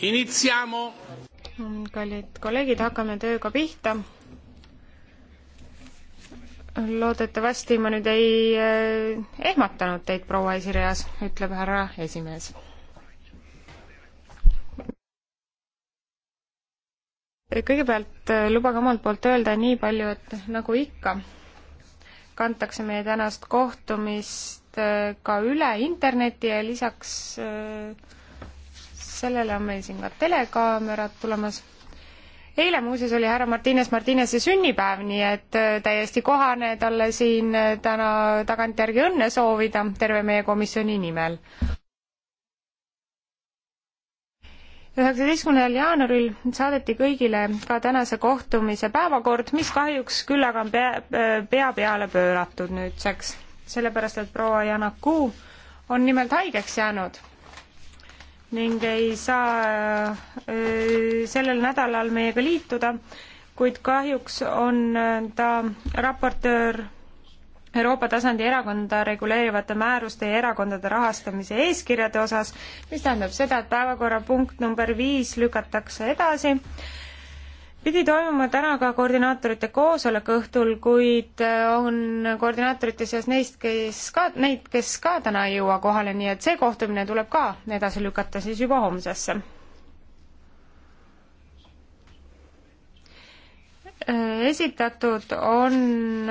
Iniziamo. kallid kolleegid, hakkame tööga pihta. loodetavasti ma nüüd ei eh, ehmatanud teid, proua esireas, ütleb härra esimees. kõigepealt eh, lubage omalt poolt öelda nii palju, et nagu ikka, kantakse meie tänast kohtumist eh, ka üle interneti ja lisaks äh, lisaks sellele on meil siin ka telekaamerad tulemas. eile muuseas oli härra Martines Martinese sünnipäev, nii et äh, täiesti kohane talle siin äh, täna tagantjärgi õnne soovida terve meie komisjoni nimel. üheksateistkümnendal jaanuaril saadeti kõigile ka tänase kohtumise päevakord, mis kahjuks küll aga on pea, äh, pea peale pööratud nüüdseks, sellepärast et proua Janaku on nimelt haigeks jäänud ning ei saa äh, sellel nädalal meiega liituda, kuid kahjuks on äh, ta raportöör Euroopa tasandi erakonda reguleerivate määruste ja erakondade rahastamise eeskirjade osas, mis tähendab seda, et päevakorrapunkt number viis lükatakse edasi pidi toimuma täna ka koordinaatorite koosolek õhtul, kuid äh, on koordinaatorite seas neist, kes ka, neid, kes ka täna ei jõua kohale, nii et see kohtumine tuleb ka edasi lükata siis juba homsesse. Äh, esitatud on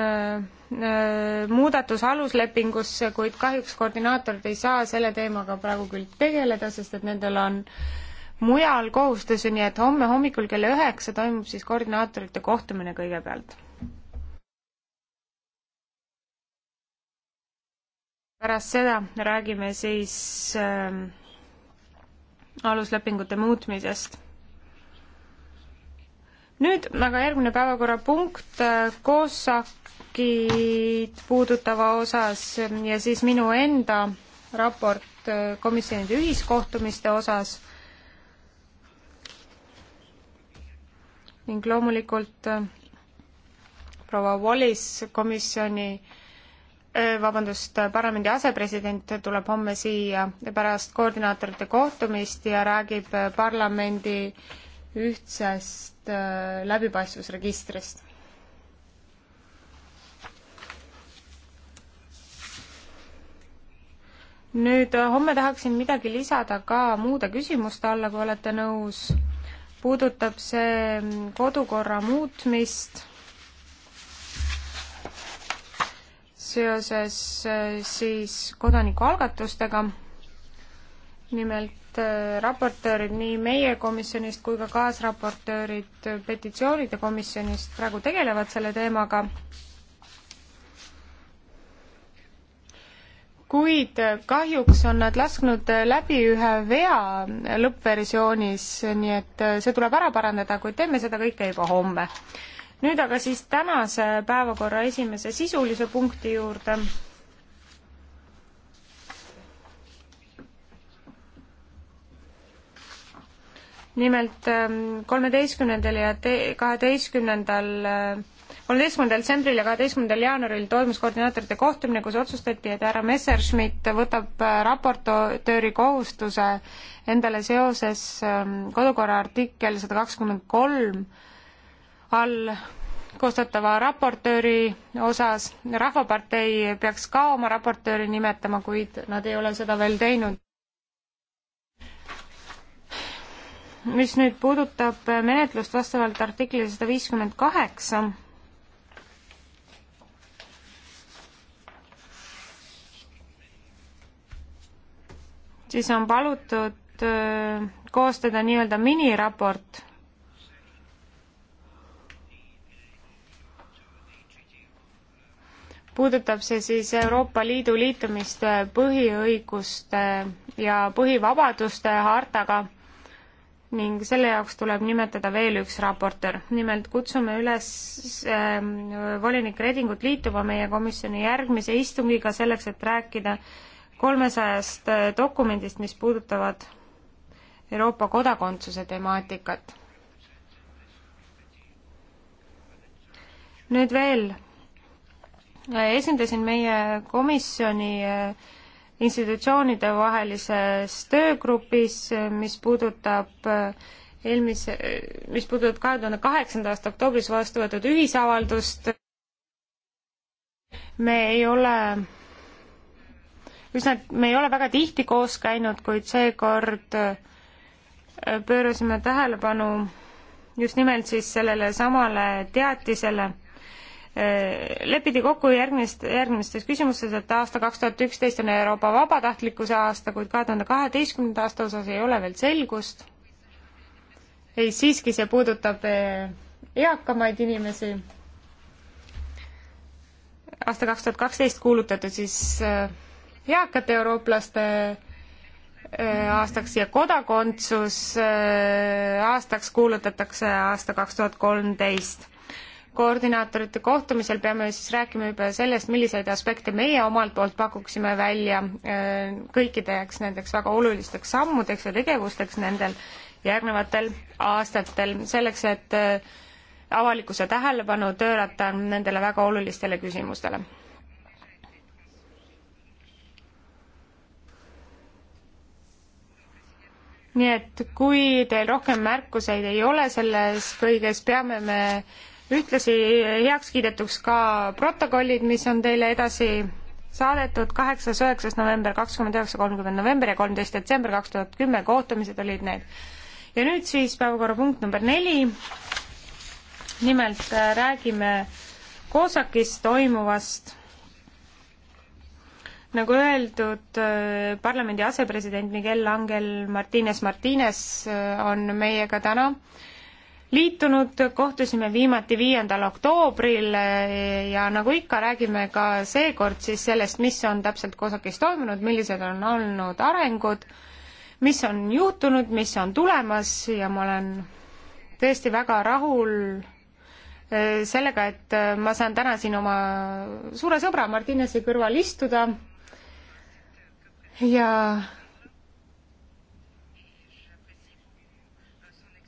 äh, muudatus aluslepingusse, kuid kahjuks koordinaatorid ei saa selle teemaga praegu küll tegeleda, sest et nendel on äh, mujal kohustusi, nii et homme hommikul kella üheksa toimub siis koordinaatorite kohtumine kõigepealt. pärast seda räägime siis äh, aluslepingute muutmisest nüüd aga järgmine päevakorrapunkt äh, koosakid puudutava osas ja siis minu enda raport äh, komisjonide ühiskohtumiste osas ning loomulikult äh, proua Wallis, komisjoni äh, vabandust, äh, parlamendi asepresident tuleb homme siia pärast koordinaatorite kohtumist ja räägib parlamendi ühtsest läbipaistvusregistrist. nüüd homme tahaksin midagi lisada ka muude küsimuste alla, kui olete nõus puudutab see kodukorra muutmist seoses äh, siis kodanikualgatustega. nimelt äh, raportöörid nii meie komisjonist kui ka kaasraportöörid petitsioonide komisjonist praegu tegelevad selle teemaga kuid kahjuks on nad lasknud läbi ühe vea lõppversioonis, nii et see tuleb ära parandada, kuid teeme seda kõike juba homme. nüüd aga siis tänase päevakorra esimese sisulise punkti juurde. nimelt ähm, kolmeteistkümnendal ja kaheteistkümnendal äh, kolmeteistkümnendal detsembril ja kaheteistkümnendal jaanuaril toimus koordinaatorite kohtumine, kus otsustati, et härra Messerschmidt võtab äh, raportööri kohustuse endale seoses ähm, kodukorra artikkel sada kakskümmend kolm all koostatava raportööri osas. rahvapartei peaks ka oma raportööri nimetama, kuid nad ei ole seda veel teinud. mis nüüd puudutab äh, menetlust vastavalt artiklile sada viiskümmend kaheksa, siis on palutud äh, koostada nii-öelda miniraport puudutab see siis Euroopa Liidu liitumist põhiõiguste ja põhivabaduste hartaga ning selle jaoks tuleb nimetada veel üks raportöör. nimelt kutsume üles äh, volinik Redingut liituma meie komisjoni järgmise istungiga selleks, et rääkida kolmesajast äh, dokumendist, mis puudutavad Euroopa kodakondsuse temaatikat. nüüd veel, äh, esindasin meie komisjoni äh, institutsioonide vahelises töögrupis, mis puudutab eelmise, mis puudutab kahe tuhande kaheksanda aasta oktoobris vastu võetud ühisavaldust. me ei ole üsna, me ei ole väga tihti koos käinud, kuid seekord äh, pöörasime tähelepanu just nimelt siis sellele samale teatisele. Äh, lepiti kokku järgmist, järgmistes küsimustes, et aasta kaks tuhat üksteist on Euroopa vabatahtlikkuse aasta, kuid kahe tuhande kaheteistkümnenda aasta osas ei ole veel selgust. ei, siiski see puudutab äh, eakamaid inimesi. aasta kaks tuhat kaksteist kuulutatud siis äh, eakate eurooplaste äh, aastaks ja kodakondsus äh, aastaks kuulutatakse aasta kaks tuhat kolmteist. koordinaatorite kohtumisel peame siis rääkima juba sellest, milliseid aspekte meie omalt poolt pakuksime välja äh, kõikideks nendeks väga olulisteks sammudeks ja tegevusteks nendel järgnevatel aastatel, selleks et avalikkuse tähelepanu pöörata nendele väga olulistele küsimustele nii et kui teil rohkem märkuseid ei ole selles kõiges, peame me ühtlasi heaks kiidetuks ka protokollid, mis on teile edasi saadetud kaheksas, üheksas november, kakskümmend üheksa, kolmkümmend november ja kolmteist detsember kaks tuhat kümme, kohtumised olid need. ja nüüd siis päevakorrapunkt number neli. nimelt äh, räägime Koosakis toimuvast nagu öeldud, äh, parlamendi asepresident Miguel Angel Martines Martines äh, on meiega täna liitunud, kohtusime viimati viiendal oktoobril äh, ja nagu ikka, räägime ka seekord siis sellest, mis on täpselt COSAC-is toimunud, millised on olnud arengud, mis on juhtunud, mis on tulemas ja ma olen tõesti väga rahul sellega, et ma saan täna siin oma suure sõbra Martinesi kõrval istuda ja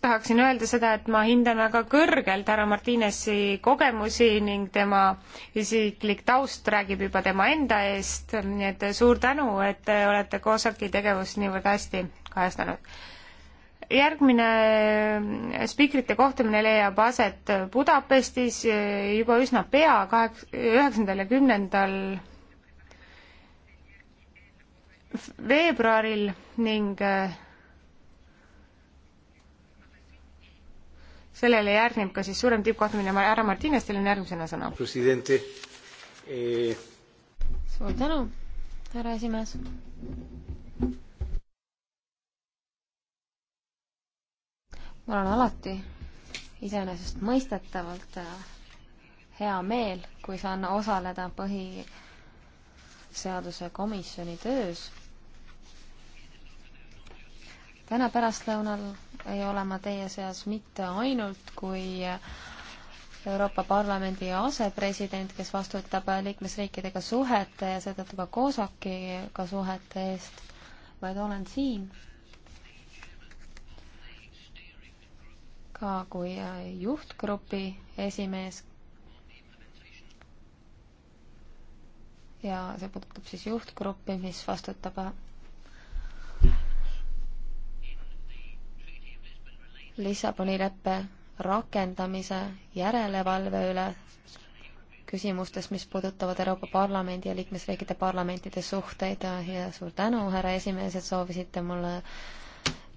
tahaksin öelda seda, et ma hindan väga kõrgelt härra Martinesi kogemusi ning tema isiklik taust räägib juba tema enda eest, nii et suur tänu, et te olete COSAC-i tegevust niivõrd hästi kajastanud. järgmine eh, spiikrite kohtumine leiab aset Budapestis eh, juba üsna pea, kaheksa, üheksandal ja kümnendal veebruaril ning äh, sellele järgneb ka siis suurem tippkohtumine, härra Martines, teil on järgmisena sõna. Eh... suur tänu, härra esimees. mul on alati iseenesestmõistetavalt äh, hea meel, kui saan osaleda põhiseaduse komisjoni töös täna pärastlõunal ei ole ma teie seas mitte ainult kui Euroopa Parlamendi asepresident, kes vastutab liikmesriikidega suhete ja seetõttu ka COSAC-iga suhete eest, vaid olen siin ka kui juhtgrupi esimees. ja see puudutab siis juhtgruppi, mis vastutab Lissaboni leppe rakendamise järelevalve üle küsimustes, mis puudutavad Euroopa Parlamendi ja liikmesriikide parlamentide suhteid ja suur tänu, härra esimees, et soovisite mulle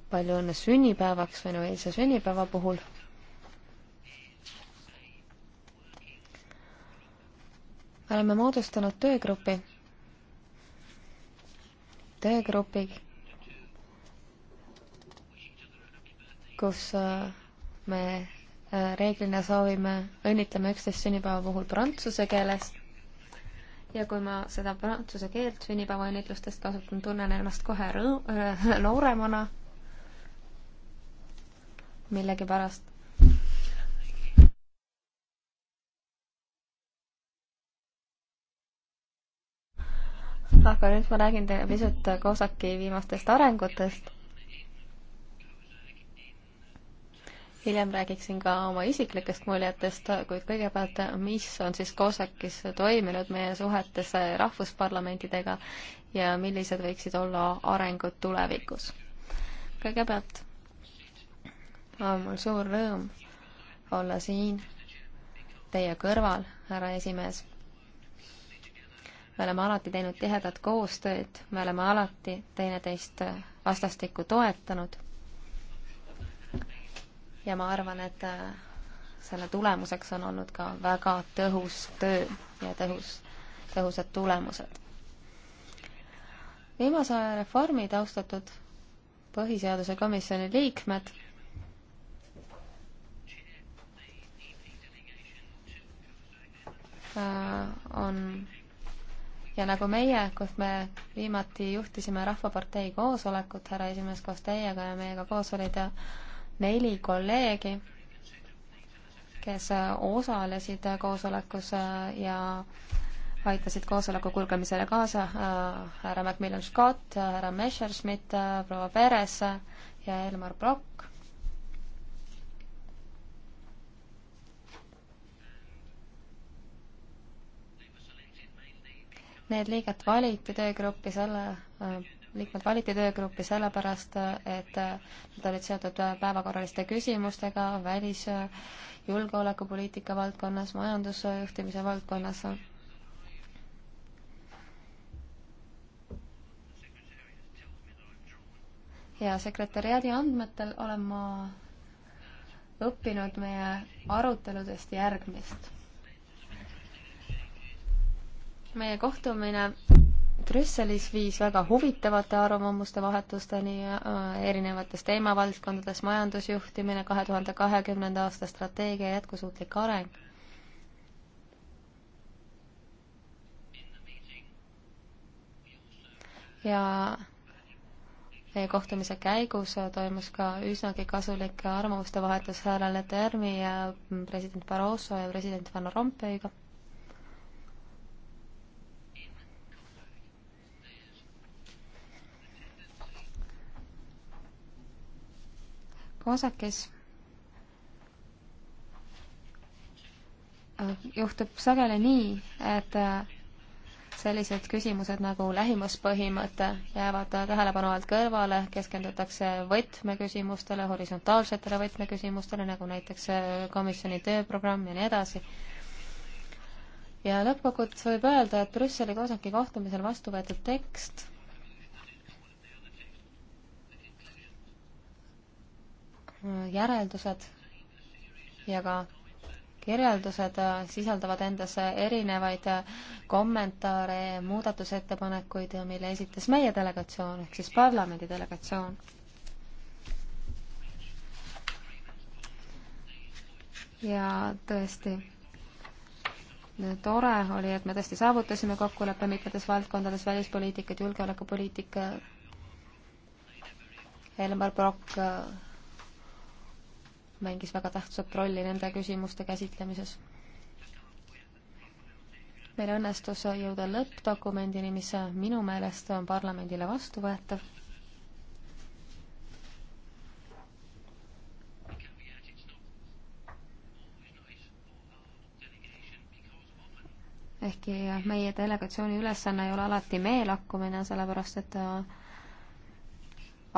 palju õnne sünnipäevaks, minu eilse sünnipäeva puhul. me oleme moodustanud töögrupi, töögrupi, kus äh, me äh, reeglina soovime, õnnitleme üksteist sünnipäeva puhul prantsuse keeles. ja kui ma seda prantsuse keelt sünnipäevaõnnitlustest kasutan, tunnen ennast kohe rõõm- äh,, nooremana millegipärast. aga nüüd ma räägin teile pisut Kosaki viimastest arengutest. hiljem räägiksin ka oma isiklikest muljetest, kuid kõigepealt, mis on siis COSAC-is toiminud meie suhetes rahvusparlamentidega ja millised võiksid olla arengud tulevikus? kõigepealt on mul suur rõõm olla siin teie kõrval, härra esimees. me oleme alati teinud tihedat koostööd, me oleme alati teineteist vastastikku toetanud ja ma arvan, et äh, selle tulemuseks on olnud ka väga tõhus töö ja tõhus, tõhusad tulemused. viimase aja reformid, austatud põhiseaduse komisjoni liikmed, äh, on ja nagu meie, kus me viimati juhtisime Rahvapartei koosolekut, härra esimees, koos teiega ja meiega koos olid neli kolleegi, kes äh, osalesid äh, koosolekus äh, ja aitasid koosoleku kulgemisele kaasa härra Macmillan Scott, härra Messerschmidt, proua Peres ja Elmar Brock. Need liiget valiti töögruppi selle liikmed valiti töögruppi sellepärast, et nad olid seotud päevakorraliste küsimustega välis- julgeolekupoliitika valdkonnas, majandusjuhtimise valdkonnas. ja sekretäriaadi andmetel olen ma õppinud meie aruteludest järgmist. meie kohtumine Brüsselis viis väga huvitavate arvamuste vahetusteni äh, erinevates teemavaldkondades majandusjuhtimine, kahe tuhande kahekümnenda aasta strateegia jätkusuutlik areng. ja meie kohtumise käigus toimus ka üsnagi kasulik arvamuste vahetus härra Letermi ja president Barroso ja president Van Rompuyga Kosakis äh, juhtub sageli nii, et äh, sellised küsimused nagu lähimuspõhimõte jäävad tähelepanu alt kõrvale, keskendutakse võtmeküsimustele, horisontaalsetele võtmeküsimustele, nagu näiteks äh, komisjoni tööprogramm ja nii edasi. ja lõppkokkuvõttes võib öelda, et Brüsseli kosaki kohtumisel vastu võetud tekst järeldused ja ka kirjeldused sisaldavad endas erinevaid kommentaare, muudatusettepanekuid, mille esitas meie delegatsioon ehk siis parlamendi delegatsioon. ja tõesti, tore oli, et me tõesti saavutasime kokkuleppe mitmetes valdkondades, välispoliitikat, julgeolekupoliitika, Elmar Brokk mängis väga tähtsat rolli nende küsimuste käsitlemises. meil õnnestus jõuda lõppdokumendini, mis minu meelest on parlamendile vastuvõetav. ehkki meie delegatsiooni ülesanne ei ole alati meelakkumine, sellepärast et äh,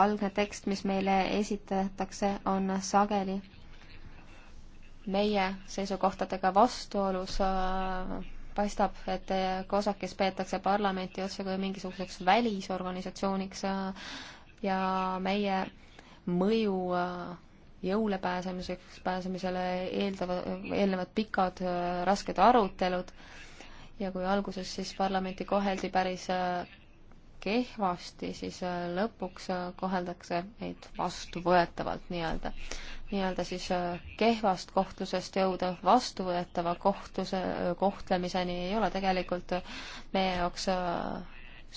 algne tekst, mis meile esitatakse, on sageli meie seisukohtadega vastuolus äh, paistab, et äh, COSAC-is peetakse parlamenti otse kui mingisuguseks välisorganisatsiooniks äh, ja meie mõju jõule pääsemiseks, pääsemisele eeldava, eelnevad pikad rasked arutelud ja kui alguses siis parlamenti koheldi päris kehvasti, siis äh, lõpuks äh, koheldakse meid vastuvõetavalt nii-öelda. nii-öelda siis äh, kehvast kohtlusest jõuda vastuvõetava kohtluse, kohtlemiseni ei ole tegelikult meie jaoks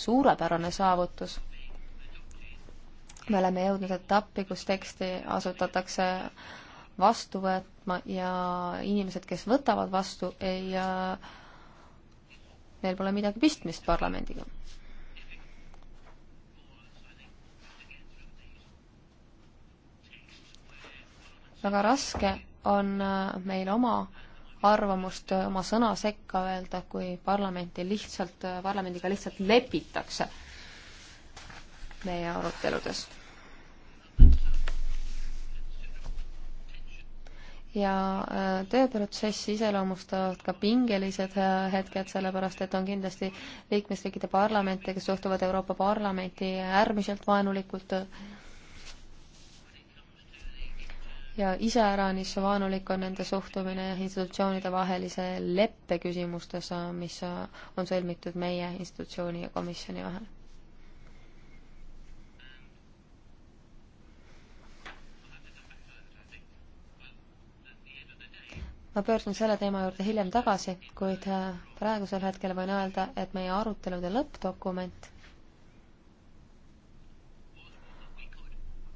suurepärane saavutus. me oleme jõudnud etappi, kus teksti asutatakse vastu võtma ja inimesed, kes võtavad vastu, ei, neil pole midagi pistmist parlamendiga väga raske on äh, meil oma arvamust, äh, oma sõna sekka öelda, kui parlamenti lihtsalt, äh, parlamendiga lihtsalt lepitakse meie aruteludes. ja tööprotsessi iseloomustavad ka pingelised hetked, sellepärast et on kindlasti liikmesriikide parlamente, kes suhtuvad Euroopa Parlamenti äärmiselt vaenulikult ja iseäranis vaenulik on nende suhtumine institutsioonide vahelise leppe küsimustes, mis on sõlmitud meie institutsiooni ja komisjoni vahel. ma pöördun selle teema juurde hiljem tagasi, kuid äh, praegusel hetkel võin öelda, et meie arutelude lõppdokument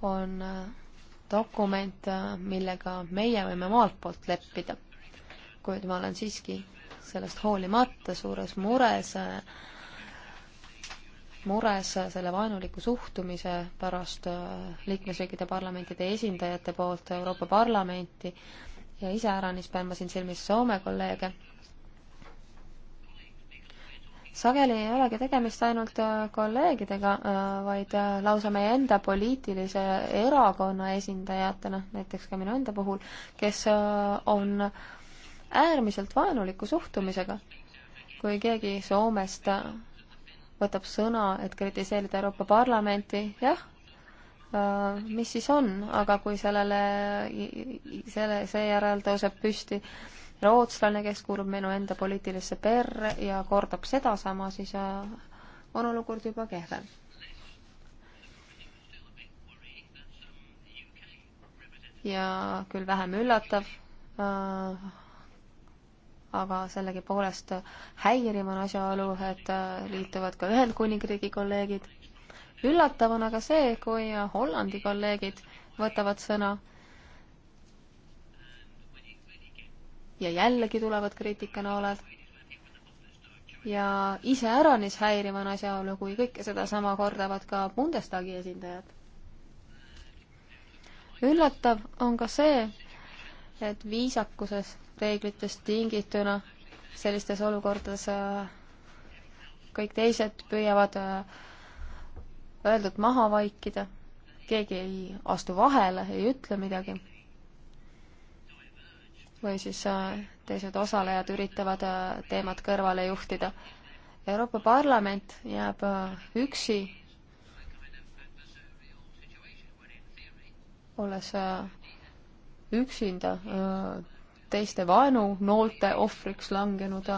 on äh, dokument, millega meie võime omalt poolt leppida. kuid ma olen siiski sellest hoolimata suures mures, mures selle vaenuliku suhtumise pärast liikmesriikide parlamentide esindajate poolt Euroopa Parlamenti ja iseäranis pean ma siin silmis Soome kolleege sageli ei olegi tegemist ainult äh, kolleegidega, äh, vaid äh, lausa meie enda poliitilise erakonna esindajatena, näiteks ka minu enda puhul, kes on äärmiselt vaenuliku suhtumisega. kui keegi Soomest võtab sõna, et kritiseerida Euroopa Parlamenti, jah, mis siis on, aga kui sellele, selle, seejärel tõuseb püsti rootslane, kes kuulub minu enda poliitilisse perre ja kordab sedasama, siis äh, on olukord juba kehvem. ja küll vähem üllatav, äh, aga sellegipoolest häiriv on asjaolu, et äh, liituvad ka Ühendkuningriigi kolleegid. üllatav on aga see, kui Hollandi kolleegid võtavad sõna ja jällegi tulevad kriitikanooled. ja iseäranis häiriv on asjaolu, kui kõike sedasama kordavad ka Bundestagi esindajad. üllatav on ka see, et viisakuses reeglitest tingituna sellistes olukordades äh, kõik teised püüavad äh, öeldut maha vaikida, keegi ei astu vahele, ei ütle midagi või siis äh, teised osalejad üritavad äh, teemat kõrvale juhtida. Euroopa Parlament jääb äh, üksi, olles üksinda teiste vaenunoolte ohvriks langenud,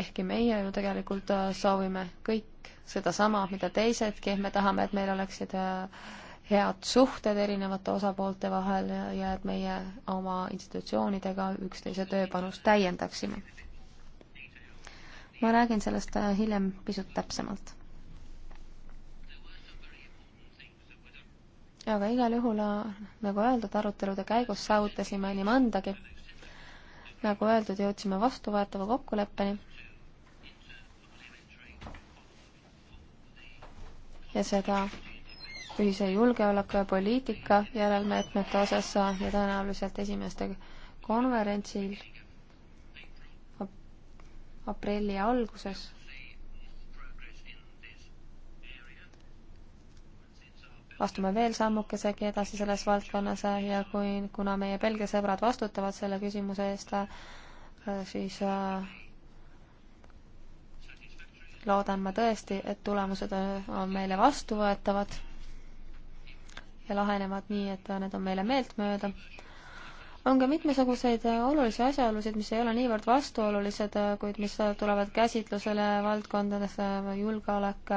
ehkki meie ju tegelikult soovime kõik sedasama, mida teisedki, me tahame, et meil oleksid äh, head suhted erinevate osapoolte vahel ja et meie oma institutsioonidega üksteise tööpanust täiendaksime. ma räägin sellest äh, hiljem pisut täpsemalt. aga igal juhul, äh, nagu öeldud, arutelude käigus saavutasime nii mõndagi. nagu öeldud, jõudsime vastuvõetava kokkuleppeni ja seda ühise julgeoleku ja poliitika järelmeetmete osas ja tõenäoliselt esimeste konverentsil aprilli alguses. astume veel sammukesegi edasi selles valdkonnas ja kui, kuna meie Belgia sõbrad vastutavad selle küsimuse eest, siis äh, loodan ma tõesti, et tulemused on meile vastuvõetavad ja lahenevad nii, et need on meile meeltmööda. on ka mitmesuguseid olulisi asjaolusid, mis ei ole niivõrd vastuolulised, kuid mis tulevad käsitlusele valdkondades julgeolek,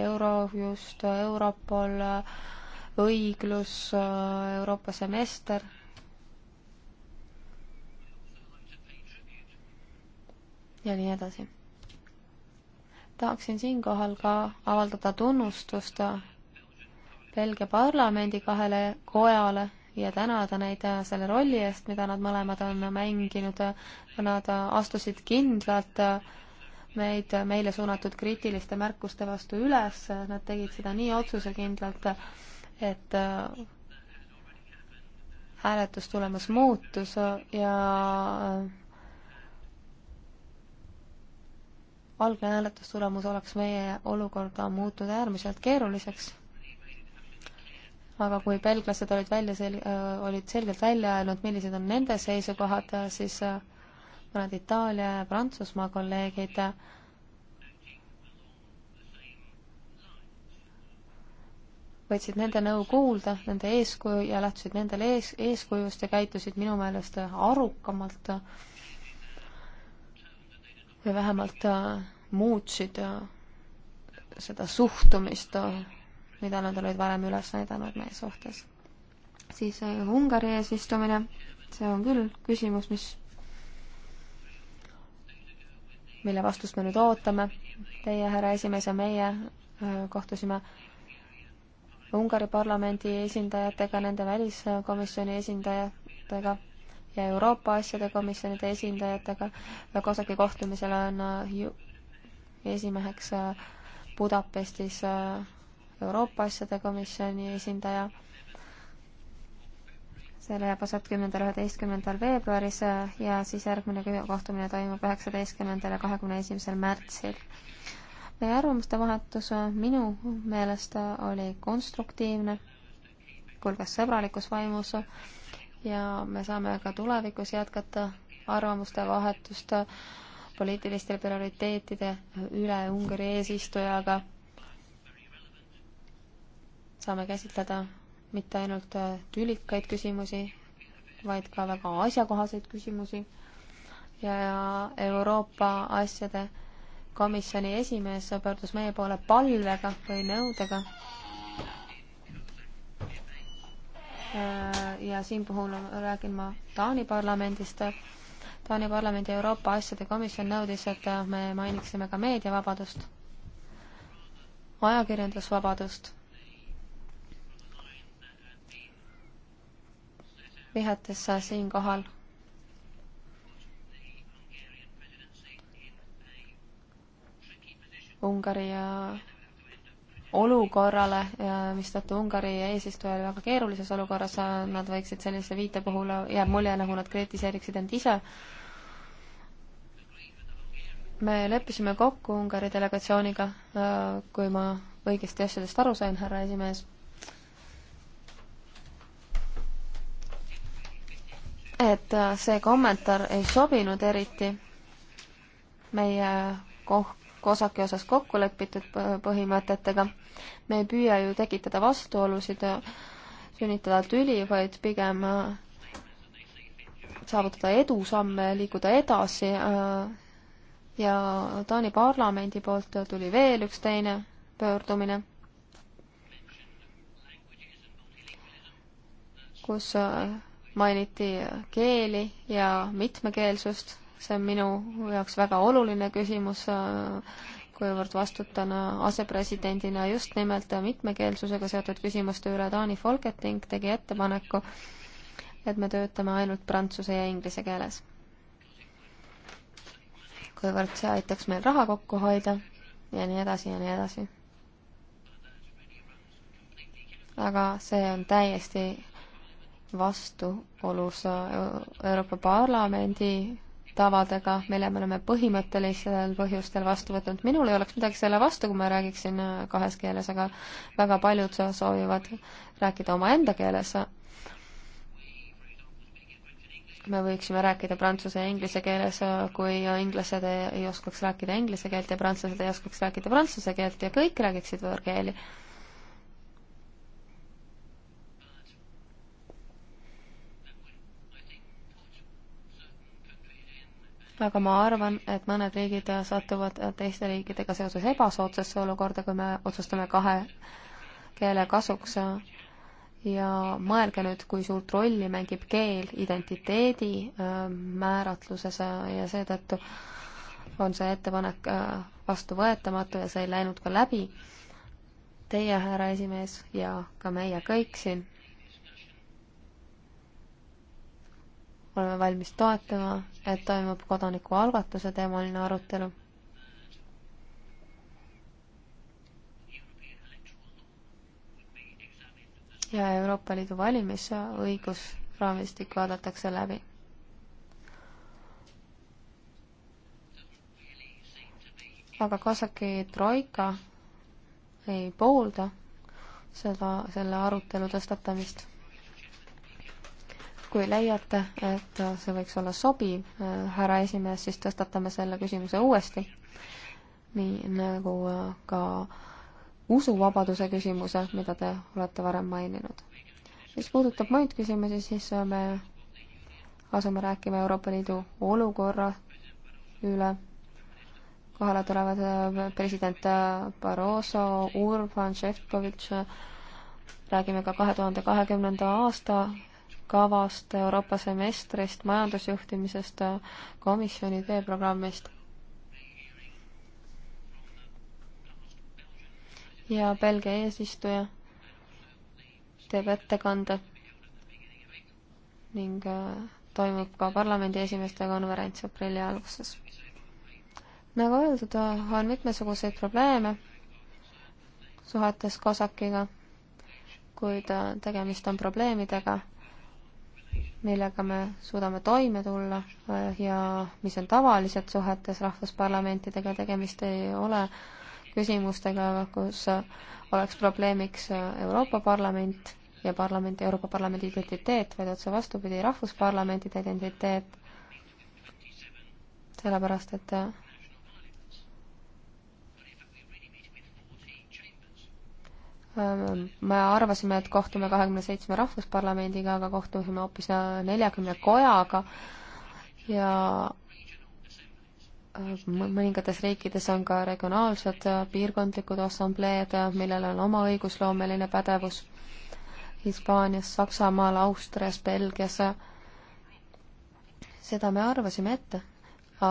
Eurojust, Europol, õiglus, Euroopa semester ja nii edasi. tahaksin siinkohal ka avaldada tunnustust Belgia parlamendi kahele kojale ja tänada neid äh, selle rolli eest, mida nad mõlemad on mänginud. Nad äh, astusid kindlalt äh, meid, meile suunatud kriitiliste märkuste vastu üles, nad tegid seda nii otsusekindlalt, et hääletustulemus muutus ja algne hääletustulemus oleks meie olukorda muutnud äärmiselt keeruliseks aga kui belglased olid välja sel-, äh, olid selgelt välja öelnud, millised on nende seisukohad, siis äh, mõned Itaalia ja Prantsusmaa kolleegid võtsid nende nõu kuulda, nende eeskuju ja lähtusid nendele ees, eeskujust ja käitusid minu meelest arukamalt või vähemalt äh, muutsid seda suhtumist mida nad olid varem üles näidanud meie suhtes. siis äh, Ungari eesistumine, see on küll küsimus, mis, mille vastust me nüüd ootame. Teie, härra esimees, ja meie äh, kohtusime Ungari parlamendi esindajatega, nende väliskomisjoni esindajatega ja Euroopa asjade komisjonide esindajatega. COSAC-i kohtumisel on äh, ju esimeheks Budapestis Euroopa asjade komisjoni esindaja. see leiab aset kümnendal, üheteistkümnendal veebruaris ja siis järgmine kohtumine toimub üheksateistkümnendal ja kahekümne esimesel märtsil. meie arvamuste vahetus minu meelest oli konstruktiivne, kulges sõbralikus vaimus ja me saame ka tulevikus jätkata arvamuste vahetust poliitiliste prioriteetide üle Ungari eesistujaga saame käsitleda mitte ainult äh, tülikaid küsimusi, vaid ka väga asjakohaseid küsimusi ja Euroopa asjade komisjoni esimees pöördus meie poole palvega või nõudega. Äh, ja siin puhul räägin ma Taani parlamendist. Taani parlamendi Euroopa asjade komisjon nõudis, et me mainiksime ka meediavabadust, ajakirjandusvabadust vihetes siinkohal. Ungari olukorrale ja mistõttu Ungari eesistuja oli väga keerulises olukorras, nad võiksid sellise viite puhul, jääb mulje, nagu nad kritiseeriksid end ise. me leppisime kokku Ungari delegatsiooniga, kui ma õigesti asjadest aru sain, härra esimees et äh, see kommentaar ei sobinud eriti meie koh-, kosaki osas kokku lepitud põhimõtetega. me ei püüa ju tekitada vastuolusid, äh, sünnitada tüli, vaid pigem äh, saavutada edusamme, liikuda edasi ja Taani parlamendi poolt tuli veel üks teine pöördumine, kus mainiti keeli ja mitmekeelsust, see on minu jaoks väga oluline küsimus, kuivõrd vastutan asepresidendina just nimelt mitmekeelsusega seotud küsimuste üle, Taani Folketing tegi ettepaneku, et me töötame ainult prantsuse ja inglise keeles. kuivõrd see aitaks meil raha kokku hoida ja nii edasi ja nii edasi. aga see on täiesti vastuolus äh, Euroopa Parlamendi tavadega, mille me oleme põhimõttelistel põhjustel vastu võtnud. minul ei oleks midagi selle vastu, kui ma räägiksin äh, kahes keeles, aga väga paljud soovivad rääkida omaenda keeles. me võiksime rääkida prantsuse ja inglise keeles, äh, kui inglased ei oskaks rääkida inglise keelt ja prantslased ei oskaks rääkida prantsuse keelt ja kõik räägiksid võõrkeeli aga ma arvan, et mõned riigid satuvad teiste riikidega seoses ebasoodsasse olukorda, kui me otsustame kahe keele kasuks. ja mõelge nüüd, kui suurt rolli mängib keel identiteedi äh, määratluses äh, ja seetõttu on see ettepanek äh, vastuvõetamatu ja see ei läinud ka läbi. Teie, härra esimees, ja ka meie kõik siin oleme valmis toetama, et toimub kodanikualgatuse teemaline arutelu. ja Euroopa Liidu valimisõigusraamistik vaadatakse läbi. aga Kasaki troika ei poolda seda, selle arutelu tõstatamist kui leiate, et see võiks olla sobiv, äh, härra esimees, siis tõstatame selle küsimuse uuesti. nii nagu äh, ka usuvabaduse küsimuse, mida te olete varem maininud. mis puudutab muid küsimusi, siis äh, me asume rääkima Euroopa Liidu olukorra üle. kohale tulevad president Barroso, Urban Šefkovitš, räägime ka kahe tuhande kahekümnenda aasta kavast, Euroopa semestrist, majandusjuhtimisest, komisjoni tööprogrammist. ja Belgia eesistuja teeb ettekande ning äh, toimub ka parlamendi esimeeste konverents aprilli alguses. nagu öeldud, äh, on mitmesuguseid probleeme suhetes Kosakiga, kuid äh, tegemist on probleemidega, millega me suudame toime tulla äh, ja mis on tavaliselt suhetes rahvusparlamentidega, tegemist ei ole küsimustega, kus oleks probleemiks äh, Euroopa Parlament ja parlament, Euroopa Parlamendi identiteet, vaid otse vastupidi, rahvusparlamentide identiteet, sellepärast et äh, me arvasime, et kohtume kahekümne seitsme rahvusparlamendiga, aga kohtusime hoopis äh, neljakümne kojaga ja äh, mõningates riikides on ka regionaalsed äh, piirkondlikud assambleed, millel on oma õigusloomeline pädevus Hispaanias, Saksamaal, Austrias, Belgias. seda me arvasime ette,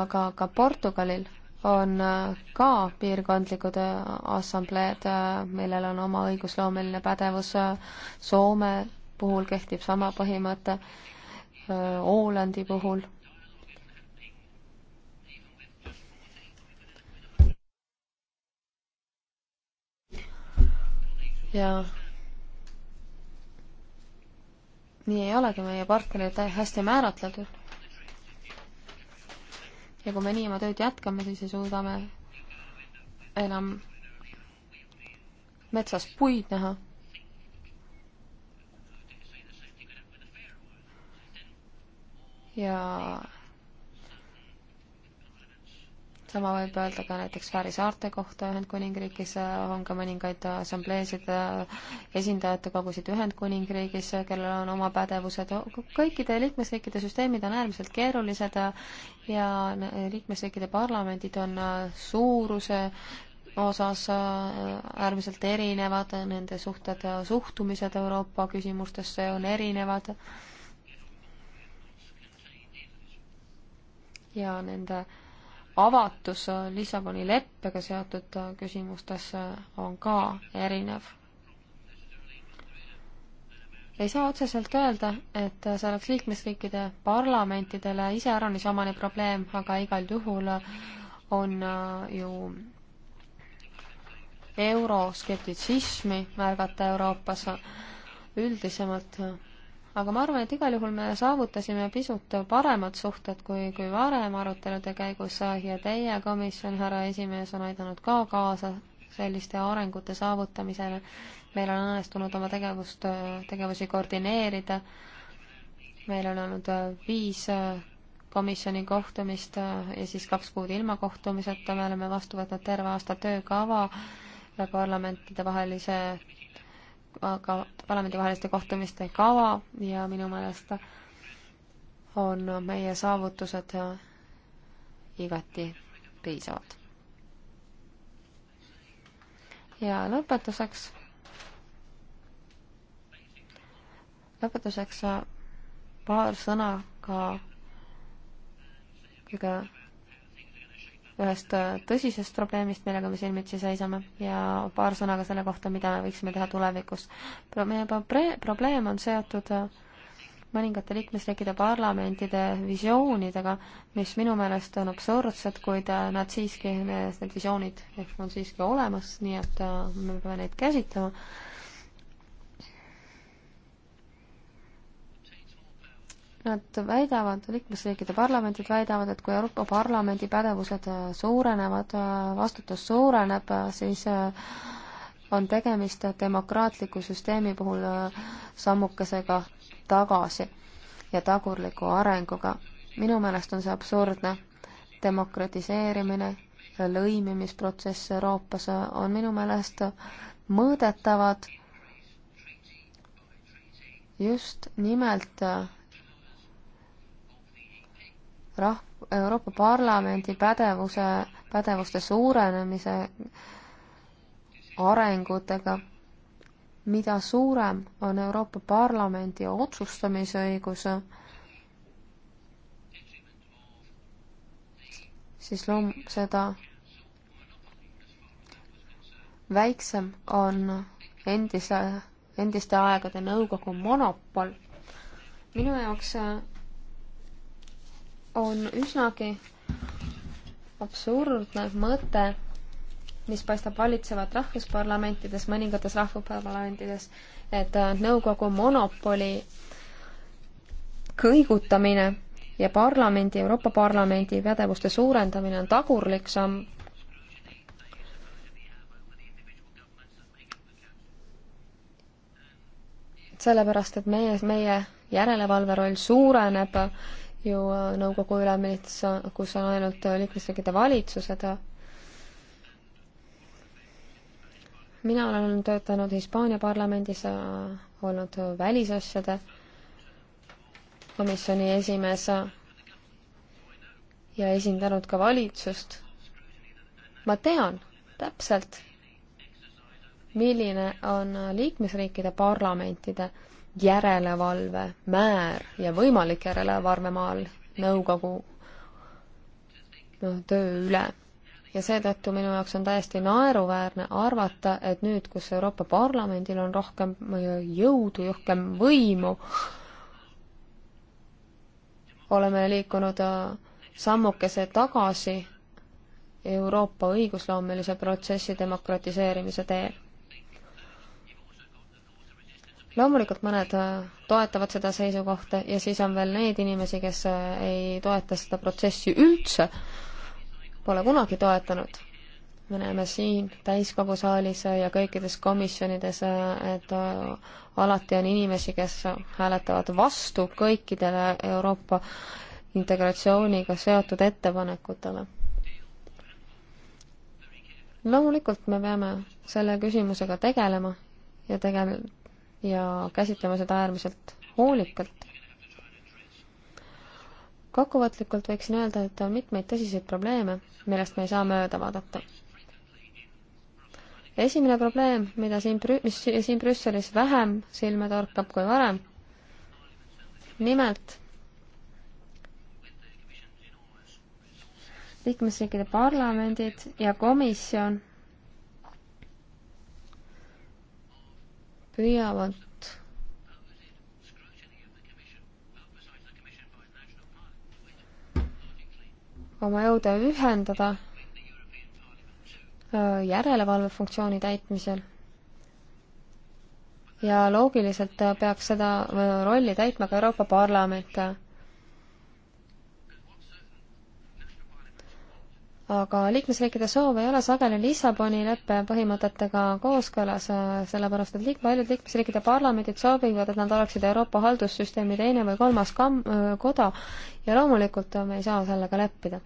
aga ka Portugalil on äh, ka piirkondlikud äh, assambleed, äh, millel on oma õigusloomeline pädevus. Soome puhul kehtib sama põhimõte, Hollandi puhul. ja nii ei olegi meie partnerid hästi määratletud ja kui me nii oma tööd jätkame, siis ei suuda me enam metsas puid näha. ja sama võib öelda ka näiteks Fääri saarte kohta Ühendkuningriigis on ka mõningaid assambleesid, esindajate kogusid Ühendkuningriigis, kellel on oma pädevused, kõikide liikmesriikide süsteemid on äärmiselt keerulised ja liikmesriikide parlamendid on suuruse osas äärmiselt erinevad, nende suhted, suhtumised Euroopa küsimustesse on erinevad ja nende avatus äh, Lissaboni leppega seotud äh, küsimustes äh, on ka erinev. ei saa otseselt öelda, et see oleks liikmesriikide parlamentidele iseäranis omane probleem, aga igal juhul on ju euroskeptitsismi märgata Euroopas üldisemalt aga ma arvan, et igal juhul me saavutasime pisut paremad suhted kui, kui varem arutelude käigus ja teie komisjon, härra esimees, on aidanud ka kaasa selliste arengute saavutamisele. meil on õnnestunud oma tegevust, tegevusi koordineerida. meil on olnud viis komisjoni kohtumist ja siis kaks kuud ilma kohtumiseta me oleme vastu võtnud terve aasta töökava parlamentide vahelise aga parlamendivaheliste kohtumiste kava ja minu meelest on meie saavutused igati piisavad. ja lõpetuseks, lõpetuseks paar sõna ka kõige ühest tõsisest probleemist, millega me silmitsi seisame ja paar sõna ka selle kohta, mida me võiksime teha tulevikus. meie probleem on seotud äh, mõningate liikmesriikide parlamentide visioonidega, mis minu meelest on absurdsed, kuid äh, nad siiski, need visioonid on siiski olemas, nii et äh, me peame neid käsitlema Nad väidavad, liikmesriikide parlamendid väidavad, et kui Euroopa Parlamendi pädevused äh, suurenevad, äh, vastutus suureneb, äh, siis on tegemist demokraatliku süsteemi puhul sammukesega tagasi ja tagurliku arenguga. minu meelest on see absurdne. demokratiseerimine ja lõimimisprotsess Euroopas on minu meelest mõõdetavad just nimelt rah-, Euroopa Parlamendi pädevuse, pädevuste suurenemise arengutega, mida suurem on Euroopa Parlamendi otsustamisõigus, siis loom-, seda väiksem on endise, endiste aegade nõukogu monopol. minu jaoks on üsnagi absurdne mõte, mis paistab valitsevat rahvusparlamentides, mõningates rahvusparlamentides, et äh, nõukogu monopoli kõigutamine ja parlamendi, Euroopa Parlamendi pädevuste suurendamine on tagurlik samm. sellepärast, et meie, meie järelevalve roll suureneb ju äh, nõukogu üle, mis, kus on ainult äh, liikmesriikide valitsused. mina olen töötanud Hispaania parlamendis, äh, olnud välisasjade komisjoni esimees ja esindanud ka valitsust. ma tean täpselt, milline on liikmesriikide parlamentide järelevalve määr ja võimalik järelevalve maal nõukogu noh, töö üle. ja seetõttu minu jaoks on täiesti naeruväärne arvata, et nüüd, kus Euroopa Parlamendil on rohkem jõudu, rohkem võimu, oleme liikunud äh, sammukese tagasi Euroopa õigusloomelise protsessi demokratiseerimise teel loomulikult mõned äh, toetavad seda seisukohta ja siis on veel neid inimesi, kes äh, ei toeta seda protsessi üldse, pole kunagi toetanud. me näeme siin täiskogu saalis äh, ja kõikides komisjonides, et alati on inimesi, kes hääletavad vastu kõikidele Euroopa integratsiooniga seotud ettepanekutele. loomulikult me peame selle küsimusega tegelema ja tegel-, ja käsitleme seda äärmiselt hoolikalt. kokkuvõtlikult võiksin öelda, et on mitmeid tõsiseid probleeme, millest me ei saa mööda vaadata. esimene probleem, mida siin Brü-, mis siin Brüsselis vähem silma torkab kui varem, nimelt liikmesriikide parlamendid ja komisjon püüavad oma jõude ühendada järelevalvefunktsiooni täitmisel. ja loogiliselt peaks seda rolli täitma ka Euroopa Parlament aga liikmesriikide soov ei ole sageli Lissaboni leppe põhimõtetega kooskõlas, sellepärast et liik-, paljud liikmesriikide parlamendid soovivad, et nad oleksid Euroopa haldussüsteemi teine või kolmas kam-, koda ja loomulikult me ei saa sellega leppida.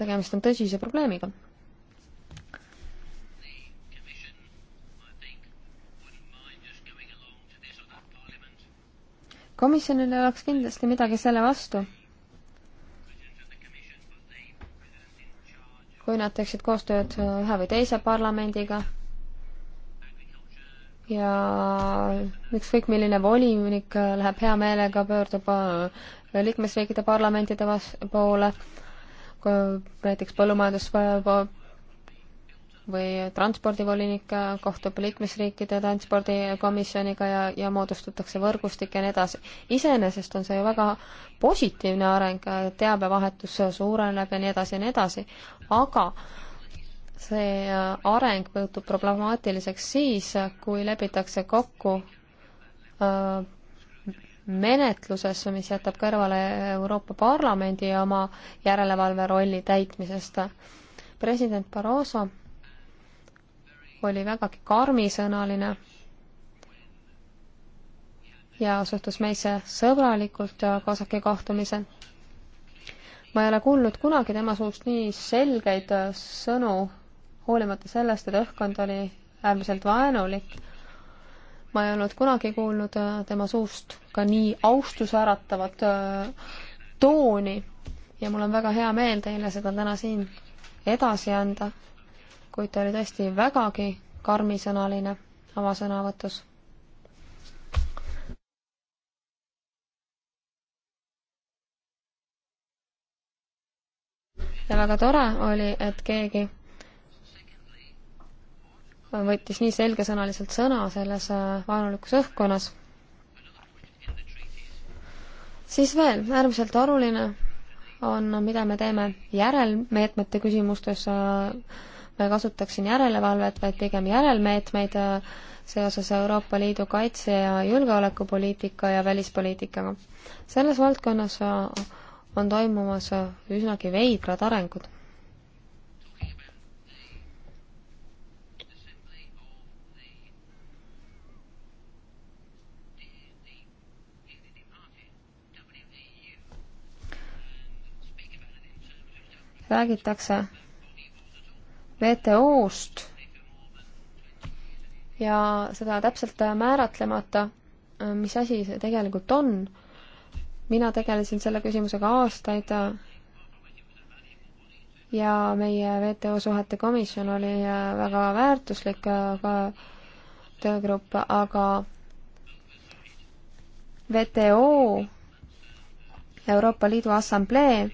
tegemist on tõsise probleemiga komisjonil oleks kindlasti midagi selle vastu, kui nad teeksid koostööd ühe või teise parlamendiga ja ükskõik milline volinik läheb hea meelega, pöördub äh, liikmesriikide parlamentide vas-, poole, näiteks põllumajandus- või transpordivolinik kohtub liikmesriikide transpordikomisjoniga ja, ja moodustatakse võrgustik ja nii edasi. iseenesest on see ju väga positiivne areng, teabevahetus suureneb ja nii edasi ja nii edasi, aga see areng muutub problemaatiliseks siis, kui lepitakse kokku äh, menetluses, mis jätab kõrvale Euroopa Parlamendi oma järelevalve rolli täitmisest. president Barroso oli vägagi karmisõnaline ja suhtus meisse sõbralikult Kasaki kohtumisel. ma ei ole kuulnud kunagi tema suust nii selgeid sõnu, hoolimata sellest, et õhkkond oli äärmiselt vaenulik. ma ei olnud kunagi kuulnud tema suust ka nii austusäratavat tooni ja mul on väga hea meel teile seda täna siin edasi anda kuid ta oli tõesti vägagi karmisõnaline oma sõnavõtus. ja väga tore oli, et keegi võttis nii selgesõnaliselt sõna selles äh, vaenulikus õhkkonnas. siis veel, äärmiselt oluline on, mida me teeme järelmeetmete küsimustes äh, kasutaksin järelevalvet, vaid pigem järelmeetmeid äh, seoses Euroopa Liidu kaitse- ja julgeolekupoliitika ja välispoliitikaga. selles valdkonnas äh, on toimumas äh, üsnagi veidrad arengud. räägitakse WTO-st ja seda täpselt määratlemata, mis asi see tegelikult on. mina tegelesin selle küsimusega aastaid ja meie WTO suhete komisjon oli väga väärtuslik ka töögrupp, aga WTO, Euroopa Liidu Assamblee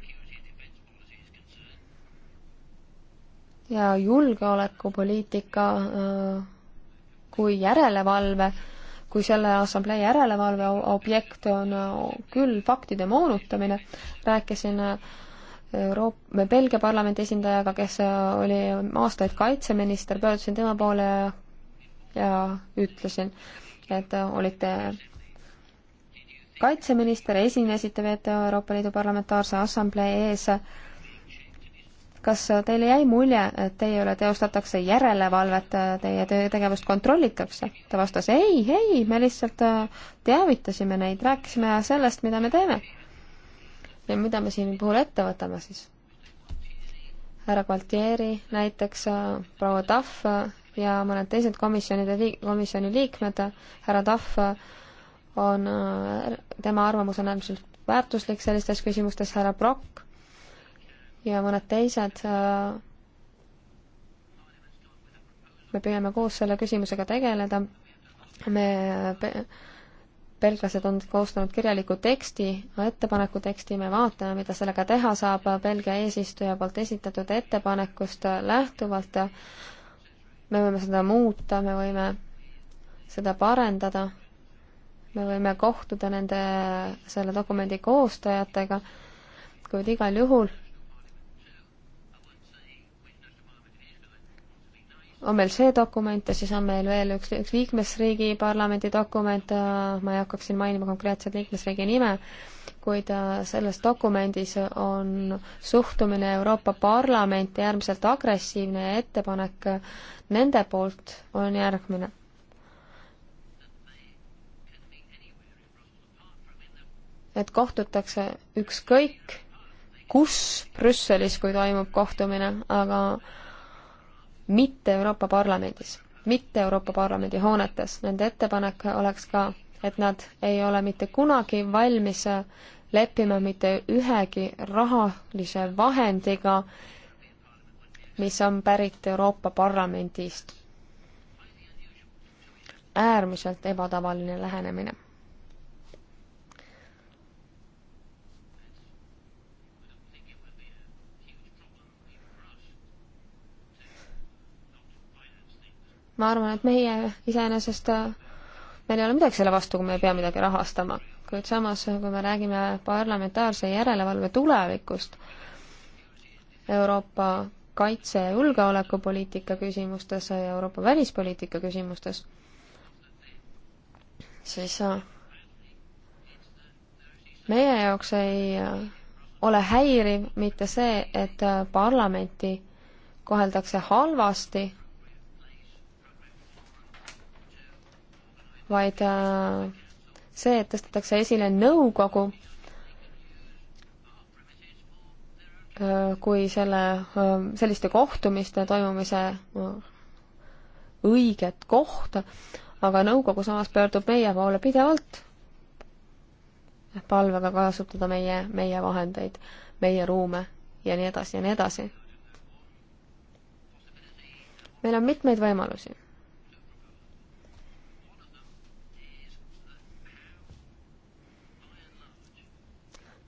ja julgeolekupoliitika äh, kui järelevalve, kui selle assamblee järelevalve objekt on äh, küll faktide moonutamine, rääkisin äh, Euroop-, Belgia parlamendi esindajaga, kes oli aastaid kaitseminister, pöördusin tema poole ja, ja ütlesin, et olite kaitseminister, esinesite WTO Euroopa Liidu Parlamentaarse Assamblee ees kas teile jäi mulje, et teie üle teostatakse järelevalvet, teie töö tegevust kontrollitakse? ta vastas ei, ei, me lihtsalt äh, teavitasime neid, rääkisime sellest, mida me teeme. ja mida me siin puhul ette võtame siis? härra Gualtieri näiteks, äh, proua Tahv äh, ja mõned teised komisjonide liik-, komisjoni liikmed, härra Tahv on, tema arvamus on äärmiselt väärtuslik sellistes küsimustes, härra Brock ja mõned teised. Äh, me püüame koos selle küsimusega tegeleda. me belglased on koostanud kirjaliku teksti, ettepaneku teksti, me vaatame, mida sellega teha saab Belgia eesistuja poolt esitatud ettepanekust lähtuvalt. me võime seda muuta, me võime seda parendada, me võime kohtuda nende, selle dokumendi koostajatega, kuid igal juhul on meil see dokument ja siis on meil veel üks, üks liikmesriigi parlamendi dokument, äh, ma ei hakkaks siin mainima konkreetset liikmesriigi nime, kuid äh, selles dokumendis on suhtumine Euroopa Parlamenti äärmiselt agressiivne ja ettepanek äh, nende poolt on järgmine. et kohtutakse ükskõik kus Brüsselis, kui toimub kohtumine, aga mitte Euroopa Parlamendis, mitte Euroopa Parlamendi hoonetes. Nende ettepanek oleks ka, et nad ei ole mitte kunagi valmis leppima mitte ühegi rahalise vahendiga, mis on pärit Euroopa Parlamendist. äärmiselt ebatavaline lähenemine ma arvan, et meie iseenesest, äh, meil ei ole midagi selle vastu, kui me ei pea midagi rahastama. kuid samas, kui me räägime parlamentaarse järelevalve tulevikust, Euroopa kaitse- ja julgeolekupoliitika küsimustes ja Euroopa välispoliitika küsimustes, siis äh, meie jaoks ei äh, ole häiriv mitte see, et parlamenti koheldakse halvasti vaid äh, see, et tõstetakse esile nõukogu äh, kui selle, äh, selliste kohtumiste toimumise õiget kohta, aga nõukogu samas pöördub meie poole pidevalt palvega kasutada meie, meie vahendeid, meie ruume ja nii edasi ja nii edasi. meil on mitmeid võimalusi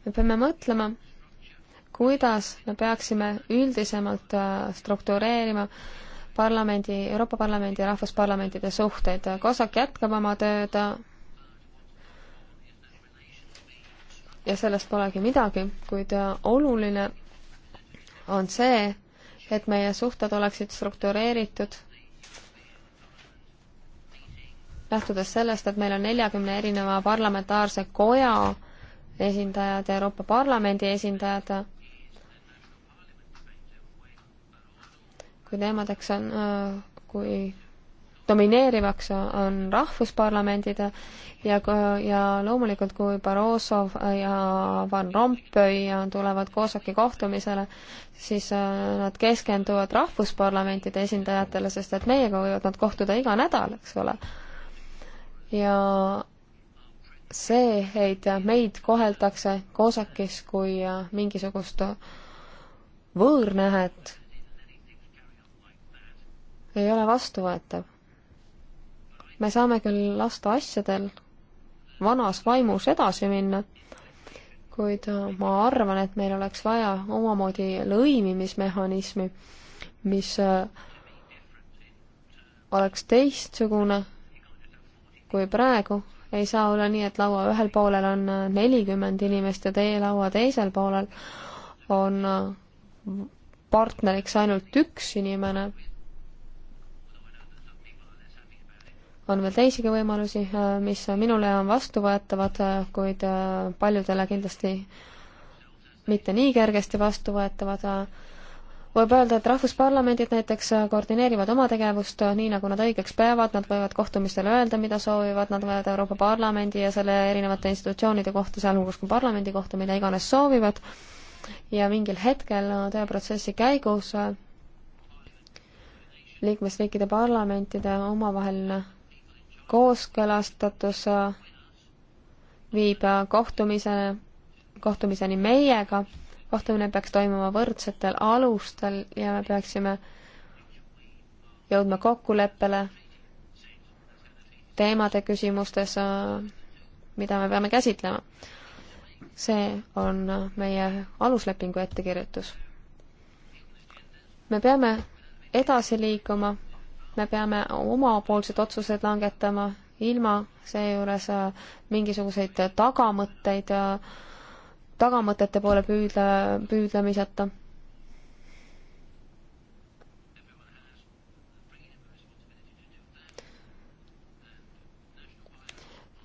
me peame mõtlema, kuidas me peaksime üldisemalt äh, struktureerima parlamendi, Euroopa Parlamendi ja rahvusparlamentide suhteid. COSAC jätkab oma tööd ja sellest polegi midagi, kuid äh, oluline on see, et meie suhted oleksid struktureeritud, lähtudes sellest, et meil on neljakümne erineva parlamentaarse koja esindajad, Euroopa Parlamendi esindajad. kui teemadeks on, äh, kui domineerivaks on rahvusparlamendid ja, ja loomulikult, kui Barroso ja Van Rompuy tulevad Kosaki kohtumisele, siis äh, nad keskenduvad rahvusparlamentide esindajatele, sest et meiega võivad nad kohtuda iga nädal, eks ole. ja see, et meid koheldakse koosakis kui äh, mingisugust võõrnähet, ei ole vastuvõetav. me saame küll lasta asjadel vanas vaimus edasi minna, kuid äh, ma arvan, et meil oleks vaja omamoodi lõimimismehhanismi, mis äh, oleks teistsugune kui praegu ei saa olla nii, et laua ühel poolel on äh, nelikümmend inimest ja teie laua teisel poolel on äh, partneriks ainult üks inimene. on veel teisigi võimalusi, äh, mis minule on vastuvõetavad, kuid paljudele kindlasti mitte nii kergesti vastuvõetavad võib öelda, et rahvusparlamendid näiteks koordineerivad oma tegevust äh, nii, nagu nad õigeks peavad, nad võivad kohtumistel öelda, mida soovivad, nad võivad Euroopa Parlamendi ja selle erinevate institutsioonide kohta, sealhulgas ka parlamendi kohta, mida iganes soovivad, ja mingil hetkel äh, tööprotsessi käigus äh, liikmesriikide parlamentide omavaheline kooskõlastatus viib kohtumise, kohtumiseni meiega kohtumine peaks toimuma võrdsetel alustel ja me peaksime jõudma kokkuleppele teemade küsimustes, mida me peame käsitlema. see on meie aluslepingu ettekirjutus. me peame edasi liikuma, me peame omapoolsed otsused langetama ilma seejuures mingisuguseid tagamõtteid tagamõtete poole püüdle, püüdlemiseta.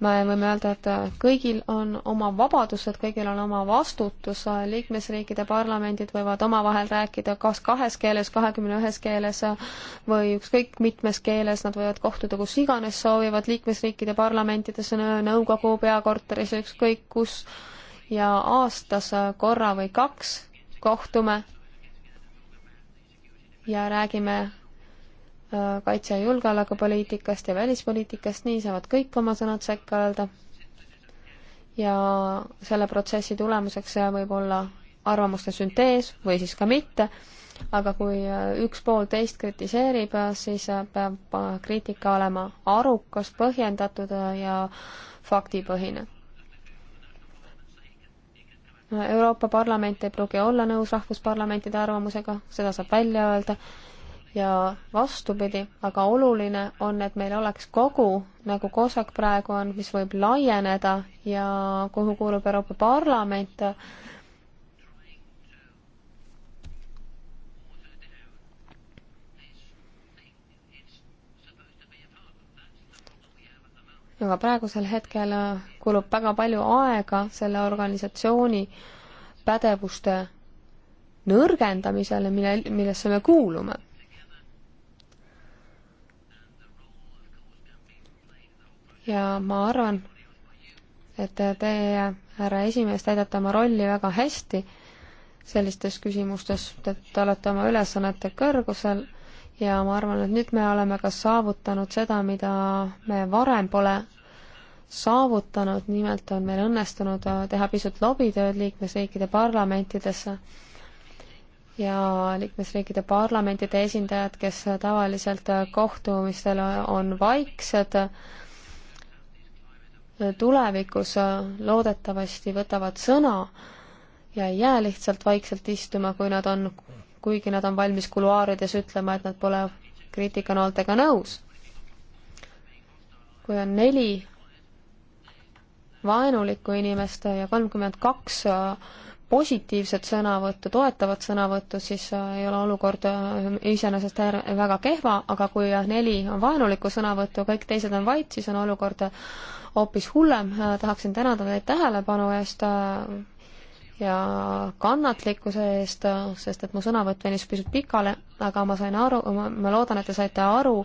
me võime öelda, et kõigil on oma vabadused, kõigil on oma vastutus, liikmesriikide parlamendid võivad omavahel rääkida kas kahes keeles, kahekümne ühes keeles või ükskõik mitmes keeles, nad võivad kohtuda kus iganes soovivad, liikmesriikide parlamentides, nõukogu peakorteris, ükskõik kus ja aastas äh, korra või kaks kohtume ja räägime äh, kaitse- ja julgeolekupoliitikast ja välispoliitikast, nii saavad kõik oma sõnad sekka öelda. ja selle protsessi tulemuseks äh, võib olla arvamuste süntees või siis ka mitte, aga kui üks pool teist kritiseerib, siis peab kriitika olema arukas, põhjendatud ja faktipõhine. Euroopa Parlament ei pruugi olla nõus rahvusparlamentide arvamusega, seda saab välja öelda, ja vastupidi, aga oluline on, et meil oleks kogu, nagu COSAC praegu on, mis võib laieneda ja kuhu kuulub Euroopa Parlament, aga praegusel hetkel äh, kulub väga palju aega selle organisatsiooni pädevuste nõrgendamisele, mille, millesse me kuulume. ja ma arvan, et teie, härra esimees, täidate oma rolli väga hästi sellistes küsimustes, et te olete oma ülesannete kõrgusel ja ma arvan, et nüüd me oleme ka saavutanud seda, mida me varem pole saavutanud, nimelt on meil õnnestunud äh, teha pisut lobitööd liikmesriikide parlamentidesse ja liikmesriikide parlamentide esindajad, kes tavaliselt äh, kohtumistel äh, on vaiksed, tulevikus loodetavasti võtavad sõna ja ei jää lihtsalt vaikselt istuma, kui nad on kuigi nad on valmis kuluaarides ütlema, et nad pole kriitikanooltega nõus. kui on neli vaenulikku inimest ja kolmkümmend kaks äh, positiivset sõnavõttu, toetavat sõnavõttu, siis äh, ei ole olukord äh, iseenesest väga kehva, aga kui neli on vaenulikku sõnavõttu, kõik teised on vait, siis on olukord hoopis hullem. tahaksin tänada teid tähelepanu eest ja kannatlikkuse eest, sest et mu sõnavõtt venis pisut pikale, aga ma sain aru, ma loodan, et te saite aru,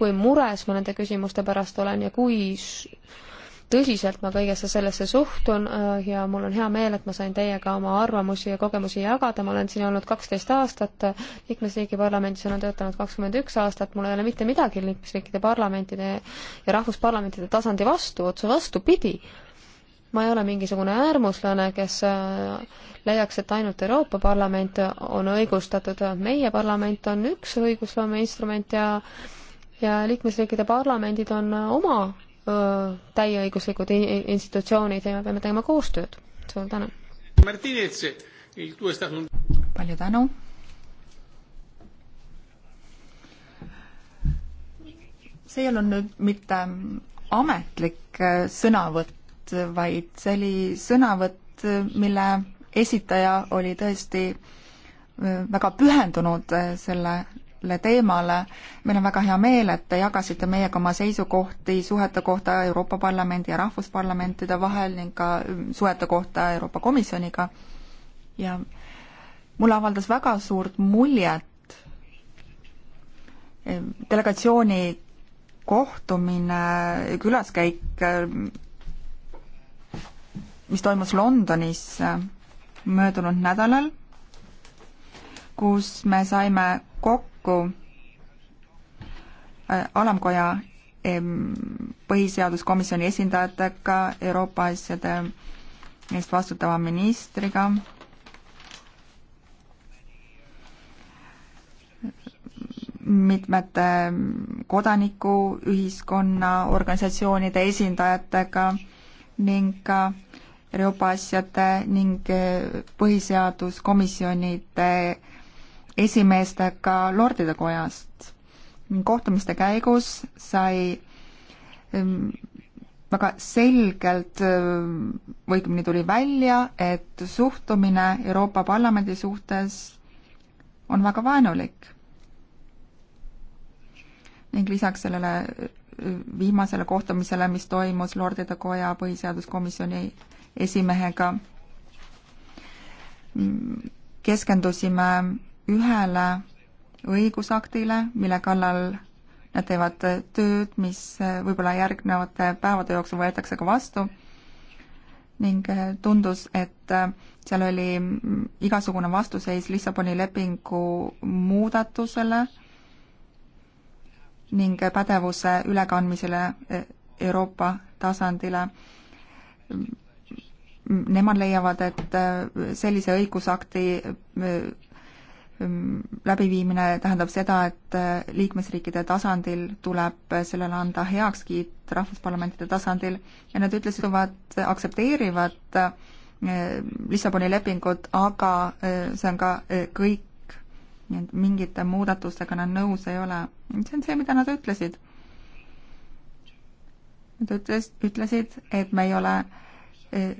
kui mures ma nende küsimuste pärast olen ja kui tõsiselt ma kõigesse sellesse suhtun ja mul on hea meel, et ma sain teiega oma arvamusi ja kogemusi jagada, ma olen siin olnud kaksteist aastat, liikmesriigi parlamendis olen töötanud kakskümmend üks aastat, mul ei ole mitte midagi liikmesriikide parlamentide ja rahvusparlamentide tasandi vastu, otse vastupidi ma ei ole mingisugune äärmuslane, kes äh, leiaks, et ainult Euroopa Parlament on õigustatud, meie parlament on üks õigusloome instrument ja ja liikmesriikide parlamendid on oma öö, täieõiguslikud institutsioonid ja me peame tegema koostööd. suur tänu! palju tänu! see ei olnud nüüd mitte ametlik äh, sõnavõtt, sõnavõtt, vaid see oli sõnavõtt, mille esitaja oli tõesti äh, väga pühendunud äh, sellele teemale. meil on väga hea meel, et te jagasite meiega oma seisukohti suhete kohta Euroopa Parlamendi ja rahvusparlamentide vahel ning ka äh, suhete kohta Euroopa Komisjoniga. ja mulle avaldas väga suurt muljet delegatsiooni kohtumine, külaskäik mis toimus Londonis äh, möödunud nädalal, kus me saime kokku äh, alamkoja põhiseaduskomisjoni esindajatega, Euroopa asjade eest vastutava ministriga, mitmete kodanikuühiskonna organisatsioonide esindajatega ning ka Euroopa asjade ning eh, põhiseaduskomisjonide esimeestega Lordide Kojast. kohtumiste käigus sai ehm, väga selgelt ehm, või õigemini tuli välja, et suhtumine Euroopa Parlamendi suhtes on väga vaenulik. ning lisaks sellele ehm, viimasele kohtumisele, mis toimus Lordide Koja põhiseaduskomisjoni esimehega keskendusime ühele õigusaktile, mille kallal nad teevad tööd, mis võib-olla järgnevate päevade jooksul võetakse ka vastu ning tundus, et seal oli igasugune vastuseis Lissaboni lepingu muudatusele ning pädevuse ülekandmisele Euroopa tasandile nemad leiavad, et äh, sellise õigusakti äh, ähm, läbiviimine tähendab seda, et äh, liikmesriikide tasandil tuleb sellele anda heakskiit rahvusparlamentide tasandil ja nad ütlesid, et aktsepteerivad Lissaboni lepingut, aga see on ka kõik, nii et mingite muudatustega nad nõus ei ole. see on see, mida nad ütlesid. Nad ütles, ütlesid, et me ei ole äh,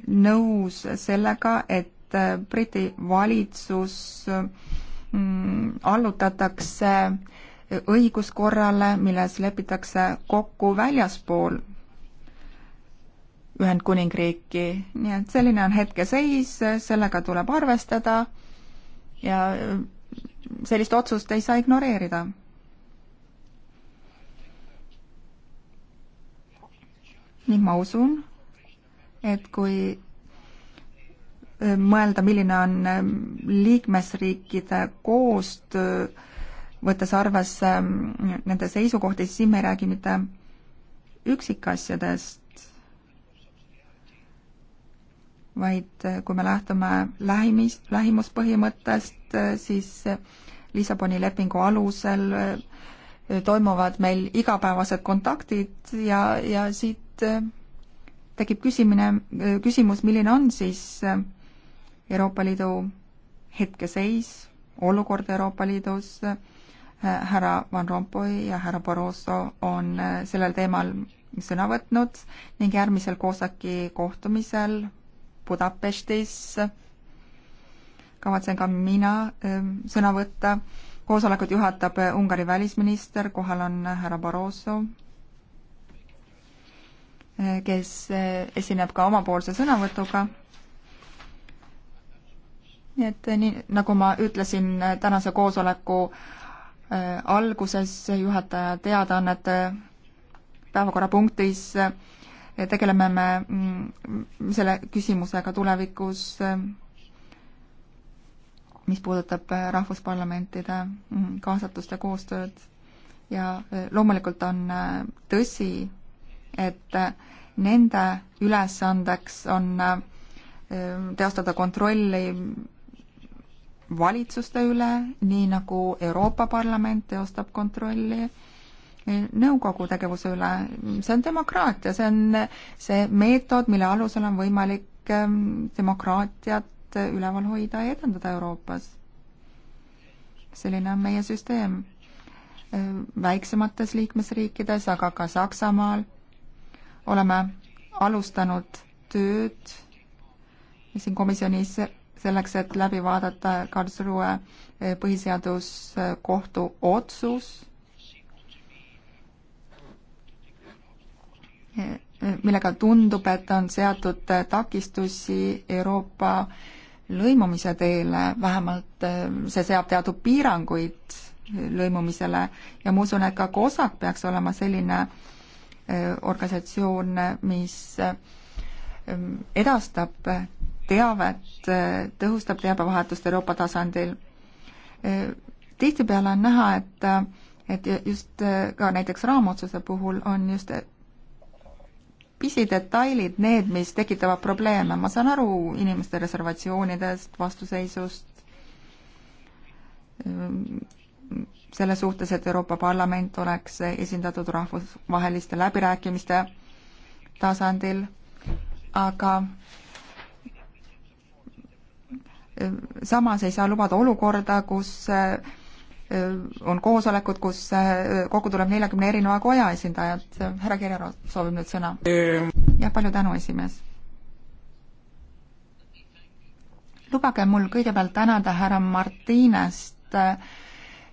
nõus sellega, et äh, Briti valitsus mm, allutatakse äh, õiguskorrale, milles lepitakse kokku väljaspool Ühendkuningriiki, nii et selline on hetkeseis, sellega tuleb arvestada ja äh, sellist otsust ei saa ignoreerida. ning ma usun, et kui äh, mõelda, milline on ähm, liikmesriikide koostöö, võttes arvesse ähm, nende seisukohti, siis siin me ei räägi mitte üksikasjadest, vaid äh, kui me lähtume lähimis, lähimuspõhimõttest, äh, siis Lissaboni lepingu alusel toimuvad meil igapäevased kontaktid ja, ja siit tekib küsimine, küsimus, milline on siis äh, Euroopa Liidu hetkeseis, olukord Euroopa Liidus, äh, härra Van Rompuy ja härra Barroso on äh, sellel teemal sõna võtnud ning järgmisel COSAC-i kohtumisel Budapestis kavatsen ka mina sõna võtta. koosolekut juhatab Ungari välisminister, kohal on härra Barroso kes eh, esineb ka omapoolse sõnavõtuga. nii et eh, nii, nagu ma ütlesin eh, tänase koosoleku alguses juhataja teadaannete päevakorrapunktis tegeleme me mm, selle küsimusega tulevikus, mis puudutab rahvusparlamentide mm, kaasatust ja koostööd. ja loomulikult on tõsi, et äh, nende ülesandeks on äh, teostada kontrolli valitsuste üle, nii nagu Euroopa Parlament teostab kontrolli äh, nõukogu tegevuse üle, see on demokraatia, see on see meetod, mille alusel on võimalik ähm, demokraatiat üleval hoida ja edendada Euroopas. selline on meie süsteem. väiksemates liikmesriikides, aga ka Saksamaal oleme alustanud tööd siin komisjonis selleks, et läbi vaadata Karlsruhe eh, põhiseaduskohtu otsus, eh, eh, millega tundub, et on seatud takistusi Euroopa lõimumise teele, vähemalt see seab teatud piiranguid lõimumisele ja ma usun, et ka COSAC peaks olema selline äh, Äh, organisatsioon, mis ähm, edastab teavet, äh, tõhustab teabevahetust Euroopa tasandil. Äh, tihtipeale on näha, et, et just ka näiteks raamotsuse puhul on just pisidetailid need, mis tekitavad probleeme, ma saan aru inimeste reservatsioonidest, vastuseisust, ähm, selle suhtes, et Euroopa Parlament oleks esindatud rahvusvaheliste läbirääkimiste tasandil, aga samas ei saa lubada olukorda, kus eh, on koosolekud, kus eh, kokku tuleb neljakümne erineva koja esindajad. härra Kerero soovib nüüd sõna. jah, palju tänu, esimees. lubage mul kõigepealt tänada härra Martinest äh,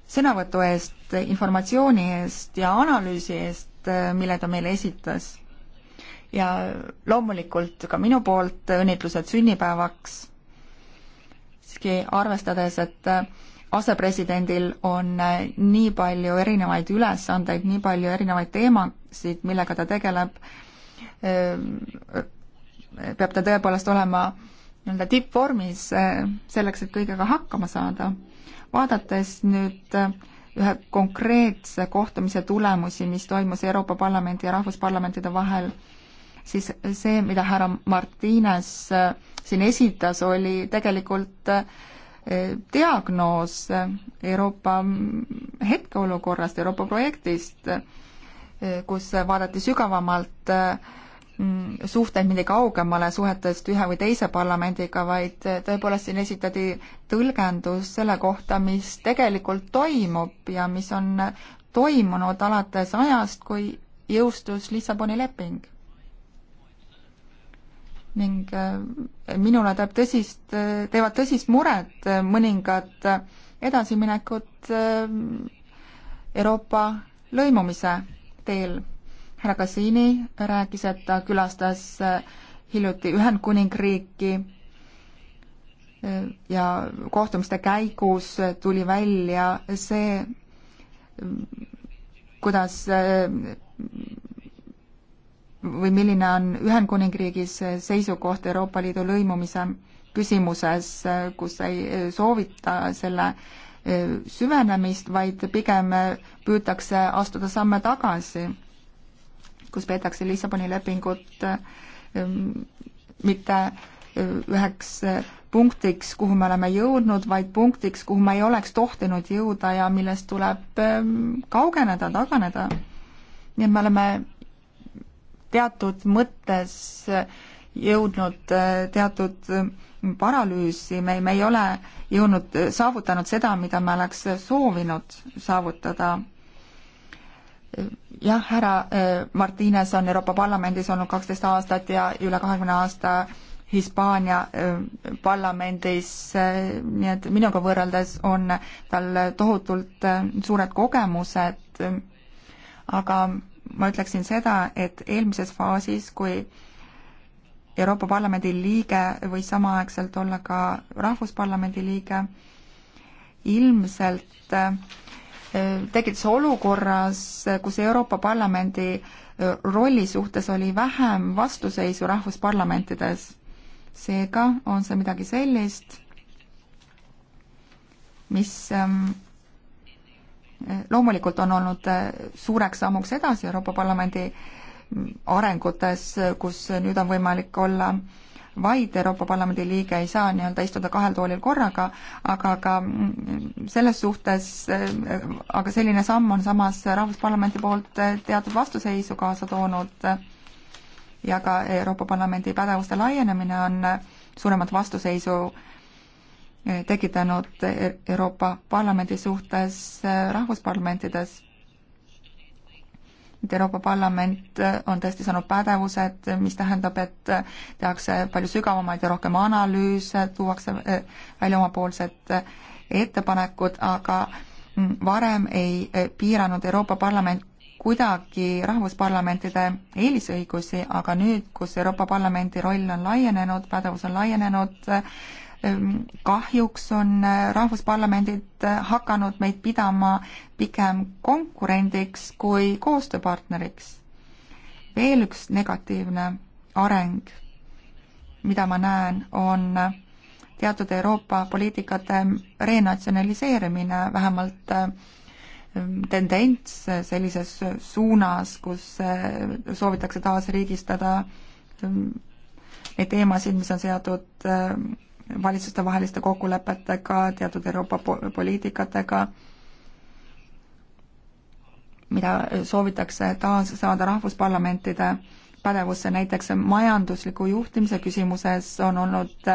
sõnavõtu eest, informatsiooni eest ja analüüsi eest, äh, mille ta meile esitas. ja loomulikult ka minu poolt õnnitlused sünnipäevaks, siiski arvestades, et äh, asepresidendil on äh, nii palju erinevaid ülesandeid, nii palju erinevaid teemasid, millega ta tegeleb, peab ta tõepoolest olema nii-öelda tippvormis selleks, et kõigega hakkama saada vaadates nüüd äh, ühe konkreetse kohtumise tulemusi, mis toimus Euroopa Parlamendi ja rahvusparlamentide vahel, siis see, mida härra Martines äh, siin esitas, oli tegelikult äh, diagnoos Euroopa mm, hetkeolukorrast, Euroopa projektist, kus vaadati sügavamalt äh, Mm, suhteid midagi kaugemale suhetest ühe või teise parlamendiga, vaid eh, tõepoolest siin esitati tõlgendus selle kohta, mis tegelikult toimub ja mis on toimunud alates ajast, kui jõustus Lissaboni leping. ning eh, minule teeb tõsist, teevad tõsist muret eh, mõningad edasiminekud Euroopa lõimumise teel härra Kasiini rääkis, et ta külastas äh, hiljuti Ühendkuningriiki äh, ja kohtumiste käigus tuli välja see, kuidas äh, või milline on Ühendkuningriigis seisukoht Euroopa Liidu lõimumise küsimuses, kus ei soovita selle süvenemist, vaid pigem püütakse astuda samme tagasi kus peetakse Lissaboni lepingut ehm, mitte eh, üheks eh, punktiks, kuhu me oleme jõudnud, vaid punktiks, kuhu me ei oleks tohtinud jõuda ja millest tuleb ehm, kaugeneda, taganeda. nii et me oleme teatud mõttes eh, jõudnud teatud mm, paralüüsi, me, me ei ole jõudnud, saavutanud seda, mida me oleks soovinud saavutada jah, härra äh, Martines on Euroopa Parlamendis olnud kaksteist aastat ja üle kahekümne aasta Hispaania äh, parlamendis, äh, nii et minuga võrreldes on tal tohutult suured kogemused, aga ma ütleksin seda, et eelmises faasis, kui Euroopa Parlamendi liige võis samaaegselt olla ka Rahvusparlamendi liige, ilmselt äh, tekitas olukorras, kus Euroopa Parlamendi e, rolli suhtes oli vähem vastuseisu rahvusparlamentides. seega on see midagi sellist, mis ähm, e, loomulikult on olnud e, suureks sammuks edasi Euroopa Parlamendi arengutes, kus nüüd on võimalik olla äh, vaid Euroopa Parlamendi liige ei saa nii-öelda istuda kahel toolil korraga, aga ka mm, selles suhtes, äh, aga selline samm on samas Rahvusparlamenti poolt äh, teatud vastuseisu kaasa toonud ja ka Euroopa Parlamendi pädevuste laienemine on suuremat vastuseisu äh, tekitanud Euroopa Parlamendi suhtes rahvusparlamentides et Euroopa Parlament äh, on tõesti saanud pädevused, mis tähendab, et äh, tehakse palju sügavamaid ja rohkem analüüse, tuuakse äh, välja omapoolsed ettepanekud, aga mm, varem ei piiranud Euroopa Parlament kuidagi rahvusparlamentide eelisõigusi, aga nüüd, kus Euroopa Parlamendi roll on laienenud, pädevus on laienenud, Ehm, kahjuks on eh, rahvusparlamendid eh, hakanud meid pidama pigem konkurendiks kui koostööpartneriks. veel üks negatiivne areng, mida ma näen, on eh, teatud Euroopa poliitikate renatsionaliseerimine, vähemalt tendents sellises suunas, kus soovitakse taasriigistada ehm, neid teemasid, mis on seotud ehm, valitsustevaheliste kokkulepetega, teatud Euroopa poliitikatega, mida soovitakse taas saada rahvusparlamentide pädevusse, näiteks majandusliku juhtimise küsimuses on olnud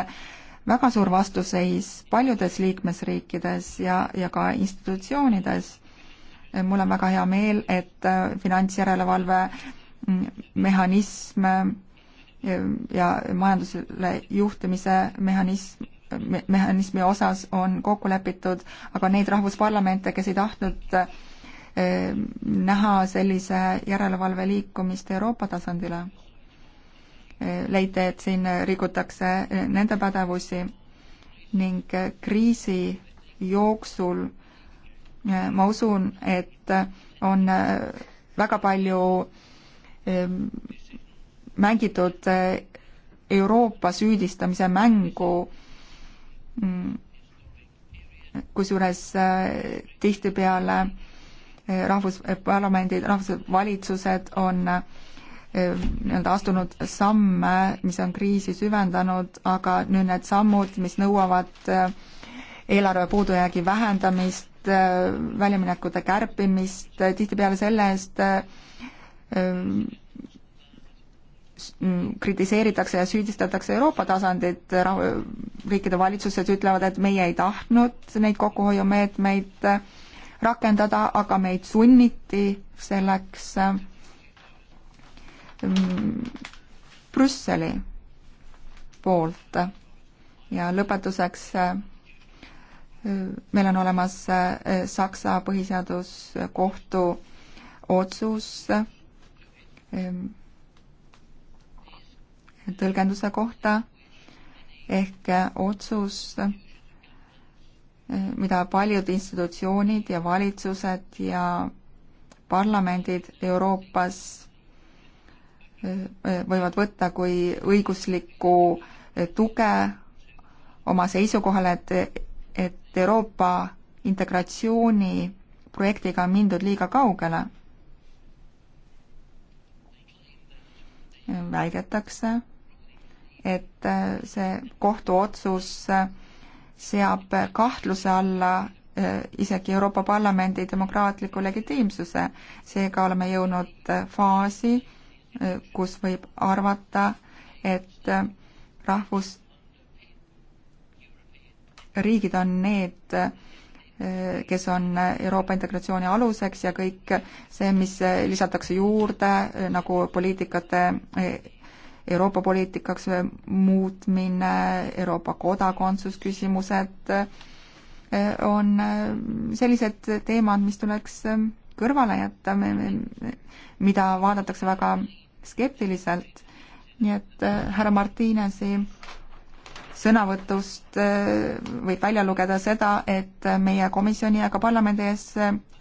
väga suur vastuseis paljudes liikmesriikides ja, ja ka institutsioonides. mul on väga hea meel, et finantsjärelevalve mehhanism ja majandusele juhtimise mehhanism mehhanismi osas on kokku lepitud, aga neid rahvusparlamente, kes ei tahtnud eh, näha sellise järelevalve liikumist Euroopa tasandile, eh, leiti, et siin rikutakse eh, nende pädevusi ning kriisi jooksul ma usun, et on väga palju mängitud äh, Euroopa süüdistamise mängu, mm, kusjuures äh, tihtipeale äh, rahvusparlamendid, rahvusvalitsused on nii-öelda astunud samme, mis on kriisi süvendanud, aga nüüd need sammud, mis nõuavad eelarve puudujäägi vähendamist, väljaminekute kärpimist, tihtipeale selle eest Mm, kritiseeritakse ja süüdistatakse Euroopa tasandit, riikide valitsused ütlevad, et meie ei tahtnud neid kokkuhoiumeetmeid äh, rakendada, aga meid sunniti selleks äh, mm, Brüsseli poolt. ja lõpetuseks, äh, meil on olemas Saksa põhiseaduskohtu otsus tõlgenduse kohta ehk otsus, mida paljud institutsioonid ja valitsused ja parlamendid Euroopas e, e, võivad võtta kui õiguslikku tuge oma seisukohale, et, et Euroopa integratsiooni projektiga on mindud liiga kaugele. väidetakse et äh, see kohtuotsus äh, seab kahtluse alla äh, isegi Euroopa Parlamendi demokraatliku legitiimsuse. seega oleme jõudnud faasi, kus võib arvata, et rahvus, riigid on need, kes on Euroopa integratsiooni aluseks ja kõik see, mis lisatakse juurde nagu poliitikate Euroopa poliitikaks muutmine, Euroopa kodakondsusküsimused eh, on eh, sellised teemad, mis tuleks eh, kõrvale jätta, mida vaadatakse väga skeptiliselt. nii et härra Martinesi sõnavõtust võib välja lugeda seda, et meie komisjoni ja ka parlamendi ees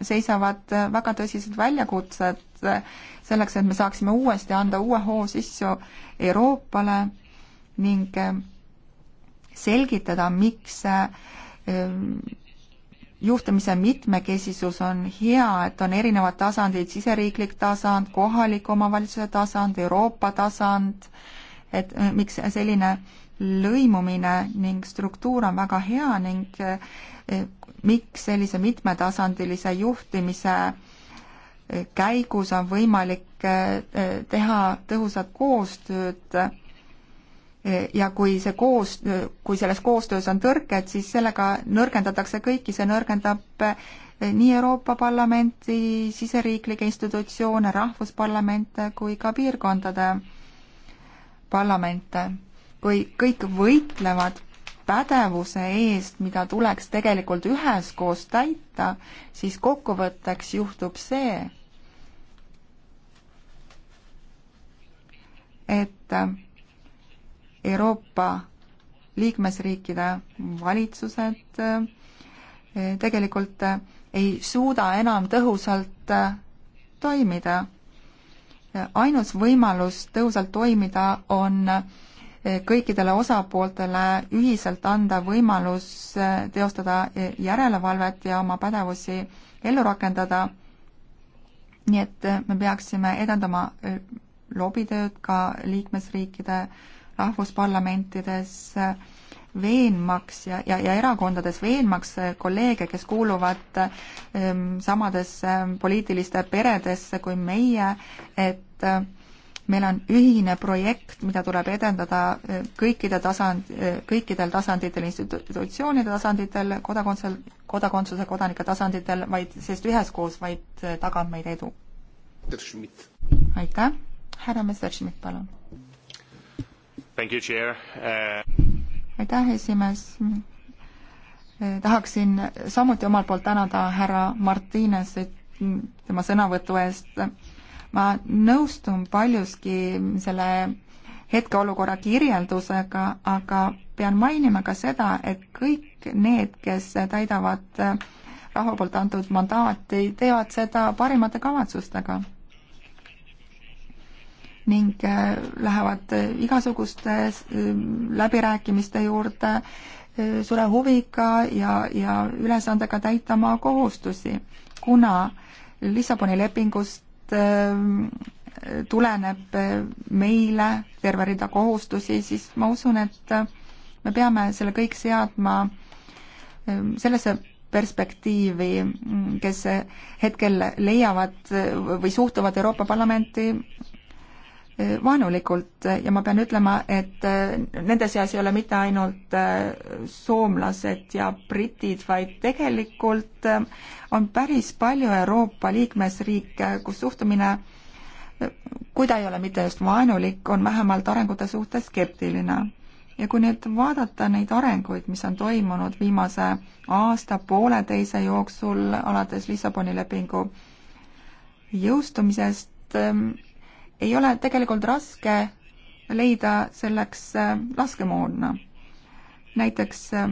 seisavad väga tõsised väljakutsed Äh, selleks, et me saaksime uuesti anda uue hoo sisse Euroopale ning äh, selgitada, miks äh, juhtimise mitmekesisus on hea, et on erinevad tasandid, siseriiklik tasand, kohaliku omavalitsuse tasand, Euroopa tasand, et miks selline lõimumine ning struktuur on väga hea ning miks sellise mitmetasandilise juhtimise käigus on võimalik eh, eh, teha tõhusat koostööd eh, ja kui see koos, kui selles koostöös on tõrked, siis sellega nõrgendatakse kõiki, see nõrgendab nii Euroopa Parlamenti, siseriiklikke institutsioone, rahvusparlamente kui ka piirkondade parlamente. kui kõik võitlevad pädevuse eest, mida tuleks tegelikult üheskoos täita, siis kokkuvõtteks juhtub see, et Euroopa liikmesriikide valitsused eh, tegelikult eh, ei suuda enam tõhusalt eh, toimida. ainus võimalus tõhusalt toimida on kõikidele osapooltele ühiselt anda võimalus eh, teostada eh, järelevalvet ja oma pädevusi ellu rakendada. nii et eh, me peaksime edendama lobitööd ka liikmesriikide rahvusparlamentides, veenmaks ja, ja, ja erakondades veenmaks kolleege, kes kuuluvad ähm, samadesse poliitiliste peredesse kui meie, et äh, meil on ühine projekt, mida tuleb edendada eh, kõikide tasand, eh, kõikidel tasanditel, institutsioonide tasanditel, kodakondsel, kodakondsuse kodanike tasanditel, vaid, sest üheskoos vaid eh, tagab meid edu. aitäh, härra Messerschmidt, palun. aitäh, esimees tahaksin samuti omalt poolt tänada härra Martinesit mm, tema sõnavõtu eest ma nõustun paljuski selle hetkeolukorra kirjeldusega, aga pean mainima ka seda, et kõik need, kes täidavad rahva poolt antud mandaati, teevad seda parimate kavatsustega. ning äh, lähevad igasuguste äh, läbirääkimiste juurde äh, suure huviga ja, ja ülesandega täita oma kohustusi, kuna Lissaboni lepingus Äh, tuleneb äh, meile terve rida kohustusi, siis ma usun, et äh, me peame selle kõik seadma sellesse perspektiivi, mm, kes hetkel leiavad või suhtuvad Euroopa Parlamenti vaenulikult ja ma pean ütlema, et äh, nende seas ei ole mitte ainult äh, soomlased ja britid, vaid tegelikult äh, on päris palju Euroopa liikmesriike, kus suhtumine, kui ta ei ole mitte just vaenulik, on vähemalt arengute suhtes skeptiline. ja kui nüüd vaadata neid arenguid, mis on toimunud viimase aasta-pooleteise jooksul alates Lissaboni lepingu jõustumisest, ähm, ei ole tegelikult raske leida selleks äh, laskemoona. näiteks äh,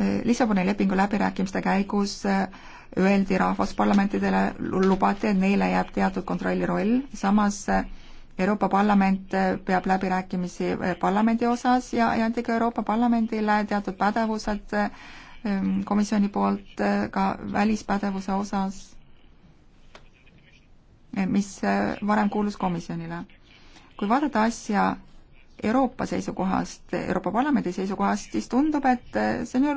äh, Lissaboni lepingu läbirääkimiste käigus öeldi rahvusparlamentidele, lubati, et neile jääb teatud kontrolli roll, samas Euroopa Parlament peab läbirääkimisi parlamendi osas ja, ja anti ka Euroopa Parlamendile teatud pädevused ähm, komisjoni poolt ka välispädevuse osas mis äh, varem kuulus komisjonile. kui vaadata asja Euroopa seisukohast, Euroopa Parlamendi seisukohast, siis tundub, et äh, see on ju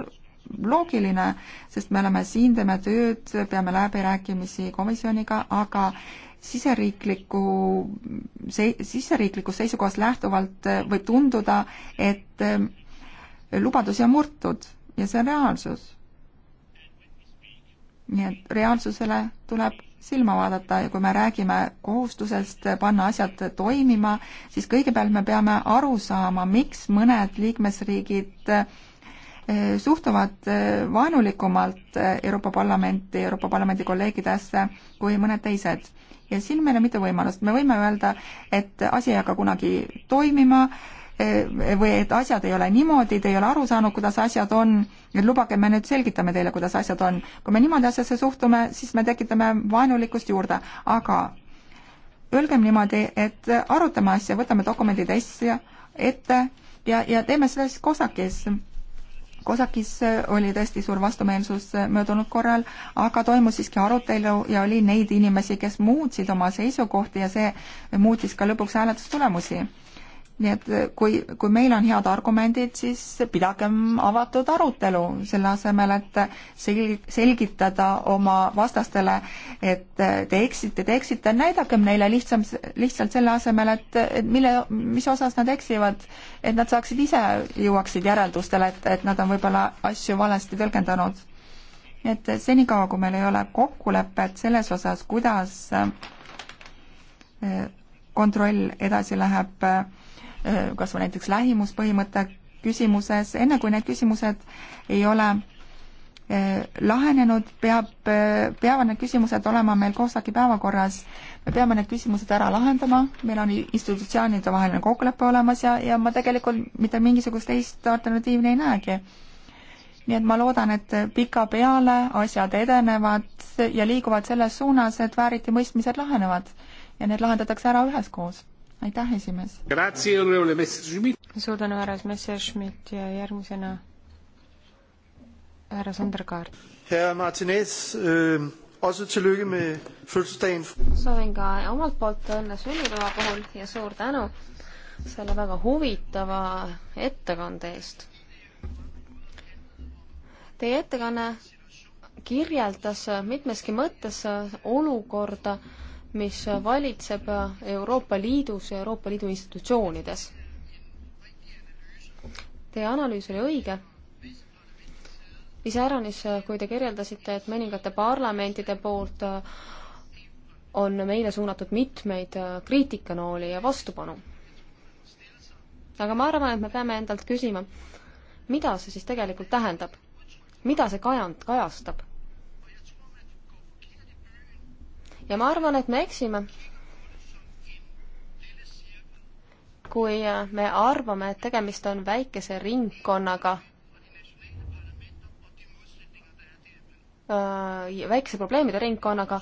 loogiline, sest me oleme siin, teeme tööd, peame läbirääkimisi komisjoniga, aga siseriikliku, siseriiklikust seisukohast lähtuvalt äh, võib tunduda, et lubadusi on murtud ja see on reaalsus nii et reaalsusele tuleb silma vaadata ja kui me räägime kohustusest panna asjad toimima, siis kõigepealt me peame aru saama, miks mõned liikmesriigid eh, suhtuvad eh, vaenulikumalt eh, Euroopa Parlamenti, Euroopa Parlamendi kolleegidesse kui mõned teised. ja siin meil on mitu võimalust, me võime öelda, et asi ei hakka kunagi toimima, Eh, või et asjad ei ole niimoodi, te ei ole aru saanud, kuidas asjad on, et lubage, me nüüd selgitame teile, kuidas asjad on. kui me niimoodi asjasse suhtume, siis me tekitame vaenulikkust juurde, aga öelgem niimoodi, et arutame asja, võtame dokumendid asja ette ja, ja teeme selles kosakis. kosakis oli tõesti suur vastumeelsus möödunud korral, aga toimus siiski arutelu ja oli neid inimesi, kes muutsid oma seisukohti ja see muutis ka lõpuks hääletustulemusi nii et eh, kui, kui meil on head argumendid, siis pidagem avatud arutelu, selle asemel, et sel-, selgitada oma vastastele, et te eksite, te eksite, näidakem neile lihtsam, lihtsalt selle asemel, et, et mille, mis osas nad eksivad, et nad saaksid ise, jõuaksid järeldustele, et, et nad on võib-olla asju valesti tõlgendanud. et senikaua, kui meil ei ole kokkulepet selles osas, kuidas eh, kontroll edasi läheb äh, kas või näiteks lähimuspõhimõtte küsimuses, enne kui need küsimused ei ole lahenenud, peab, peavad need küsimused olema meil COSAC-i päevakorras. me peame need küsimused ära lahendama, meil on institutsioonide vaheline kokkulepe olemas ja, ja ma tegelikult mitte mingisugust teist alternatiivi ei näegi. nii et ma loodan, et pikapeale asjad edenevad ja liiguvad selles suunas, et vääritimõistmised lahenevad ja need lahendatakse ära üheskoos aitäh, esimees! suur tänu, härra Messerschmidt ja järgmisena härra Sondergaard. härra Martinez äh,, også tillykke med fødselsdagen. soovin ka omalt poolt õnne sünnipäeva puhul ja suur tänu selle väga huvitava ettekande eest. Teie ettekanne kirjeldas mitmeski mõttes olukorda äh, mis valitseb Euroopa Liidus ja Euroopa Liidu institutsioonides. Teie analüüs oli õige. iseäranis, kui te kirjeldasite, et mõningate parlamentide poolt on meile suunatud mitmeid kriitikanooli ja vastupanu. aga ma arvan, et me peame endalt küsima, mida see siis tegelikult tähendab? mida see kajand, kajastab? ja ma arvan, et me eksime. kui äh, me arvame, et tegemist on väikese ringkonnaga, äh, väikese probleemide ringkonnaga,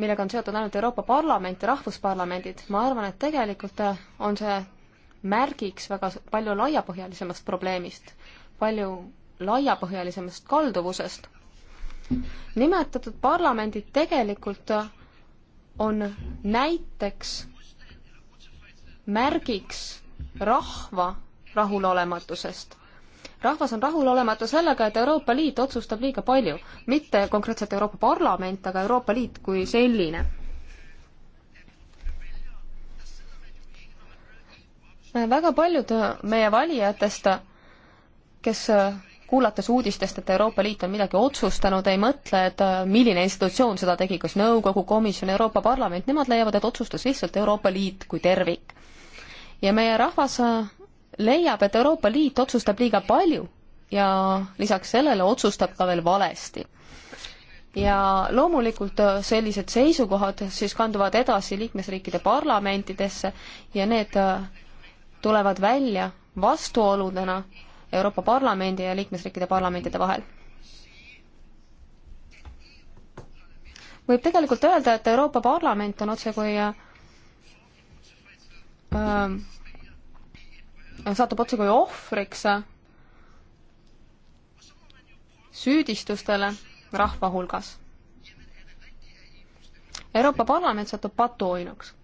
millega on seotud ainult Euroopa Parlament ja rahvusparlamendid, ma arvan, et tegelikult äh, on see märgiks väga palju laiapõhjalisemast probleemist, palju laiapõhjalisemast kalduvusest. nimetatud parlamendid tegelikult on näiteks märgiks rahva rahulolematusest. rahvas on rahulolematu sellega, et Euroopa Liit otsustab liiga palju, mitte konkreetselt Euroopa Parlament, aga Euroopa Liit kui selline. väga paljud meie valijatest, kes kuulates uudistest, et Euroopa Liit on midagi otsustanud, ei mõtle, et äh, milline institutsioon seda tegi, kas nõukogu, komisjon, Euroopa Parlament, nemad leiavad, et otsustas lihtsalt Euroopa Liit kui tervik. ja meie rahvas äh, leiab, et Euroopa Liit otsustab liiga palju ja lisaks sellele otsustab ka veel valesti. ja loomulikult äh, sellised seisukohad siis kanduvad edasi liikmesriikide parlamentidesse ja need tulevad välja vastuoludena Euroopa Parlamendi ja liikmesriikide parlamentide vahel. võib tegelikult öelda, et Euroopa Parlament on otsekui äh, satub otsekui ohvriks süüdistustele rahva hulgas. Euroopa Parlament satub patuoinuks.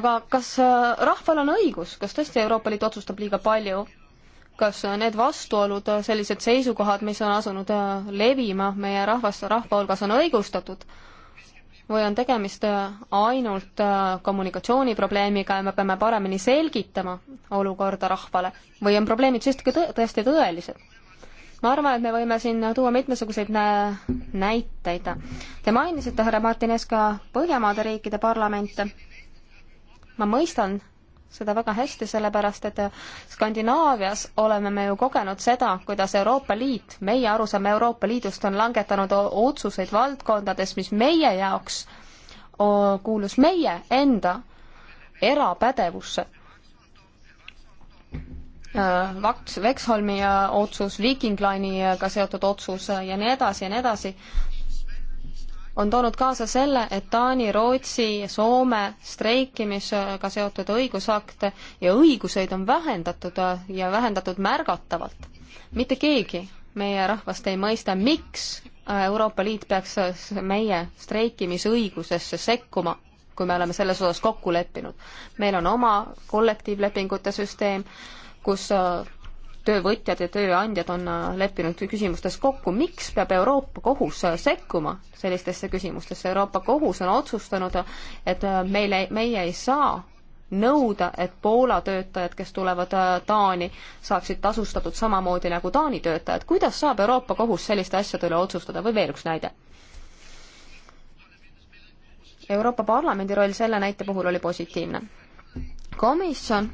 aga kas äh, rahval on õigus, kas tõesti Euroopa Liit otsustab liiga palju kas need vastuolud, sellised seisukohad, mis on asunud äh, levima meie rahvas, rahva hulgas, on õigustatud või on tegemist äh, ainult äh, kommunikatsiooniprobleemiga ja me peame paremini selgitama olukorda rahvale või on probleemid siiski tõ tõesti tõelised? ma arvan, et me võime siin tuua mitmesuguseid nä näiteid. Te mainisite, härra Martines, ka Põhjamaade riikide parlamente. ma mõistan seda väga hästi, sellepärast et Skandinaavias oleme me ju kogenud seda, kuidas Euroopa Liit, meie arusaam Euroopa Liidust on langetanud otsuseid valdkondades, mis meie jaoks kuulus meie enda erapädevusse. Äh, Vaks, Vexholmi äh, otsus, Viking Line'iga seotud otsus äh, ja nii edasi ja nii edasi on toonud kaasa selle, et Taani, Rootsi, Soome streikimisega seotud õigusakte ja õiguseid on vähendatud äh, ja vähendatud märgatavalt. mitte keegi meie rahvast ei mõista, miks äh, Euroopa Liit peaks äh, meie streikimisõigusesse sekkuma kui me oleme selles osas kokku leppinud. meil on oma kollektiivlepingute süsteem, kus töövõtjad ja tööandjad on äh, leppinud küsimustes kokku, miks peab Euroopa Kohus äh, sekkuma sellistesse küsimustesse, Euroopa Kohus on otsustanud, et äh, meile, meie ei saa nõuda, et Poola töötajad, kes tulevad Taani, saaksid tasustatud samamoodi nagu Taani töötajad. kuidas saab Euroopa Kohus selliste asjade üle otsustada või veel üks näide? Euroopa Parlamendi roll selle näite puhul oli positiivne. komisjon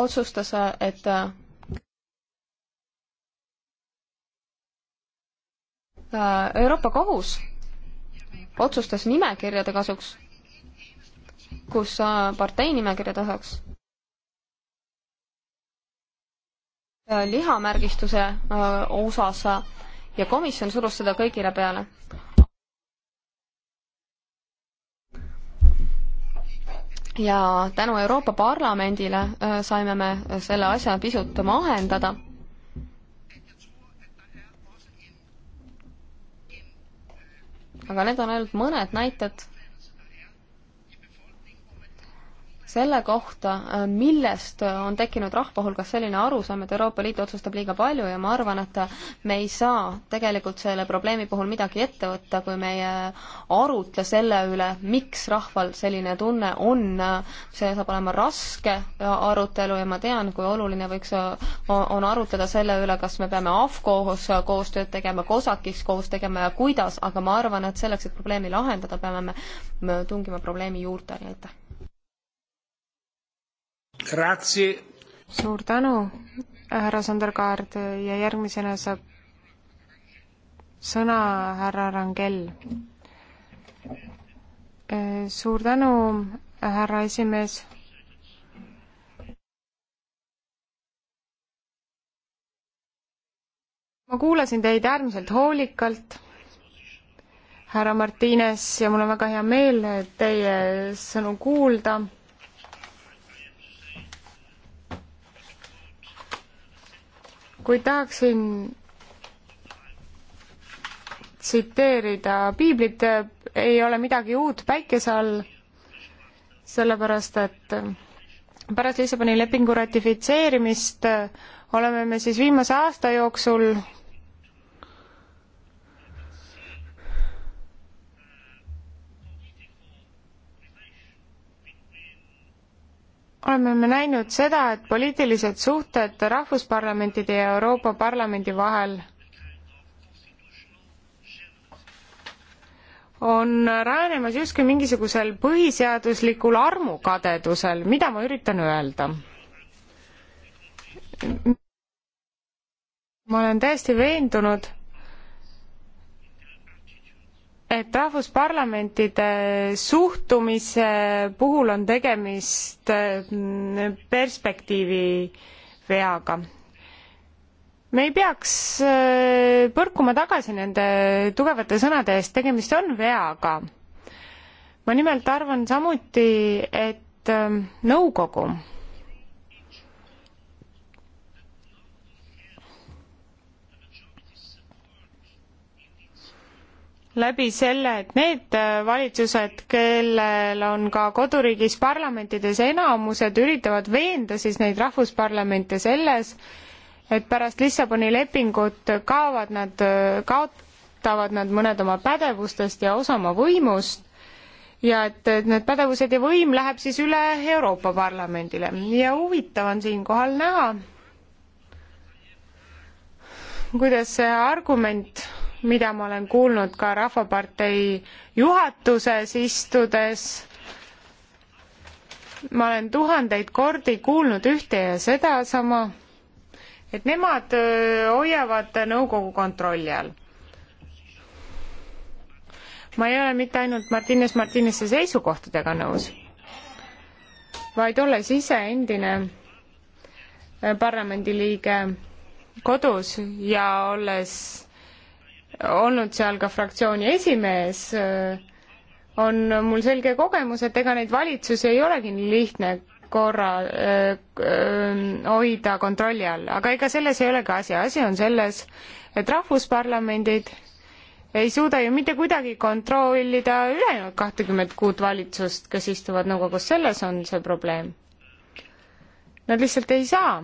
otsustas, et äh, Euroopa Kohus otsustas nimekirjade kasuks, kus äh, partei nimekirjade osaks äh, lihamärgistuse osas ja komisjon surus seda kõigile peale. ja tänu Euroopa Parlamendile äh, saime me äh, selle asja pisut mahendada. aga need on ainult mõned näited selle kohta, millest on tekkinud rahva hulgas selline arusaam, et Euroopa Liit otsustab liiga palju ja ma arvan, et me ei saa tegelikult selle probleemi puhul midagi ette võtta, kui me ei arutle selle üle, miks rahval selline tunne on. see saab olema raske arutelu ja ma tean, kui oluline võiks, on arutleda selle üle, kas me peame AFCO-s koostööd tegema, COSAC-is koos tegema ja kuidas, aga ma arvan, et selleks, et probleemi lahendada, peame me tungima probleemi juurde, aitäh suur tänu, härra Sanderkaard ja järgmisena saab sõna härra Rangel. suur tänu, härra esimees ma kuulasin teid äärmiselt hoolikalt, härra Martines, ja mul on väga hea meel teie sõnu kuulda kuid tahaksin tsiteerida piiblit, ei ole midagi uut päikese all, sellepärast et pärast Lissaboni lepingu ratifitseerimist oleme me siis viimase aasta jooksul oleme me näinud seda, et poliitilised suhted rahvusparlamentide ja Euroopa Parlamendi vahel on rajanemas justkui mingisugusel põhiseaduslikul armukadedusel, mida ma üritan öelda? ma olen täiesti veendunud et rahvusparlamentide suhtumise puhul on tegemist mm, perspektiivi veaga. me ei peaks äh, põrkuma tagasi nende tugevate sõnade eest, tegemist on veaga. ma nimelt arvan samuti, et äh, nõukogu läbi selle, et need äh, valitsused, kellel on ka koduriigis parlamentides enamused, üritavad veenda siis neid rahvusparlamente selles, et pärast Lissaboni lepingut kaovad nad, äh, kaotavad nad mõned oma pädevustest ja osa oma võimust ja et, et need pädevused ja võim läheb siis üle Euroopa Parlamendile ja huvitav on siinkohal näha, kuidas see argument mida ma olen kuulnud ka Rahvapartei juhatuses istudes. ma olen tuhandeid kordi kuulnud ühte ja sedasama, et nemad hoiavad nõukogu kontrolli all. ma ei ole mitte ainult Martines Martinese seisukohtadega nõus, vaid olles ise endine parlamendiliige kodus ja olles olnud seal ka fraktsiooni esimees, on mul selge kogemus, et ega neid valitsusi ei olegi nii lihtne korra öö, öö, hoida kontrolli all, aga ega selles ei olegi asi, asi on selles, et rahvusparlamendid ei suuda ju mitte kuidagi kontrollida ülejäänud kahtekümmet kuut valitsust, kes istuvad nõukogus, selles on see probleem. Nad lihtsalt ei saa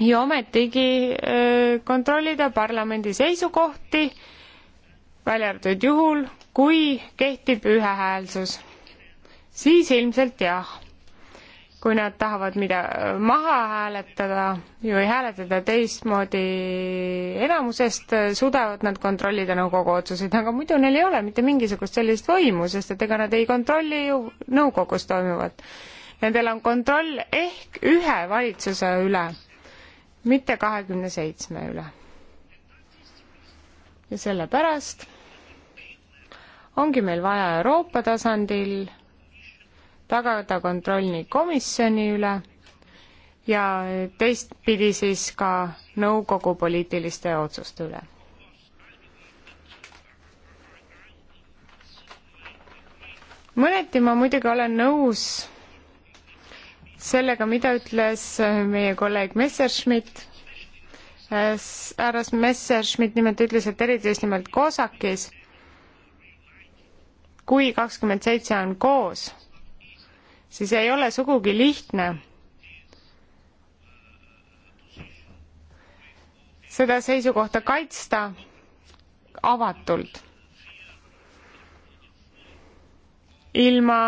ja ometigi äh, kontrollida parlamendi seisukohti, välja arvatud juhul, kui kehtib ühehäälsus. siis ilmselt jah. kui nad tahavad mida maha hääletada ju ei hääletada teistmoodi enamusest, suudavad nad kontrollida nõukogu otsuseid, aga muidu neil ei ole mitte mingisugust sellist võimu, sest et ega nad ei kontrolli ju nõukogus toimuvat. Nendel on kontroll ehk ühe valitsuse üle mitte kahekümne seitsme üle. ja sellepärast ongi meil vaja Euroopa tasandil tagada kontroll nii komisjoni üle ja teistpidi siis ka nõukogu poliitiliste otsuste üle. mõneti ma muidugi olen nõus sellega, mida ütles äh, meie kolleeg Messerschmidt. Äh, härra Messerschmidt nimelt ütles, et eriti just nimelt COSAC-is, kui kakskümmend seitse on koos, siis ei ole sugugi lihtne seda seisukohta kaitsta avatult ilma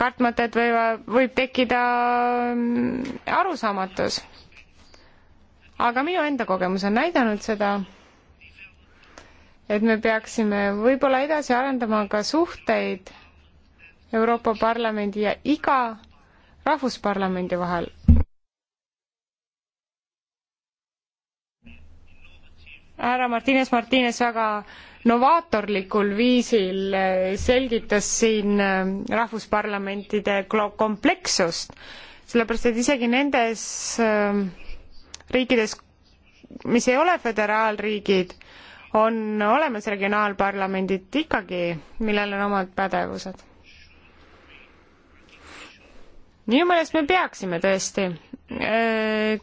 kartmata, et võivad, võib tekkida mm, arusaamatus. aga minu enda kogemus on näidanud seda, et me peaksime võib-olla edasi arendama ka suhteid Euroopa Parlamendi ja iga rahvusparlamendi vahel. härra Martines Martines väga novaatorlikul viisil eh, selgitas siin eh, rahvusparlamentide komplekssust, sellepärast et isegi nendes eh, riikides, mis ei ole föderaalriigid, on olemas regionaalparlamendid ikkagi, millel on omad pädevused. minu meelest me peaksime tõesti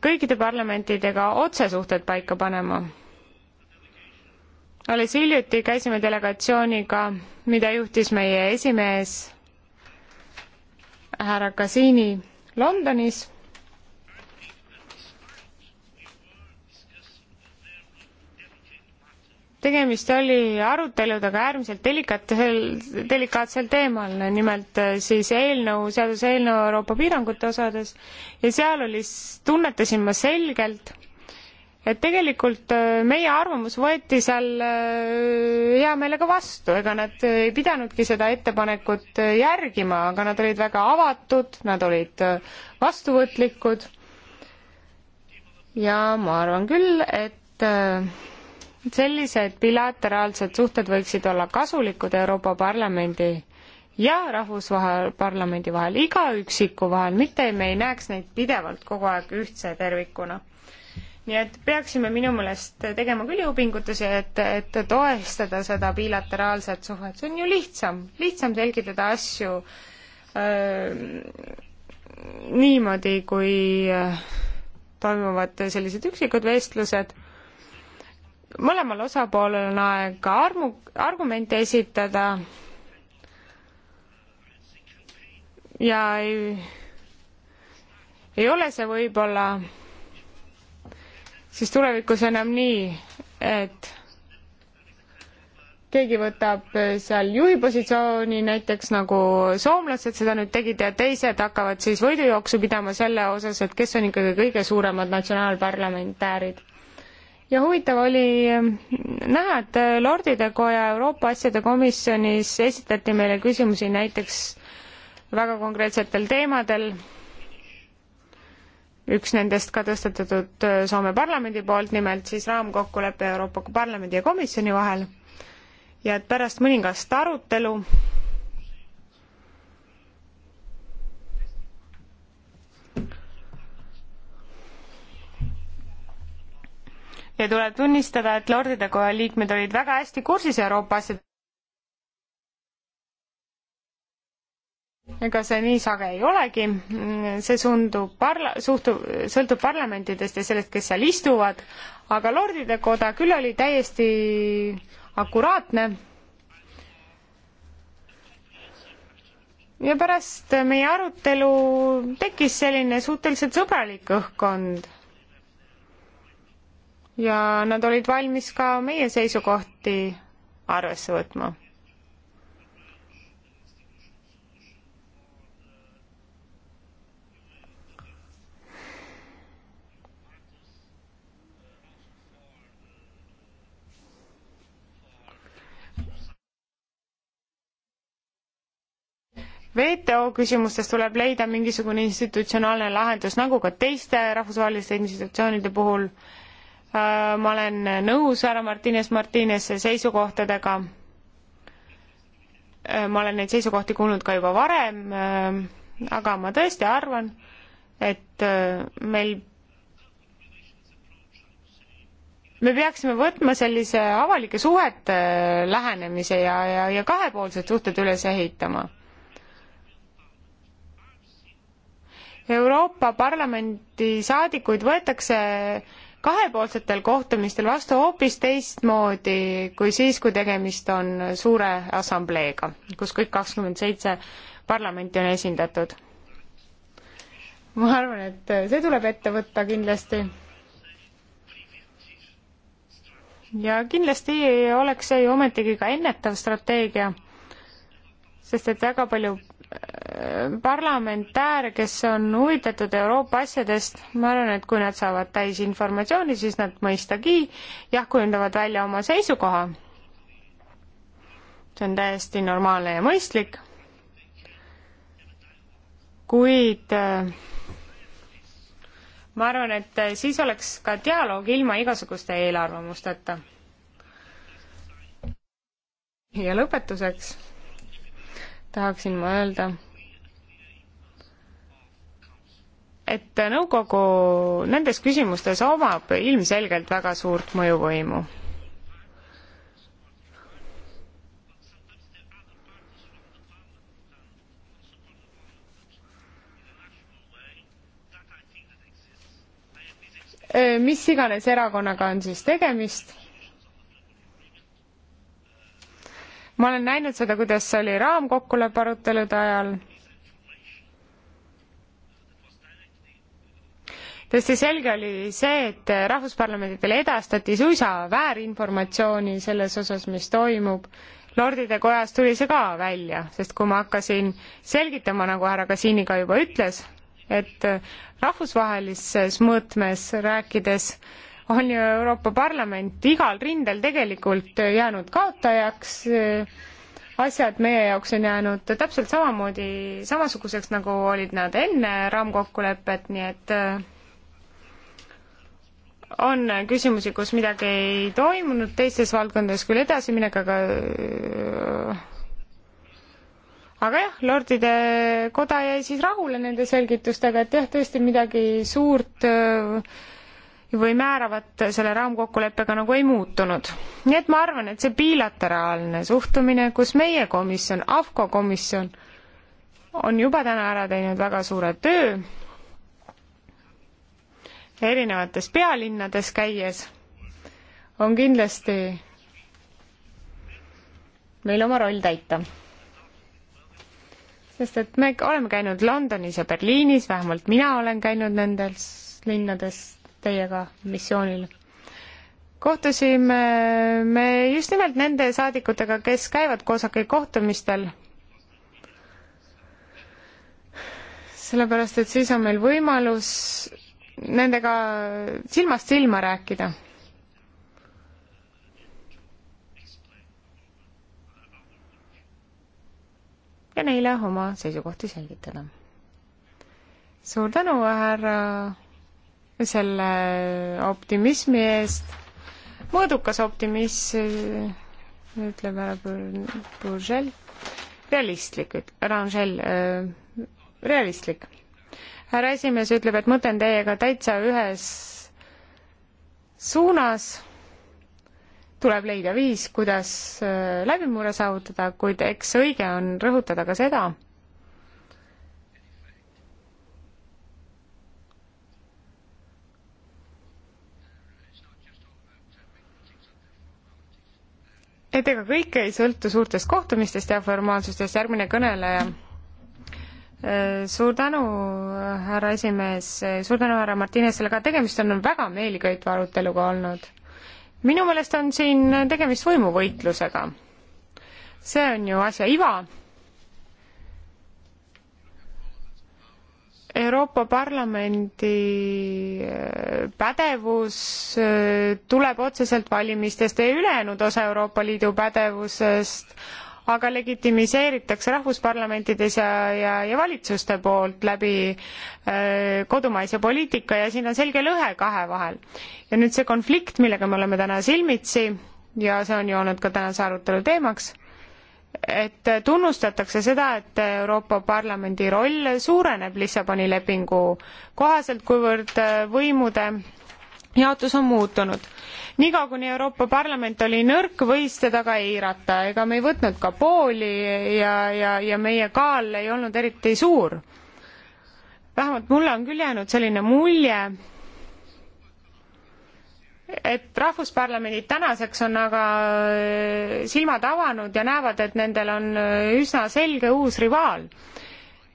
kõikide parlamentidega otsesuhted paika panema alles hiljuti käisime delegatsiooniga, mida juhtis meie esimees härra Kasiini Londonis tegemist oli aruteludega äärmiselt delikaatsel, delikaatsel teemal, nimelt äh, siis eelnõu, seaduseelnõu Euroopa piirangute osades ja seal oli, tunnetasin ma selgelt, et tegelikult äh, meie arvamus võeti seal äh, hea meelega vastu, ega nad äh, ei pidanudki seda ettepanekut järgima, aga nad olid väga avatud, nad olid vastuvõtlikud. ja ma arvan küll, et sellised bilateraalsed suhted võiksid olla kasulikud Euroopa Parlamendi ja Rahvusparlamendi vahel, iga üksiku vahel, mitte me ei näeks neid pidevalt kogu aeg ühtse tervikuna nii et peaksime minu meelest tegema küll jõupingutusi, et, et toestada seda bilateraalset suhet, see on ju lihtsam, lihtsam selgitada asju öö, niimoodi, kui äh, toimuvad sellised üksikud vestlused. mõlemal osapoolel on aega armu, argumente esitada ja ei, ei ole see võib-olla siis tulevikus enam nii, et keegi võtab seal juhi positsiooni, näiteks nagu soomlased seda nüüd tegid ja teised hakkavad siis võidujooksu pidama selle osas, et kes on ikkagi kõige suuremad natsionaalparlamentäärid. ja huvitav oli ehm, näha, et Lordide Koja Euroopa Asjade Komisjonis esitati meile küsimusi näiteks väga konkreetsetel teemadel üks nendest ka tõstatatud äh, Soome parlamendi poolt, nimelt siis raamkokkulepe Euroopa Parlamendi ja komisjoni vahel. ja et pärast mõningast arutelu ja tuleb tunnistada, et Lordide Koja liikmed olid väga hästi kursis Euroopa asjadega, ega see nii sage ei olegi, see suundub parla-, suhtub, sõltub parlamentidest ja sellest, kes seal istuvad, aga Lordide Koda küll oli täiesti akuraatne. ja pärast meie arutelu tekkis selline suhteliselt sõbralik õhkkond. ja nad olid valmis ka meie seisukohti arvesse võtma WTO küsimustes tuleb leida mingisugune institutsionaalne lahendus, nagu ka teiste rahvusvaheliste institutsioonide puhul. Äh, ma olen nõus härra Martines Martinese seisukohtadega. Äh, ma olen neid seisukohti kuulnud ka juba varem, äh, aga ma tõesti arvan, et meil me peaksime võtma sellise avalike suhete lähenemise ja, ja, ja kahepoolsed suhted üles ehitama Euroopa Parlamendi saadikuid võetakse kahepoolsetel kohtumistel vastu hoopis teistmoodi kui siis, kui tegemist on suure assambleega, kus kõik kakskümmend seitse parlamenti on esindatud. ma arvan, et see tuleb ette võtta kindlasti. ja kindlasti oleks see ju ometigi ka ennetav strateegia, sest et väga palju parlamentäär, kes on huvitatud Euroopa asjadest, ma arvan, et kui nad saavad täis informatsiooni, siis nad mõistagi jah, kujundavad välja oma seisukoha. see on täiesti normaalne ja mõistlik. kuid äh, ma arvan, et äh, siis oleks ka dialoog ilma igasuguste eelarvamusteta. ja lõpetuseks tahaksin ma öelda et nõukogu nendes küsimustes omab ilmselgelt väga suurt mõjuvõimu. mis iganes erakonnaga on siis tegemist ma olen näinud seda, kuidas see oli raamkokkuleppe arutelude ajal tõesti selge oli see, et rahvusparlamendidele edastati suisa väärinformatsiooni selles osas, mis toimub. Lordide kojas tuli see ka välja, sest kui ma hakkasin selgitama, nagu härra Kasiini ka juba ütles, et rahvusvahelises mõõtmes rääkides on ju Euroopa Parlament igal rindel tegelikult jäänud kaotajaks, asjad meie jaoks on jäänud täpselt samamoodi, samasuguseks, nagu olid nad enne raamkokkulepet, nii et äh, on küsimusi, kus midagi ei toimunud, teistes valdkondades küll edasiminek, aga aga jah, lordide koda jäi siis rahule nende selgitustega, et jah, tõesti midagi suurt äh, või määravat selle raamkokkuleppega nagu ei muutunud. nii et ma arvan, et see bilateraalne suhtumine, kus meie komisjon, AFCO komisjon on juba täna ära teinud väga suure töö erinevates pealinnades käies on kindlasti meil oma roll täita. sest et me oleme käinud Londonis ja Berliinis, vähemalt mina olen käinud nendes linnades teiega missioonil. kohtusime me just nimelt nende saadikutega, kes käivad COSAC-i kohtumistel sellepärast, et siis on meil võimalus nendega silmast silma rääkida. ja neile oma seisukohti selgitada. suur tänu, härra, selle optimismi eest. mõõdukas optimism, ütleb härra Bourgel, realistlik, Rangel, äh, realistlik härra esimees ütleb, et mõte on teiega täitsa ühes suunas, tuleb leida viis, kuidas äh, läbimurre saavutada, kuid eks õige on rõhutada ka seda, et ega kõik ei sõltu suurtest kohtumistest ja formaalsustest, järgmine kõneleja suur tänu, härra esimees, suur tänu, härra Martinesele, aga tegemist on väga meeliköitva aruteluga olnud. minu meelest on siin tegemist võimuvõitlusega. see on ju asja iva. Euroopa Parlamendi äh, pädevus äh, tuleb otseselt valimistest ja ülejäänud osa Euroopa Liidu pädevusest aga legitimiseeritakse rahvusparlamentides ja, ja, ja valitsuste poolt läbi öö, äh, kodumaise poliitika ja siin on selge lõhe kahe vahel. ja nüüd see konflikt, millega me oleme täna silmitsi ja see on ju olnud ka tänase arutelu teemaks, et tunnustatakse seda, et Euroopa Parlamendi roll suureneb Lissaboni lepingu kohaselt, kuivõrd võimude jaotus on muutunud. niikaua, kuni Euroopa Parlament oli nõrk, võis teda ka eirata, ega me ei võtnud ka pooli ja, ja, ja meie kaal ei olnud eriti suur. vähemalt mulle on küll jäänud selline mulje, et rahvusparlamendid tänaseks on aga äh, silmad avanud ja näevad, et nendel on äh, üsna selge uus rivaal.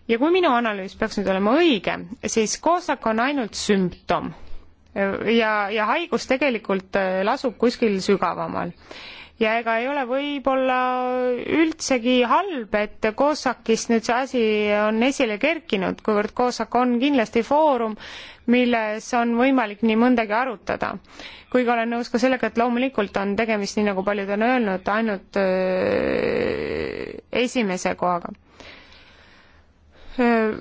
ja kui minu analüüs peaks nüüd olema õige, siis Kosak on ainult sümptom ja, ja haigus tegelikult äh, lasub kuskil sügavamal ja ega ei ole võib-olla üldsegi halb, et Koosakist nüüd see asi on esile kerkinud, kuivõrd Koosak on kindlasti foorum, milles on võimalik nii mõndagi arutada. kuigi olen nõus ka sellega, et loomulikult on tegemist, nii nagu paljud on öelnud, ainult öö, äh, esimese kohaga. Äh,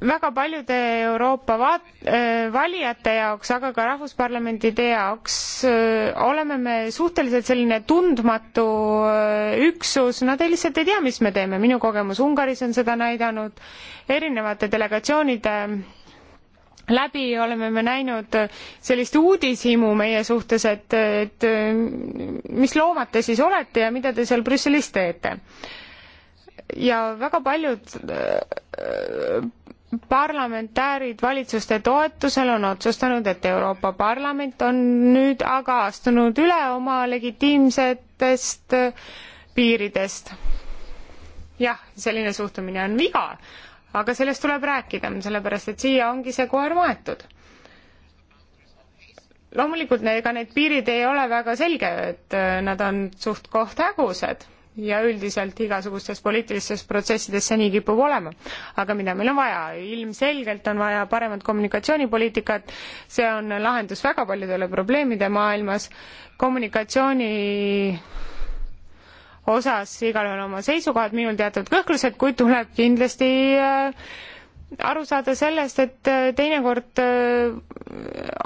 väga paljude Euroopa vaat-, äh, valijate jaoks, aga ka rahvusparlamentide jaoks äh, oleme me suhteliselt selline tundmatu äh, üksus, nad ei lihtsalt ei tea, mis me teeme, minu kogemus Ungaris on seda näidanud, erinevate delegatsioonide läbi oleme me näinud sellist uudishimu meie suhtes, et, et mis loomad te siis olete ja mida te seal Brüsselis teete. ja väga paljud parlamentäärid valitsuste toetusel on otsustanud, et Euroopa Parlament on nüüd aga astunud üle oma legitiimsetest piiridest. jah, selline suhtumine on viga, aga sellest tuleb rääkida, sellepärast et siia ongi see koer maetud. loomulikult ega need piirid ei ole väga selge, et äh, nad on suht-koht hägused ja üldiselt igasugustes poliitilistes protsessides see nii kipub olema. aga mida meil on vaja? ilmselgelt on vaja paremat kommunikatsioonipoliitikat, see on lahendus väga paljudele probleemide maailmas, kommunikatsiooni osas igalühel oma seisukohad, minul teatavad kõhklused, kuid tuleb kindlasti äh, aru saada sellest, et äh, teinekord äh,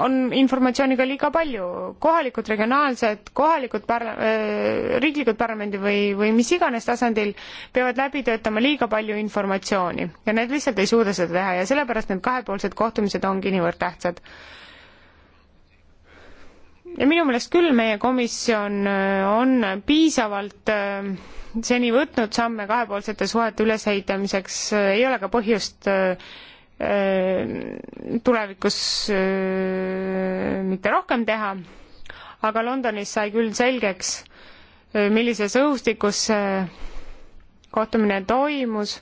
on informatsiooni ka liiga palju, kohalikud, regionaalsed, kohalikud parla-, äh, riiklikud parlamendi või, või mis iganes tasandil peavad läbi töötama liiga palju informatsiooni ja nad lihtsalt ei suuda seda teha ja sellepärast need kahepoolsed kohtumised ongi niivõrd tähtsad. ja minu meelest küll meie komisjon on piisavalt äh, seni võtnud samme kahepoolsete suhete ülesehitamiseks, ei ole ka põhjust äh, tulevikus äh, mitte rohkem teha, aga Londonis sai küll selgeks, äh, millises õhustikus see kohtumine toimus.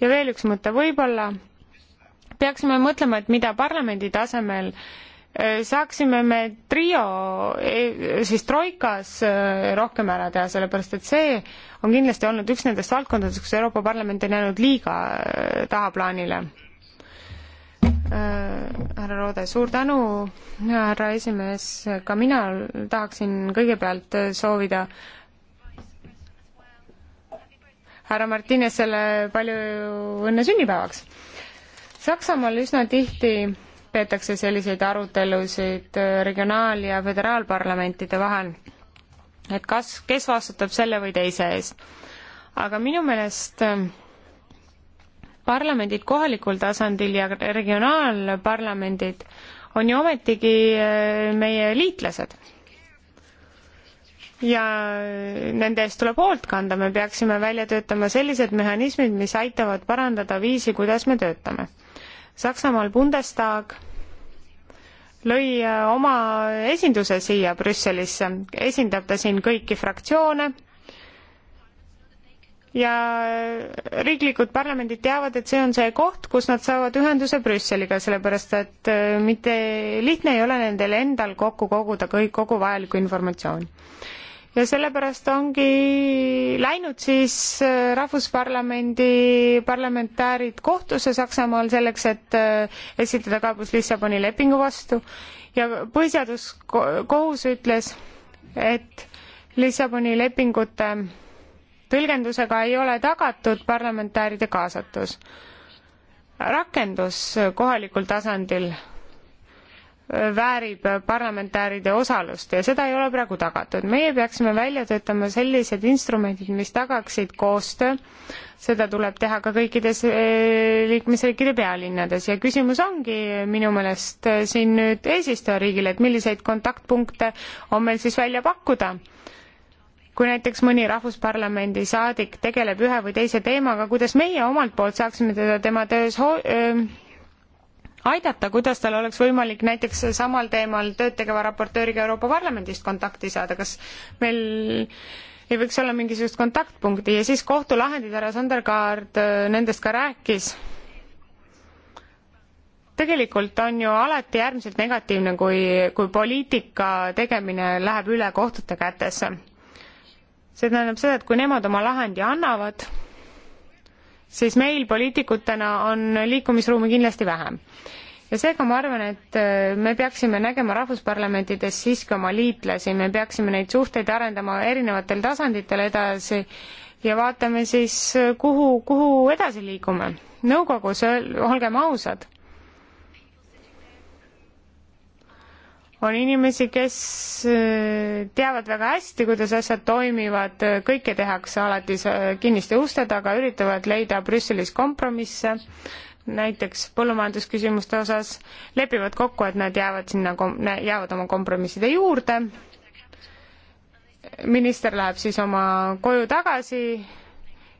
ja veel üks mõte, võib-olla peaksime mõtlema, et mida parlamendi tasemel äh, Äh, saaksime me trio, e, siis troikas äh, rohkem ära teha, sellepärast et see on kindlasti olnud üks nendest valdkondadest, kus Euroopa Parlament on jäänud liiga äh, tahaplaanile. härra Roode, suur tänu, härra esimees, ka mina tahaksin kõigepealt soovida härra Martinesele palju õnne sünnipäevaks. Saksamaal üsna tihti peetakse selliseid arutelusid äh, regionaal- ja föderaalparlamentide vahel. et kas, kes vastutab selle või teise ees. aga minu meelest äh, parlamendid kohalikul tasandil ja regionaalparlamendid on ju ometigi äh, meie liitlased ja nende eest tuleb hoolt kanda, me peaksime välja töötama sellised mehhanismid, mis aitavad parandada viisi, kuidas me töötame. Saksamaal Bundestag lõi äh, oma esinduse siia Brüsselisse, esindab ta siin kõiki fraktsioone ja äh, riiklikud parlamendid teavad, et see on see koht, kus nad saavad ühenduse Brüsseliga, sellepärast et äh, mitte lihtne ei ole nendel endal kokku koguda kõik, kogu vajalikku informatsiooni ja sellepärast ongi läinud siis äh, Rahvusparlamendi parlamentäärid kohtusse Saksamaal selleks, et äh, esitada kaebus Lissaboni lepingu vastu ja põhiseaduskohus ütles, et Lissaboni lepingute tõlgendusega ei ole tagatud parlamentääride kaasatus. rakendus kohalikul tasandil väärib parlamentääride osalust ja seda ei ole praegu tagatud. meie peaksime välja töötama sellised instrumendid, mis tagaksid koostöö, seda tuleb teha ka kõikides eh, liikmesriikide pealinnades ja küsimus ongi minu meelest eh, siin nüüd eesistujariigile, et milliseid kontaktpunkte on meil siis välja pakkuda kui näiteks mõni rahvusparlamendi saadik tegeleb ühe või teise teemaga, kuidas meie omalt poolt saaksime teda tema töös ho-, öö, eh, aidata, kuidas tal oleks võimalik näiteks samal teemal tööd tegeva raportööriga Euroopa Parlamendist kontakti saada, kas meil ei võiks olla mingisugust kontaktpunkti ja siis kohtulahendid, härra Sondergaard äh, nendest ka rääkis. tegelikult on ju alati äärmiselt negatiivne, kui, kui poliitika tegemine läheb üle kohtute kätesse. see tähendab seda, et kui nemad oma lahendi annavad, siis meil poliitikutena on liikumisruumi kindlasti vähem. ja seega ma arvan, et äh, me peaksime nägema rahvusparlamentides siiski oma liitlasi, me peaksime neid suhteid arendama erinevatel tasanditel edasi ja vaatame siis, kuhu, kuhu edasi liigume. nõukogus, olgem ausad on inimesi, kes äh, teavad väga hästi, kuidas asjad toimivad, kõike tehakse alati kinniste uste taga, üritavad leida Brüsselis kompromisse, näiteks põllumajandusküsimuste osas, lepivad kokku, et nad jäävad sinna, jäävad oma kompromisside juurde, minister läheb siis oma koju tagasi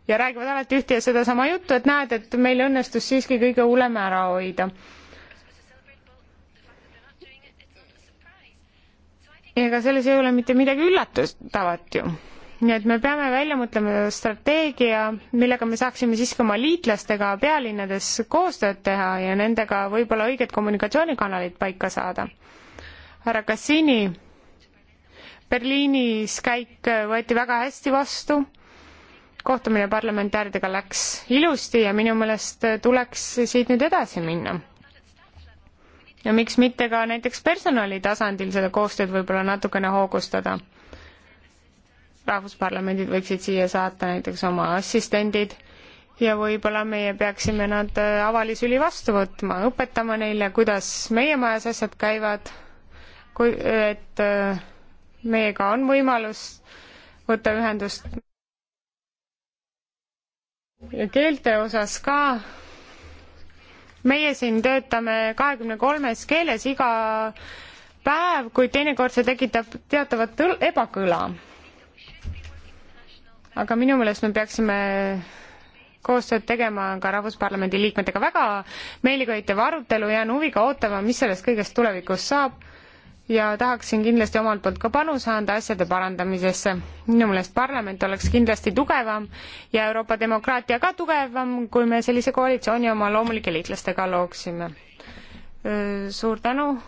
ja räägivad alati ühte ja sedasama juttu, et näed, et meil õnnestus siiski kõige hullem ära hoida ega selles ei ole mitte midagi üllatavat ju. nii et me peame välja mõtlema strateegia, millega me saaksime siis ka oma liitlastega pealinnades koostööd teha ja nendega võib-olla õiged kommunikatsioonikanalid paika saada. härra Cassini Berliinis käik võeti väga hästi vastu, kohtumine parlamentääridega läks ilusti ja minu meelest tuleks siit nüüd edasi minna ja miks mitte ka näiteks personali tasandil seda koostööd võib-olla natukene hoogustada. rahvusparlamendid võiksid siia saata näiteks oma assistendid ja võib-olla meie peaksime nad äh, avalisüli vastu võtma, õpetama neile, kuidas meie majas asjad käivad, kui, et äh, meiega on võimalus võtta ühendust. ja keelte osas ka meie siin töötame kahekümne kolmes keeles iga päev, kuid teinekord see tekitab teatavat ebakõla. aga minu meelest me peaksime koostööd tegema ka Rahvusparlamendi liikmetega. väga meeldib arutelu, jään huviga ootama, mis sellest kõigest tulevikus saab ja tahaksin kindlasti omalt poolt ka panuse anda asjade parandamisesse. minu meelest parlament oleks kindlasti tugevam ja Euroopa demokraatia ka tugevam, kui me sellise koalitsiooni oma loomulike liitlastega looksime. suur tänu.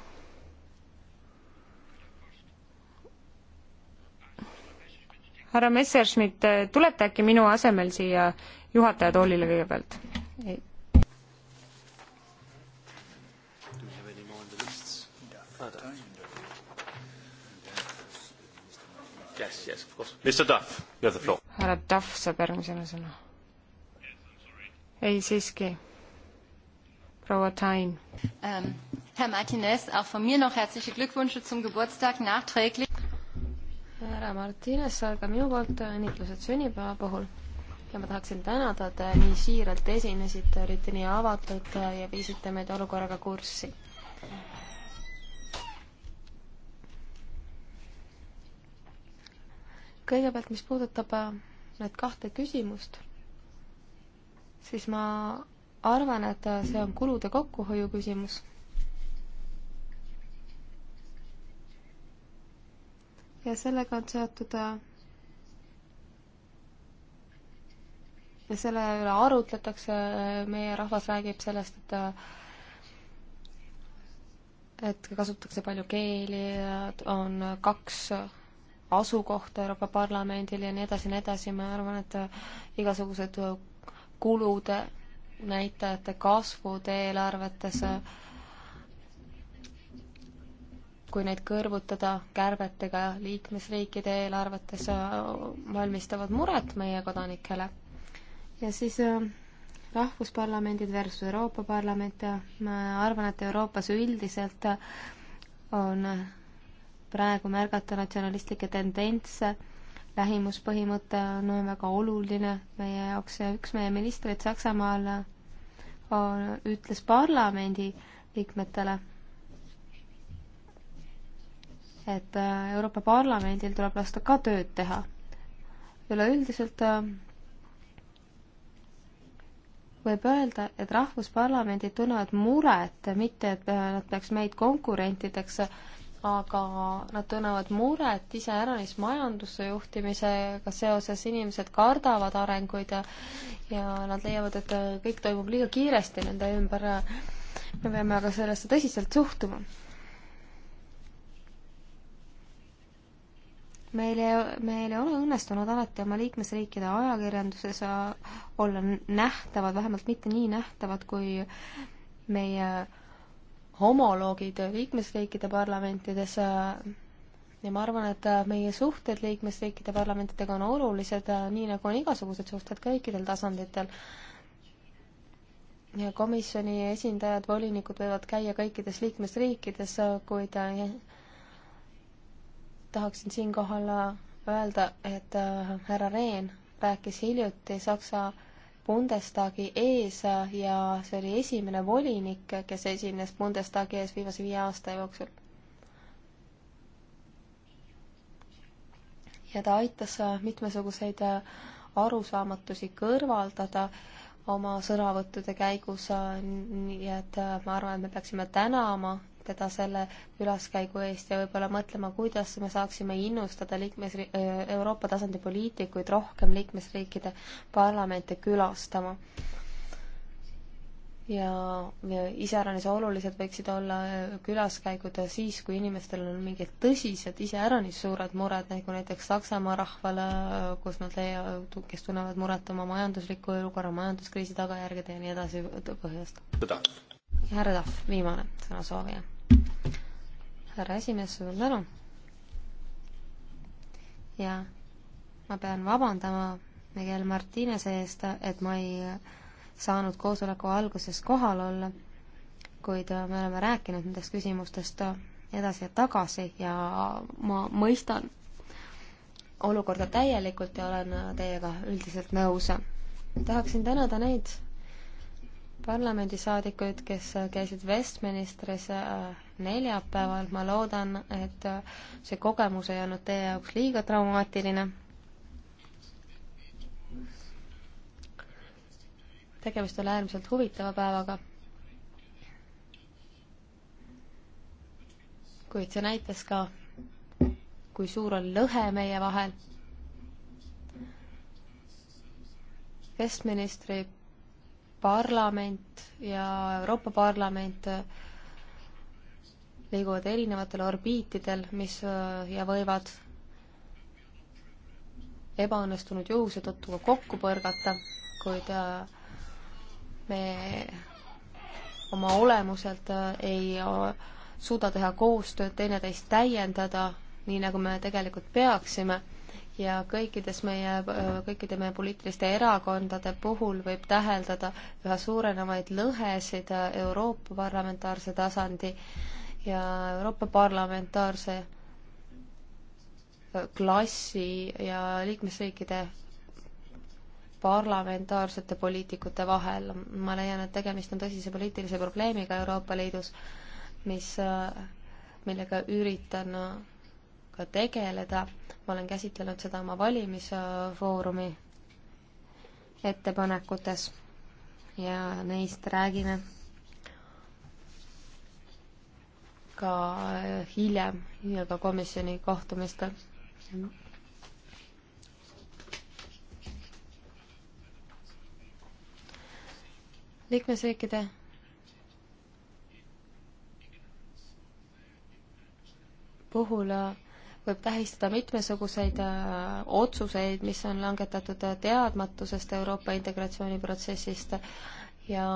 härra Messerschmidt, tulete äkki minu asemel siia juhataja toolile kõigepealt? yes, yes, of course. Mr Duff, you have the floor. härra Duff saab järgmisena sõna. ei, siiski. proua Tain um,. Herr Martinez, auch von mir noch herzliche Glückwünsche zum Geburtstag nachträglich. härra Martinez, ka minu poolt õnnitlused sünnipäeva puhul ja ma tahaksin tänada, et nii siiralt esinesite, olite nii avatud ja viisite meid olukorraga kurssi kõigepealt, mis puudutab äh, need kahte küsimust, siis ma arvan, et äh, see on kulude kokkuhoiu küsimus. ja sellega on seotud äh, ja selle üle arutletakse, meie rahvas räägib sellest, et et kasutatakse palju keeli, on kaks asukoht Euroopa Parlamendil ja nii edasi ja nii edasi, ma arvan, et äh, igasugused äh, kulude näitajate kasvud eelarvetes, äh, kui neid kõrvutada kärbetega liikmesriikide eelarvetes, valmistavad muret meie kodanikele. ja siis rahvusparlamendid versus Euroopa Parlament ja ma arvan, et Euroopas üldiselt on praegu märgata natsionalistlikke tendentse, lähimuspõhimõte on väga oluline meie jaoks ja üks meie ministreid Saksamaal on, ütles parlamendi liikmetele, et Euroopa Parlamendil tuleb lasta ka tööd teha. üleüldiselt äh, võib öelda, et rahvusparlamendid tunnevad muret, mitte et äh, nad peaks meid konkurentideks aga nad tunnevad muret iseäranis majanduse juhtimisega seoses, inimesed kardavad arenguid ja ja nad leiavad, et kõik toimub liiga kiiresti nende ümber. me peame aga sellesse tõsiselt suhtuma. meil ei, meil ei ole õnnestunud alati oma liikmesriikide ajakirjanduses olla nähtavad, vähemalt mitte nii nähtavad, kui meie homoloogid liikmesriikide parlamentides ja ma arvan, et meie suhted liikmesriikide parlamentidega on olulised, nii nagu on igasugused suhted kõikidel tasanditel. ja komisjoni esindajad, volinikud võivad käia kõikides liikmesriikides, kuid tahaksin siinkohal öelda, et äh, härra Rehn rääkis hiljuti Saksa Bundestagi ees ja see oli esimene volinik, kes esines Bundestagi ees viimase viie aasta jooksul. ja ta aitas mitmesuguseid arusaamatusi kõrvaldada oma sõnavõttude käigus, nii et ma arvan, et me peaksime tänama teda selle külaskäigu eest ja võib-olla mõtlema, kuidas me saaksime innustada liikmesri-, Euroopa tasandi poliitikuid rohkem liikmesriikide parlamente külastama. ja, ja iseäranis olulised võiksid olla külaskäigud siis, kui inimestel on mingid tõsised, iseäranis suured mured, nagu näiteks Saksamaa rahvale, kus nad leiavad, kes tunnevad muret oma majandusliku olukorra, majanduskriisi tagajärgede ja nii edasi põhjust. härra Tahv, viimane sõnasoovija härra esimees, suur tänu. ja ma pean vabandama Miguel Martinese eest, et ma ei saanud koosoleku alguses kohal olla, kuid me oleme rääkinud nendest küsimustest edasi ja tagasi ja ma mõistan olukorda täielikult ja olen teiega üldiselt nõus. tahaksin tänada neid parlamendisaadikuid, kes käisid Westministris äh, neljapäeval, ma loodan, et äh, see kogemus ei olnud teie jaoks liiga traumaatiline. tegemist oli äärmiselt huvitava päevaga. kuid see näitas ka, kui suur on lõhe meie vahel. Westministri parlament ja Euroopa Parlament äh, liiguvad erinevatel orbiitidel, mis äh, ja võivad ebaõnnestunud juhuse tõttu ka kokku põrgata, kuid äh, me oma olemuselt ei suuda teha koostööd, teineteist täiendada, nii nagu me tegelikult peaksime ja kõikides meie, kõikide meie poliitiliste erakondade puhul võib täheldada üha suurenevaid lõhesid Euroopa parlamentaarse tasandi ja Euroopa parlamentaarse klassi ja liikmesriikide parlamentaarsete poliitikute vahel. ma leian, et tegemist on tõsise poliitilise probleemiga Euroopa Liidus, mis, millega üritan ka tegeleda ma olen käsitlenud seda oma valimisfoorumi ettepanekutes ja neist räägime ka hiljem ja ka komisjoni kohtumistel. liikmesriikide puhul võib tähistada mitmesuguseid äh, otsuseid, mis on langetatud äh, teadmatusest Euroopa integratsiooniprotsessist ja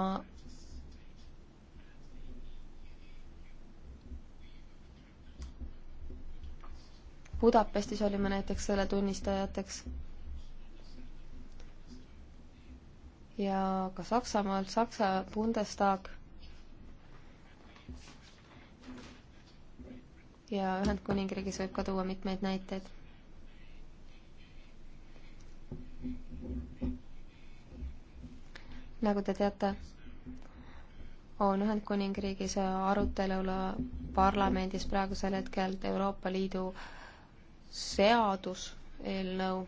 Budapestis olime näiteks selle tunnistajateks. ja ka Saksamaalt Saksa Bundestag ja Ühendkuningriigis võib ka tuua mitmeid näiteid. nagu te teate, on Ühendkuningriigis arutelul parlamendis praegusel hetkel Euroopa Liidu seaduseelnõu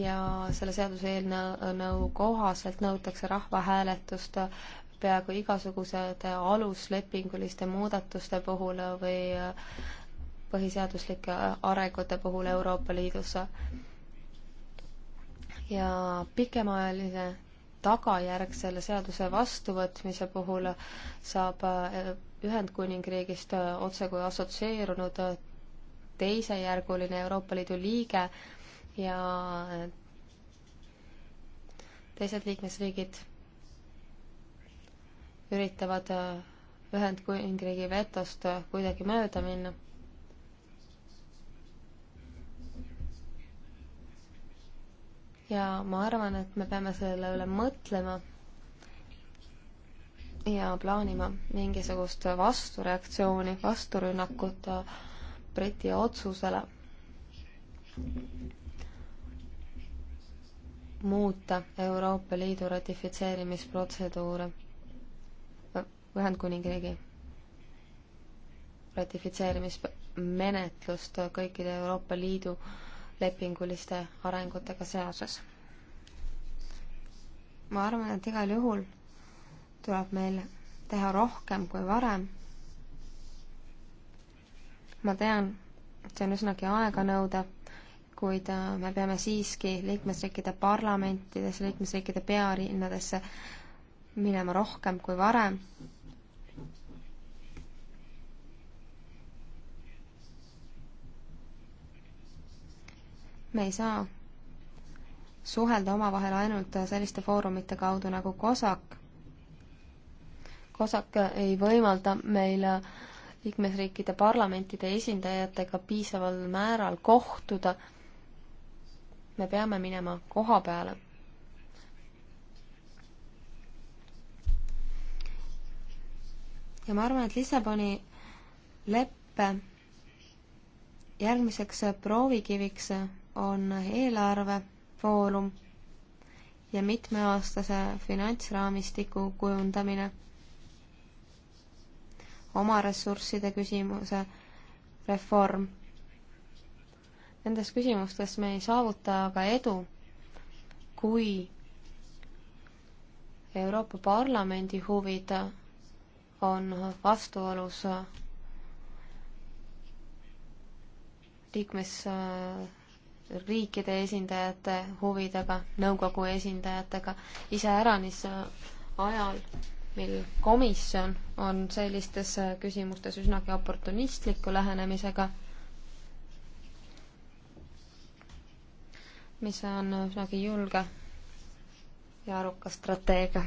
ja selle seaduseelnõu kohaselt nõutakse rahvahääletust peaaegu igasugused aluslepinguliste muudatuste puhul või põhiseaduslike arengute puhul Euroopa Liidus. ja pikemaajaline tagajärg selle seaduse vastuvõtmise puhul saab Ühendkuningriigist otse kui assotsieerunud teisejärguline Euroopa Liidu liige ja teised liikmesriigid üritavad äh, Ühendkuningriigi vetost äh, kuidagi mööda minna. ja ma arvan, et me peame selle üle mõtlema ja plaanima mingisugust vastureaktsiooni, vasturünnakut äh, Briti otsusele muuta Euroopa Liidu ratifitseerimisprotseduure Ühendkuningriigi ratifitseerimismenetlust kõikide Euroopa Liidu lepinguliste arengutega seoses. ma arvan, et igal juhul tuleb meil teha rohkem kui varem. ma tean, et see on üsnagi aeganõudev, kuid äh, me peame siiski liikmesriikide parlamentides, liikmesriikide pealinnadesse minema rohkem kui varem me ei saa suhelda omavahel ainult selliste foorumite kaudu nagu COSAC. COSAC ei võimalda meil liikmesriikide parlamentide esindajatega piisaval määral kohtuda. me peame minema koha peale. ja ma arvan, et Lissaboni leppe järgmiseks proovikiviks on eelarvefoorum ja mitmeaastase finantsraamistiku kujundamine, oma ressursside küsimuse reform. Nendes küsimustes me ei saavuta aga edu, kui Euroopa Parlamendi huvid on vastuolus liikmes äh, riikide esindajate huvidega, nõukogu esindajatega, iseäranis äh, ajal, mil komisjon on sellistes äh, küsimustes üsnagi oportunistliku lähenemisega, mis on üsnagi julge ja arukas strateegia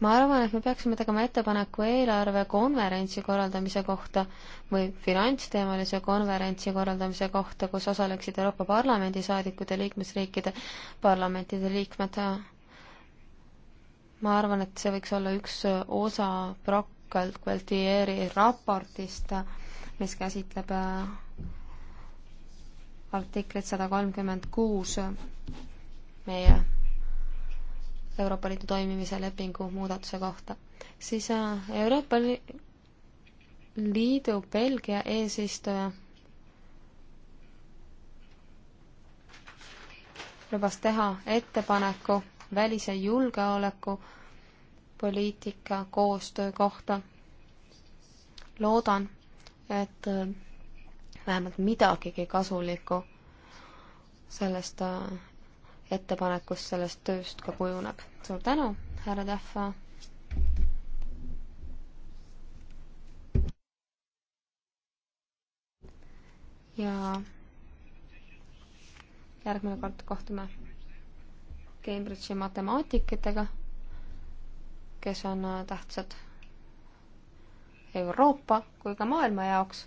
ma arvan, et me peaksime tegema ettepaneku eelarvekonverentsi korraldamise kohta või finantsteemalise konverentsi korraldamise kohta, kus osaleksid Euroopa Parlamendi saadikud ja liikmesriikide parlamentide liikmed. ma arvan, et see võiks olla üks osa Brock-Gualtieri raportist, mis käsitleb äh, artiklit sada kolmkümmend kuus meie Euroopa Liidu toimimise lepingu muudatuse kohta, siis äh, Euroopa Liidu Belgia eesistuja lubas teha ettepaneku välis- ja julgeolekupoliitika koostöö kohta. loodan, et äh, vähemalt midagigi kasulikku sellest äh, ettepanekust sellest tööst ka kujuneb. suur tänu, härra Tähva. ja järgmine kord kohtume Cambridge'i matemaatikutega, kes on äh, tähtsad Euroopa kui ka maailma jaoks.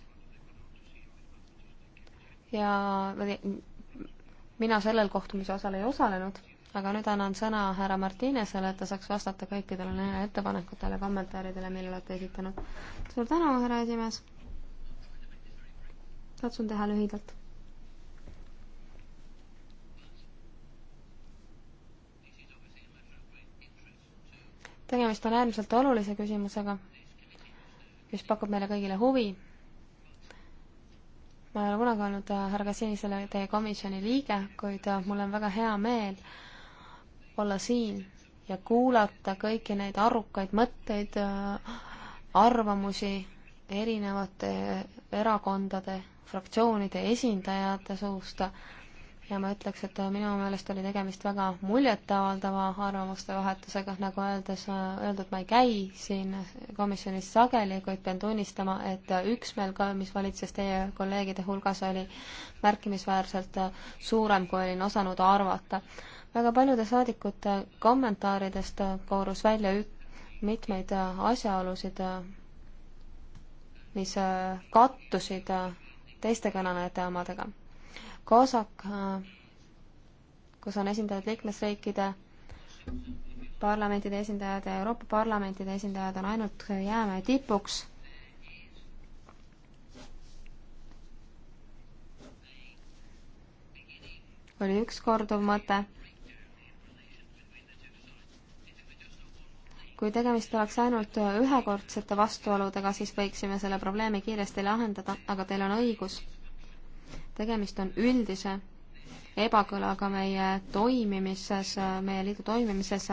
ja mina sellel kohtumisel osal ei osalenud, aga nüüd annan sõna härra Martinesele, et ta saaks vastata kõikidele neile ettepanekutele, kommentaaridele, mille olete esitanud. suur tänu, härra esimees. katsun teha lühidalt. tegemist on äärmiselt olulise küsimusega, mis pakub meile kõigile huvi ma ei ole kunagi olnud äh, härra Kassini selle teie komisjoni liige, kuid äh, mul on väga hea meel olla siin ja kuulata kõiki neid arvukaid mõtteid, äh, arvamusi erinevate erakondade, fraktsioonide esindajate suust ja ma ütleks, et minu meelest oli tegemist väga muljetavaldava arvamuste vahetusega, nagu öeldes, öeldud, ma ei käi siin komisjonis sageli, kuid pean tunnistama, et üksmeel ka, mis valitses teie kolleegide hulgas, oli märkimisväärselt suurem, kui olin osanud arvata. väga paljude saadikute kommentaaridest koorus välja mitmeid asjaolusid, mis kattusid teiste kõnelejate omadega COSAC, kus on esindajad liikmesriikide parlamentide esindajad ja Euroopa parlamentide esindajad on ainult jäämäe tipuks. oli üks korduv mõte. kui tegemist oleks ainult ühekordsete vastuoludega, siis võiksime selle probleemi kiiresti lahendada, aga teil on õigus tegemist on üldise ebakõlaga meie toimimises, meie liidu toimimises,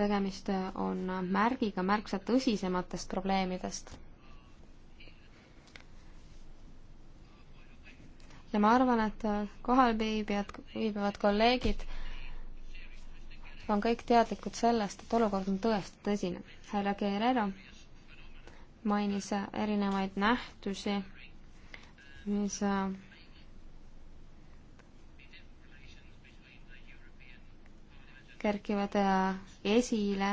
tegemist on märgiga märksa tõsisematest probleemidest. ja ma arvan, et kohalviibijad, viibivad kolleegid on kõik teadlikud sellest, et olukord on tõesti tõsine. härra Guerrero mainis erinevaid nähtusi, mis kerkivad äh, esile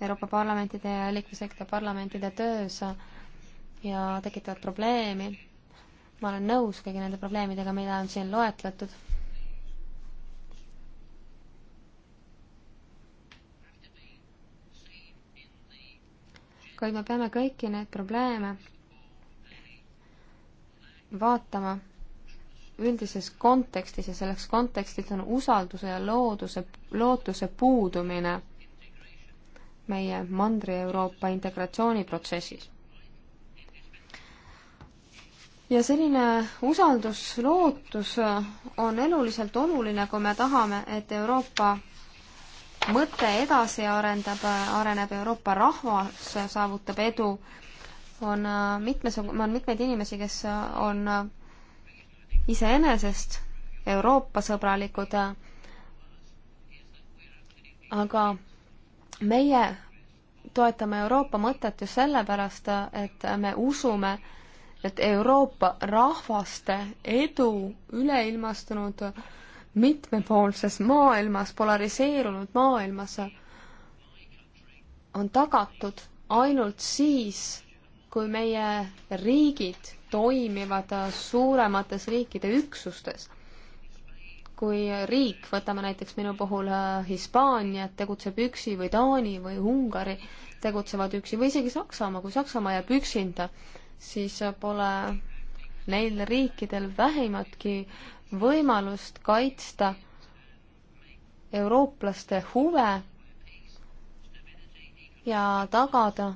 Euroopa parlamentide ja liikmesriikide parlamentide töös ja tekitavad probleemi. ma olen nõus kõigi nende probleemidega, mida on siin loetletud. kuid me peame kõiki neid probleeme vaatama üldises kontekstis ja selleks kontekstis on usalduse ja looduse, lootuse puudumine meie Mandri-Euroopa integratsiooniprotsessis. ja selline usaldus, lootus on eluliselt oluline, kui me tahame, et Euroopa mõte edasi arendab, areneb, Euroopa rahvas saavutab edu, on äh, mitmes, on mitmeid inimesi, kes äh, on äh, iseenesest Euroopa sõbralikud, aga meie toetame Euroopa mõtet just sellepärast, et me usume, et Euroopa rahvaste edu üleilmastunud mitmepoolses maailmas, polariseerunud maailmas on tagatud ainult siis, kui meie riigid toimivad suuremates riikide üksustes. kui riik, võtame näiteks minu puhul äh, Hispaania, tegutseb üksi või Taani või Ungari tegutsevad üksi või isegi Saksamaa, kui Saksamaa jääb üksinda, siis pole neil riikidel vähimatki võimalust kaitsta eurooplaste huve ja tagada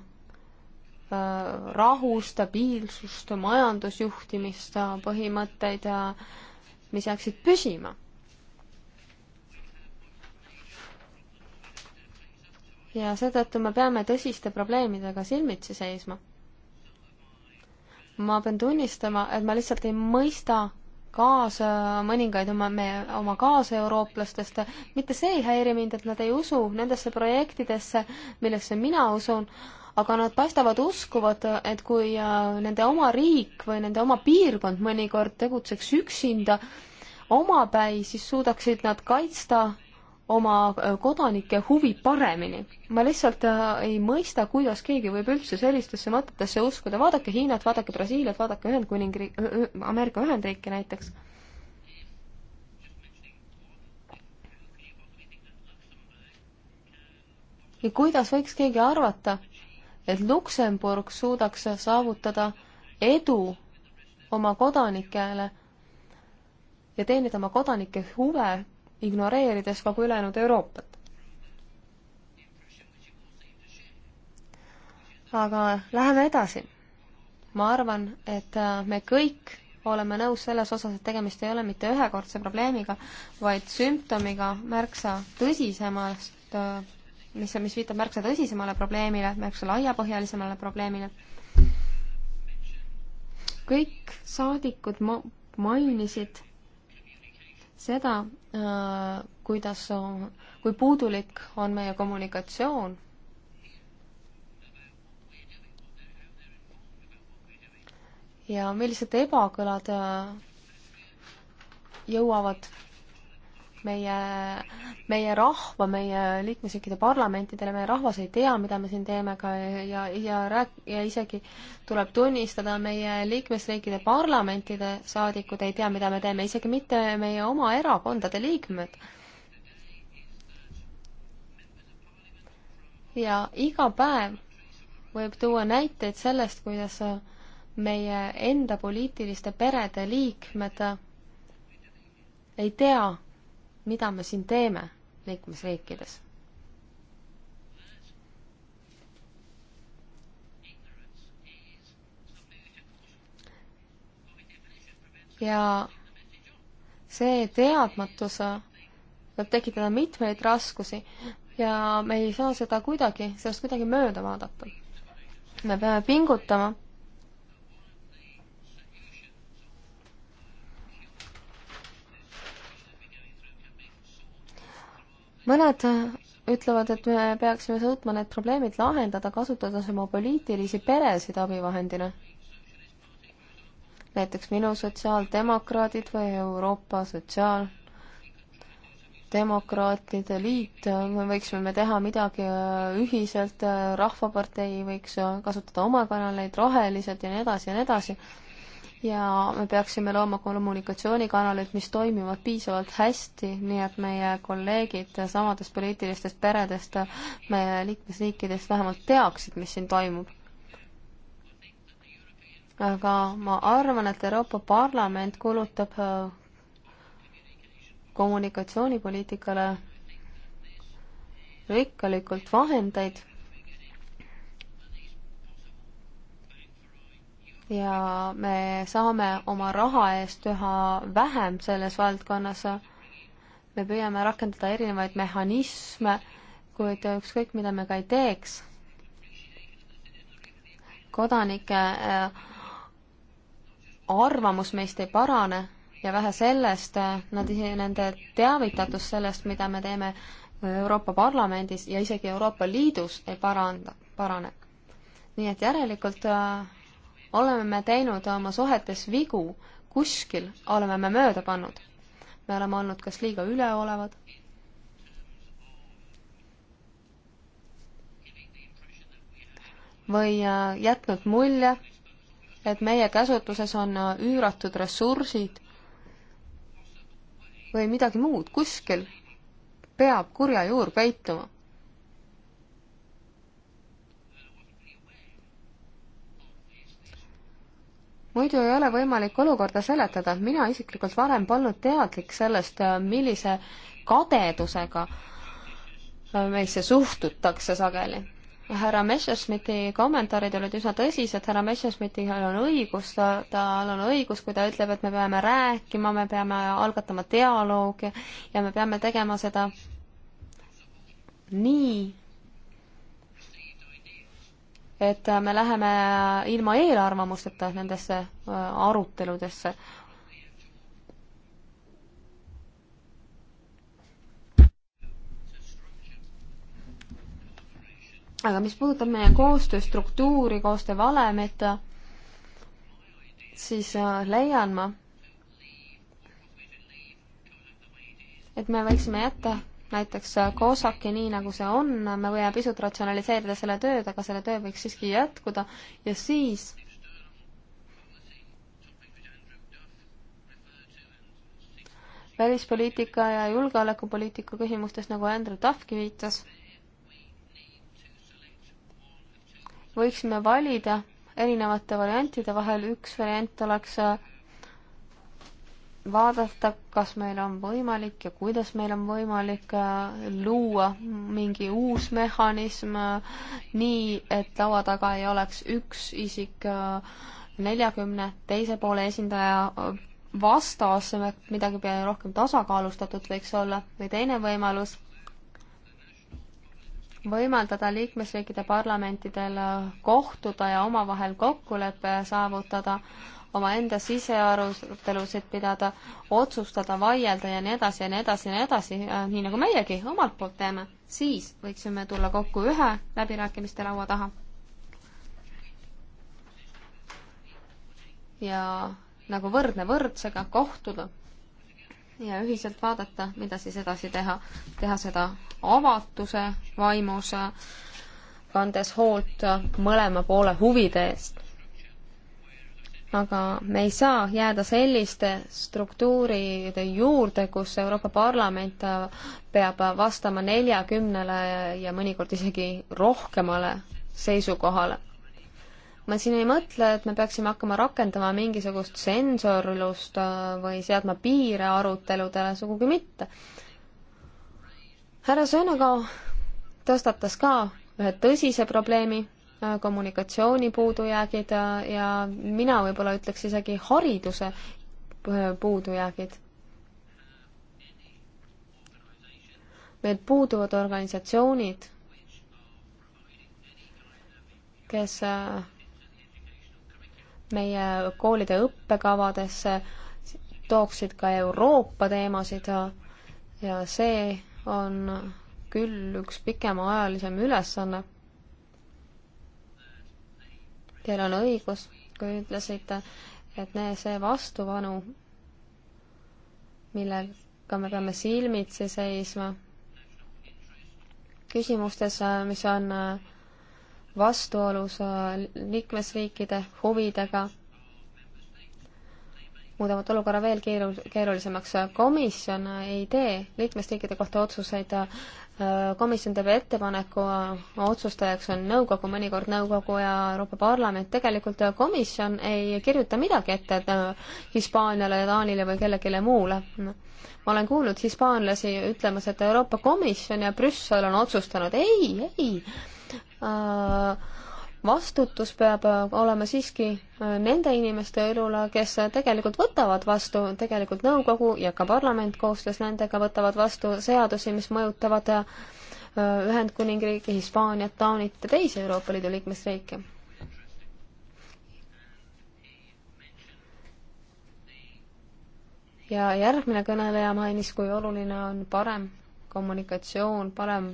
Äh, rahu, stabiilsust, majandusjuhtimist, äh, põhimõtteid, äh, mis jääksid püsima. ja seetõttu me peame tõsiste probleemidega silmitsi seisma. ma pean tunnistama, et ma lihtsalt ei mõista kaasa mõningaid oma, meie, oma kaaseuurooplastest, mitte see ei häiri mind, et nad ei usu nendesse projektidesse, millesse mina usun, aga nad paistavad uskuvat, et kui äh, nende oma riik või nende oma piirkond mõnikord tegutseks üksinda omapäi, siis suudaksid nad kaitsta oma äh, kodanike huvi paremini. ma lihtsalt äh, ei mõista, kuidas keegi võib üldse sellistesse mõtetesse uskuda. vaadake Hiinat, vaadake Brasiiliat, vaadake Ühendkuningriik, Ameerika Ühendriike näiteks. ja kuidas võiks keegi arvata, et Luksemburg suudaks saavutada edu oma kodanikele ja teenida oma kodanike huve, ignoreerides kogu ülejäänud Euroopat. aga läheme edasi. ma arvan, et me kõik oleme nõus selles osas, et tegemist ei ole mitte ühekordse probleemiga, vaid sümptomiga märksa tõsisemast mis, mis viitab märksa tõsisemale probleemile, märksa laiapõhjalisemale probleemile. kõik saadikud ma-, mainisid seda, äh, kuidas, kui puudulik on meie kommunikatsioon ja millised ebakõlad äh, jõuavad meie, meie rahva, meie liikmesriikide parlamentidele, meie rahvas ei tea, mida me siin teeme ka ja, ja rääk-, ja isegi tuleb tunnistada, meie liikmesriikide parlamentide saadikud ei tea, mida me teeme, isegi mitte meie oma erakondade liikmed. ja iga päev võib tuua näiteid sellest, kuidas meie enda poliitiliste perede liikmed ei tea, mida me siin teeme liikmesriikides. ja see teadmatus võib tekitada mitmeid raskusi ja me ei saa seda kuidagi, sellest kuidagi mööda vaadata. me peame pingutama mõned äh, ütlevad, et me peaksime suutma need probleemid lahendada, kasutades oma poliitilisi peresid abivahendina. näiteks minu sotsiaaldemokraadid või Euroopa Sotsiaaldemokraatide Liit, me võiksime me teha midagi äh, ühiselt, äh, Rahvapartei võiks kasutada oma kanaleid, Rohelised ja nii edasi ja nii edasi ja me peaksime looma kommunikatsioonikanalid, mis toimivad piisavalt hästi, nii et meie kolleegid samadest poliitilistest peredest meie liikmesriikidest vähemalt teaksid, mis siin toimub. aga ma arvan, et Euroopa Parlament kulutab äh, kommunikatsioonipoliitikale rikkalikult vahendeid ja me saame oma raha eest üha vähem selles valdkonnas. me püüame rakendada erinevaid mehhanisme, kuid ükskõik, mida me ka ei teeks, kodanike äh, arvamus meist ei parane ja vähe sellest, äh, nad, nende teavitatus sellest, mida me teeme Euroopa Parlamendis ja isegi Euroopa Liidus ei paranda, parane. nii et järelikult äh, oleme me teinud oma suhetes vigu, kuskil oleme me mööda pannud. me oleme olnud kas liiga üleolevad või äh, jätnud mulje, et meie käsutuses on äh, üüratud ressursid või midagi muud, kuskil peab kurja juur peituma. muidu ei ole võimalik olukorda seletada, mina isiklikult varem polnud teadlik sellest, millise kadedusega meisse suhtutakse sageli. härra Messerschmitti kommentaarid olid üsna tõsised, härra Messerschmittil on õigus, tal on õigus, kui ta ütleb, et me peame rääkima, me peame algatama dialoogi ja me peame tegema seda nii et me läheme ilma eelarvamusteta nendesse äh, aruteludesse. aga mis puudutab meie koostööstruktuuri, koostöövalemit, siis äh, leian ma, et me võiksime jätta näiteks COSAC-i nii, nagu see on, me võime pisut ratsionaliseerida selle tööd, aga selle töö võiks siiski jätkuda ja siis välispoliitika ja julgeolekupoliitika küsimustes, nagu Andrew Duffki viitas, võiksime valida erinevate variantide vahel, üks variant oleks vaadata, kas meil on võimalik ja kuidas meil on võimalik äh, luua mingi uus mehhanism äh, nii, et laua taga ei oleks üks isik äh, neljakümne teise poole esindaja vastas, midagi rohkem tasakaalustatud võiks olla või teine võimalus, võimaldada liikmesriikide parlamentidel kohtuda ja omavahel kokkulepe saavutada omaenda sisearutelusid pidada, otsustada, vaielda ja nii edasi ja nii edasi ja nii edasi, nii nagu meiegi omalt poolt teeme, siis võiksime tulla kokku ühe läbirääkimiste laua taha. ja nagu võrdne võrdsega kohtuda ja ühiselt vaadata, mida siis edasi teha, teha seda avatuse vaimus, kandes hoolt mõlema poole huvide eest aga me ei saa jääda selliste struktuuride juurde, kus Euroopa Parlament äh, peab vastama neljakümnele ja mõnikord isegi rohkemale seisukohale. ma siin ei mõtle, et me peaksime hakkama rakendama mingisugust sensorlust äh, või seadma piire aruteludele, sugugi mitte. härra Sõnakao tõstatas ka ühe tõsise probleemi Äh, kommunikatsiooni puudujäägid äh, ja mina võib-olla ütleks isegi hariduse äh, puudujäägid. meil puuduvad organisatsioonid, kes meie koolide õppekavadesse tooksid ka Euroopa teemasid ja, ja see on küll üks pikemaajalisem ülesanne Teil on õigus, kui ütlesite, et see vastuvanu, millega me peame silmitsi seisma, küsimustes, mis on vastuolus liikmesriikide huvidega muudavad olukorra veel keeru-, keerulisemaks. komisjon ei tee liikmesriikide kohta otsuseid, komisjon teeb ettepaneku, otsustajaks on nõukogu, mõnikord nõukogu ja Euroopa Parlament, tegelikult komisjon ei kirjuta midagi ette et äh, Hispaaniale, Taanile või kellelegi muule. ma olen kuulnud hispaanlasi ütlemas, et Euroopa Komisjon ja Brüssel on otsustanud, ei, ei äh, vastutus peab äh, olema siiski äh, nende inimeste õlule, kes äh, tegelikult võtavad vastu, tegelikult nõukogu ja ka parlament koostöös nendega võtavad vastu seadusi, mis mõjutavad Ühendkuningriigi, Hispaaniat, Taanit ja teisi Euroopa Liidu liikmesriike. ja järgmine kõneleja mainis, kui oluline on parem kommunikatsioon, parem,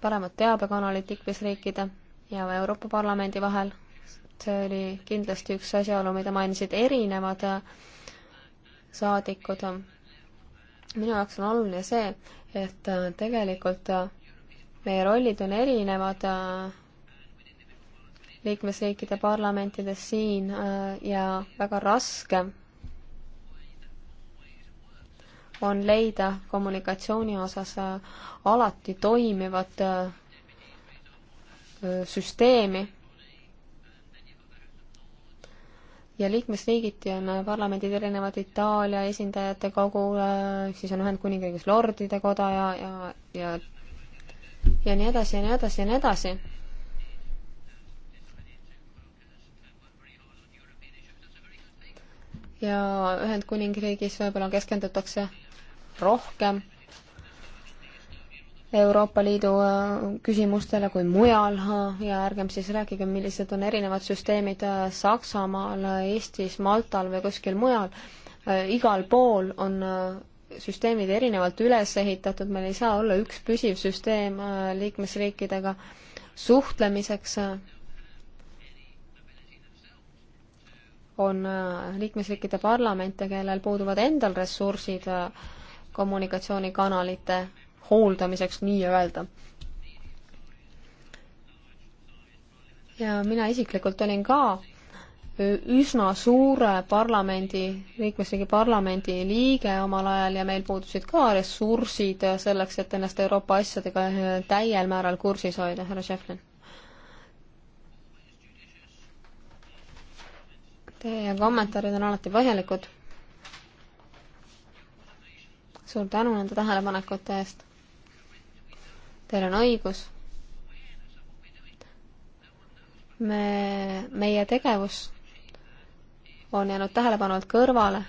paremad teabekanalid liikmesriikide ja Euroopa Parlamendi vahel. see oli kindlasti üks asjaolu, mida mainisid erinevad äh, saadikud. minu jaoks on oluline see, et äh, tegelikult äh, meie rollid on erinevad liikmesriikide parlamentides siin ja väga raske on leida kommunikatsiooni osas alati toimivat süsteemi. ja liikmesriigiti on parlamendid erinevad, Itaalia esindajate kogu, siis on Ühendkuningriigis lordide koda ja, ja, ja ja nii edasi ja nii edasi ja nii edasi. ja Ühendkuningriigis võib-olla keskendutakse rohkem Euroopa Liidu äh, küsimustele kui mujal ja ärgem siis rääkigem, millised on erinevad süsteemid äh, Saksamaal, Eestis, Maltal või kuskil mujal. Äh, igal pool on süsteemid erinevalt üles ehitatud, meil ei saa olla üks püsiv süsteem liikmesriikidega suhtlemiseks on liikmesriikide parlamente, kellel puuduvad endal ressursid kommunikatsioonikanalite hooldamiseks nii-öelda. ja mina isiklikult olin ka üsna suure parlamendi, liikmesriigi parlamendi liige omal ajal ja meil puudusid ka ressursid selleks, et ennast Euroopa asjadega äh, täiel määral kursis hoida, härra Šeflin. Teie kommentaarid on alati põhjalikud. suur tänu nende tähelepanekute eest Teil on õigus. me, meie tegevus on jäänud tähelepanu alt kõrvale.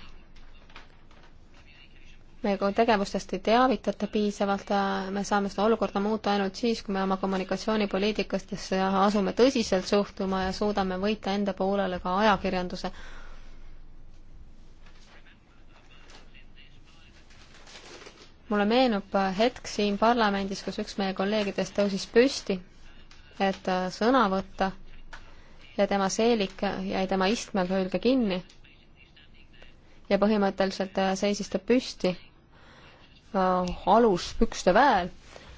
meie tegevustest ei teavitata piisavalt, me saame seda olukorda muuta ainult siis, kui me oma kommunikatsioonipoliitikastesse asume tõsiselt suhtuma ja suudame võita enda poolele ka ajakirjanduse mulle meenub äh, hetk siin parlamendis, kus üks meie kolleegidest tõusis püsti, et äh, sõna võtta ja tema seelik jäi tema istme külge kinni. ja põhimõtteliselt äh, seisis ta püsti aluspükste väel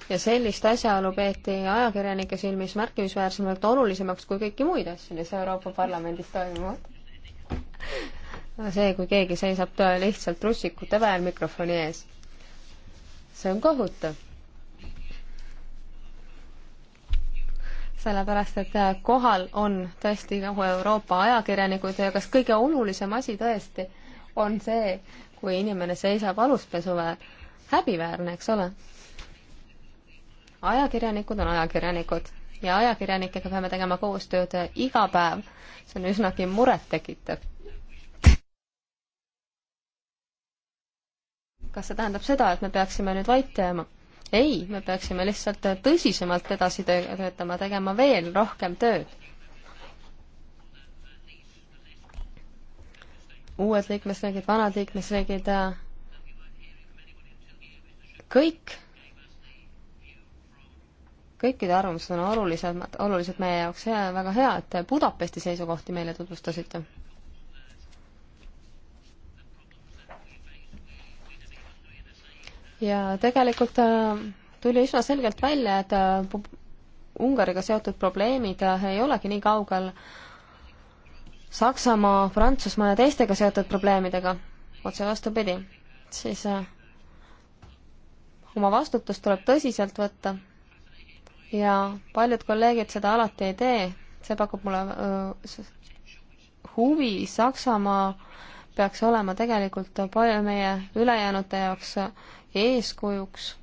ja sellist asjaolu peeti ajakirjanike silmis märkimisväärsemalt olulisemaks kui kõiki muid asju, mis Euroopa Parlamendis toimuvad. see, kui keegi seisab lihtsalt russikute väel mikrofoni ees see on kohutav. sellepärast, et äh, kohal on tõesti nagu Euroopa ajakirjanikud ja kas kõige olulisem asi tõesti on see, kui inimene seisab aluspesuväel. häbiväärne, eks ole? ajakirjanikud on ajakirjanikud ja ajakirjanikega peame tegema koostööd äh, iga päev. see on üsnagi murettekitav kas see tähendab seda, et me peaksime nüüd vait jääma? ei, me peaksime lihtsalt tõsisemalt edasi töötama, tegema veel rohkem tööd. uued liikmesriigid, vanad liikmesriigid, kõik, kõikide arvamused on olulised, olulised meie jaoks ja väga hea, et Budapesti seisukohti meile tutvustasite ja tegelikult äh, tuli üsna selgelt välja, et äh, Ungariga seotud probleemid äh, ei olegi nii kaugel Saksamaa, Prantsusmaa ja teistega seotud probleemidega, otse vastupidi, siis oma vastutust tuleb tõsiselt võtta ja paljud kolleegid seda alati ei tee, see pakub mulle öö, huvi, Saksamaa peaks olema tegelikult palju meie ülejäänute jaoks eeskujuks.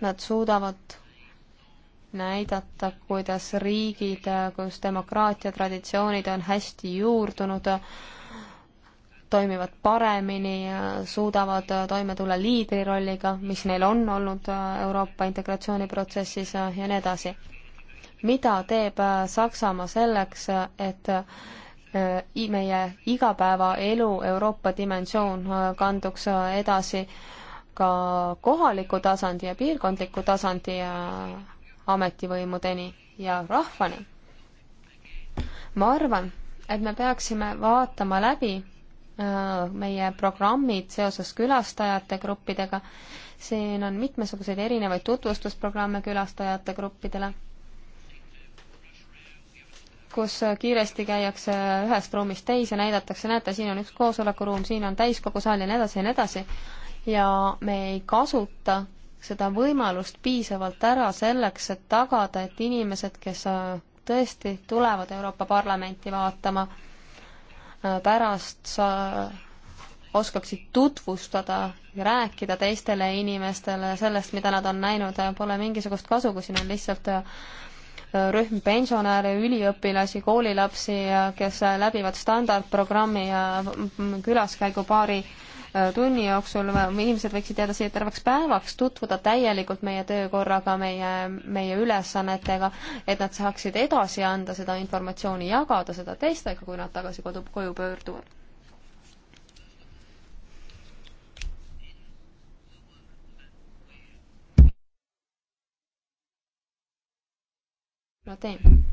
Nad suudavad näidata, kuidas riigid, kus demokraatia traditsioonid on hästi juurdunud, toimivad paremini, suudavad toime tulla liidrirolliga, mis neil on olnud Euroopa integratsiooniprotsessis ja nii edasi. mida teeb Saksamaa selleks, et Äh, meie igapäevaelu Euroopa dimensioon äh, kanduks äh, edasi ka kohaliku tasandi ja piirkondliku tasandi ja ametivõimudeni ja rahvani. ma arvan, et me peaksime vaatama läbi meie programmid seoses külastajate gruppidega. siin on mitmesuguseid erinevaid tutvustusprogramme külastajate gruppidele kus kiiresti käiakse ühest ruumist teise, näidatakse, näete, siin on üks koosolekuruum, siin on täiskogu saal ja nii edasi ja nii edasi, ja me ei kasuta seda võimalust piisavalt ära selleks, et tagada, et inimesed, kes äh, tõesti tulevad Euroopa Parlamenti vaatama, äh, pärast äh, oskaksid tutvustada ja rääkida teistele inimestele sellest, mida nad on näinud, pole mingisugust kasu, kui siin on lihtsalt rühm pensionäre, üliõpilasi, koolilapsi, kes läbivad standardprogrammi ja külaskäigu paari äh, tunni jooksul inimesed võiksid jääda siia terveks päevaks, tutvuda täielikult meie töökorraga, meie, meie ülesannetega, et nad saaksid edasi anda seda informatsiooni, jagada seda teistega, kui nad tagasi kodu, koju pöörduvad. ma teen.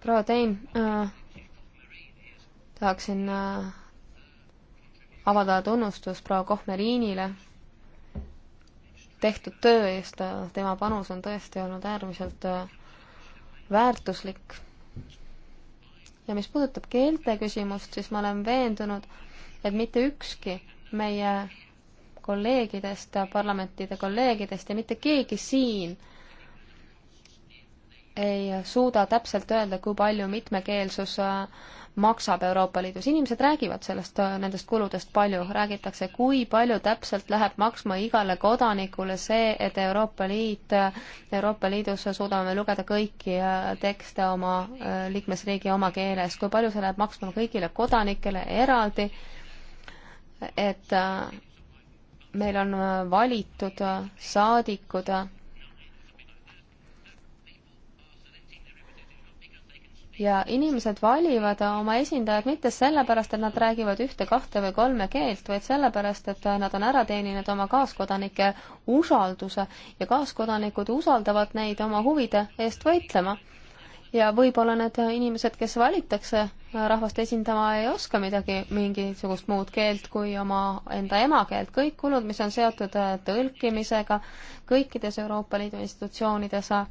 proua Tein äh,, tahaksin äh, avaldada tunnustust proua Kohmeriinile tehtud töö eest, tema panus on tõesti olnud äärmiselt äh, väärtuslik. ja mis puudutab keelte küsimust, siis ma olen veendunud, et mitte ükski meie kolleegidest, parlamentide kolleegidest ja mitte keegi siin ei suuda täpselt öelda, kui palju mitmekeelsus äh, maksab Euroopa Liidus. inimesed räägivad sellest, äh, nendest kuludest palju, räägitakse, kui palju täpselt läheb maksma igale kodanikule see, et Euroopa Liit, äh, Euroopa Liidus suudame lugeda kõiki tekste oma liikmesriigi oma keeles, kui palju see läheb maksma kõigile kodanikele eraldi, et meil on äh, valitud äh, saadikud, äh, ja inimesed valivad oma esindajad mitte sellepärast, et nad räägivad ühte, kahte või kolme keelt, vaid sellepärast, et nad on ära teeninud oma kaaskodanike usalduse ja kaaskodanikud usaldavad neid oma huvide eest võitlema ja võib-olla need inimesed, kes valitakse rahvast esindama, ei oska midagi, mingisugust muud keelt kui oma enda emakeelt. kõik kulud, mis on seotud äh, tõlkimisega kõikides Euroopa Liidu institutsioonides, äh,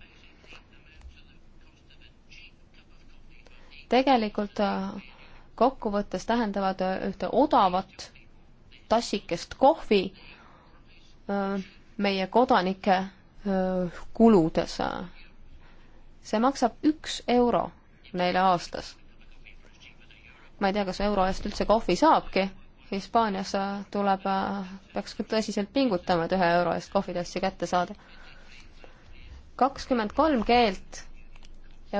tegelikult äh, kokkuvõttes tähendavad ühte odavat tassikest kohvi meie kodanike kuludes see maksab üks euro neile aastas. ma ei tea, kas euro eest üldse kohvi saabki, Hispaanias äh, tuleb, äh, peaks küll tõsiselt pingutama, et ühe euro eest kohvitassi kätte saada. kakskümmend kolm keelt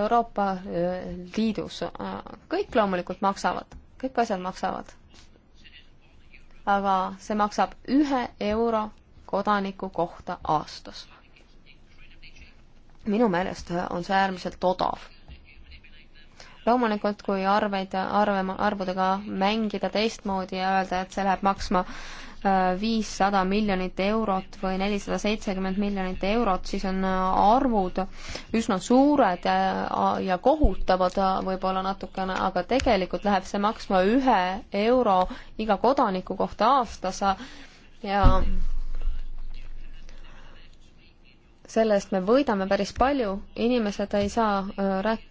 Euroopa äh, Liidus, kõik loomulikult maksavad, kõik asjad maksavad. aga see maksab ühe euro kodaniku kohta aastas minu meelest on see äärmiselt odav. loomulikult, kui arveid, arve, arvudega mängida teistmoodi ja öelda, et see läheb maksma äh, viissada miljonit eurot või nelisada seitsekümmend miljonit eurot, siis on äh, arvud üsna suured ja, ja kohutavad võib-olla natukene, aga tegelikult läheb see maksma ühe euro iga kodaniku kohta aastas ja selle eest me võidame päris palju, inimesed ei saa rääk-.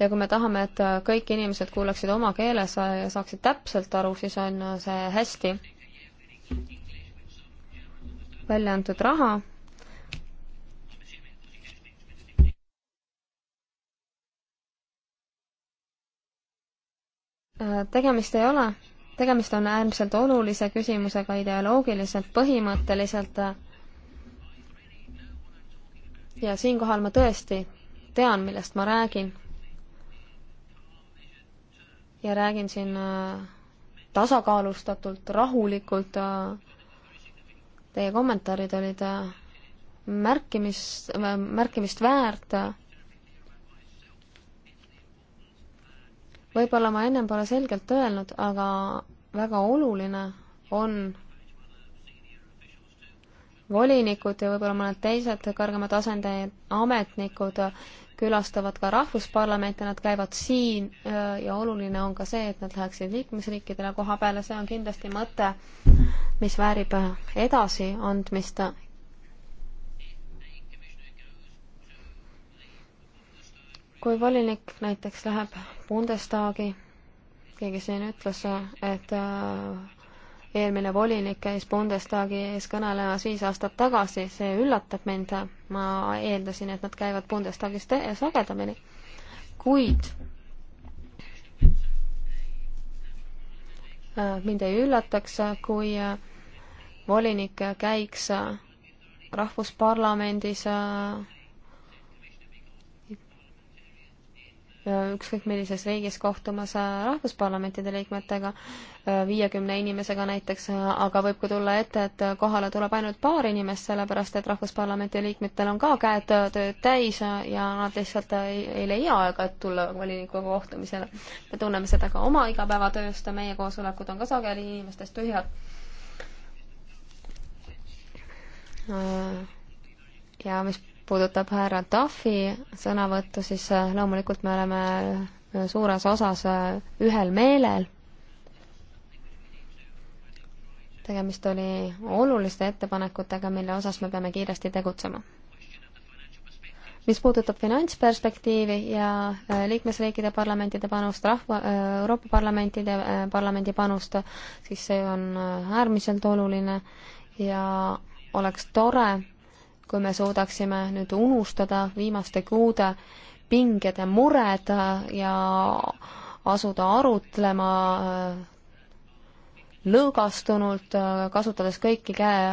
ja kui me tahame, et kõik inimesed kuulaksid oma keeles ja saaksid täpselt aru, siis on see hästi välja antud raha tegemist ei ole tegemist on äärmiselt olulise küsimusega ideoloogiliselt, põhimõtteliselt. ja siinkohal ma tõesti tean, millest ma räägin. ja räägin siin äh, tasakaalustatult, rahulikult. Äh, teie kommentaarid olid äh, märkimist, märkimist väärt võib-olla ma ennem pole selgelt öelnud, aga väga oluline on volinikud ja võib-olla mõned teised kõrgemad asendajad, ametnikud külastavad ka rahvusparlamente, nad käivad siin äh, ja oluline on ka see, et nad läheksid liikmesriikidele koha peale, see on kindlasti mõte, mis väärib äh, edasiandmist. kui volinik näiteks läheb Bundestagi, keegi siin ütles, et äh, eelmine volinik käis Bundestagi ees kõnelemas viis aastat tagasi, see üllatab mind, ma eeldasin, et nad käivad Bundestagis sagedamini, kuid äh, mind ei üllataks, kui äh, volinik käiks rahvusparlamendis Äh, ükskõik millises riigis kohtumas äh, rahvusparlamentide liikmetega, äh, viiekümne inimesega näiteks, aga võib ka tulla ette, et kohale tuleb ainult paar inimest, sellepärast et rahvusparlamenti liikmetel on ka käed tööd täis ja nad lihtsalt ei, ei leia aega, et tulla volinikuga kohtumisele. me tunneme seda ka oma igapäevatööst ja meie koosolekud on ka sageli inimestest tühjad ja mis puudutab härra Tafi sõnavõttu, siis äh, loomulikult me oleme äh, suures osas äh, ühel meelel. tegemist oli oluliste ettepanekutega, mille osas me peame kiiresti tegutsema. mis puudutab finantsperspektiivi ja liikmesriikide parlamentide panust, rahva, Euroopa parlamentide, parlamendi panust, siis see on äärmiselt oluline ja oleks tore, kui me suudaksime nüüd unustada viimaste kuude pinged ja mured ja asuda arutlema äh, lõõgastunult, äh, kasutades kõiki käe,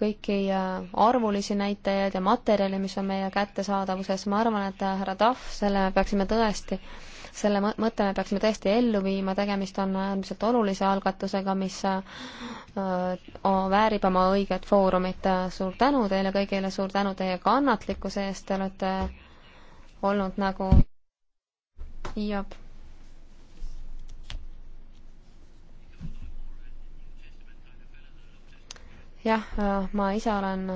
kõiki äh, arvulisi näitajaid ja materjali, mis on meie kättesaadavuses, ma arvan, et härra Tahv, selle me peaksime tõesti äh, selle mõtte me peaksime tõesti ellu viima, tegemist on äärmiselt olulise algatusega, mis äh, väärib oma õiget foorumit. suur tänu teile kõigile, suur tänu teie kannatlikkuse eest, te olete olnud nagu Hiob. jah, äh, ma ise olen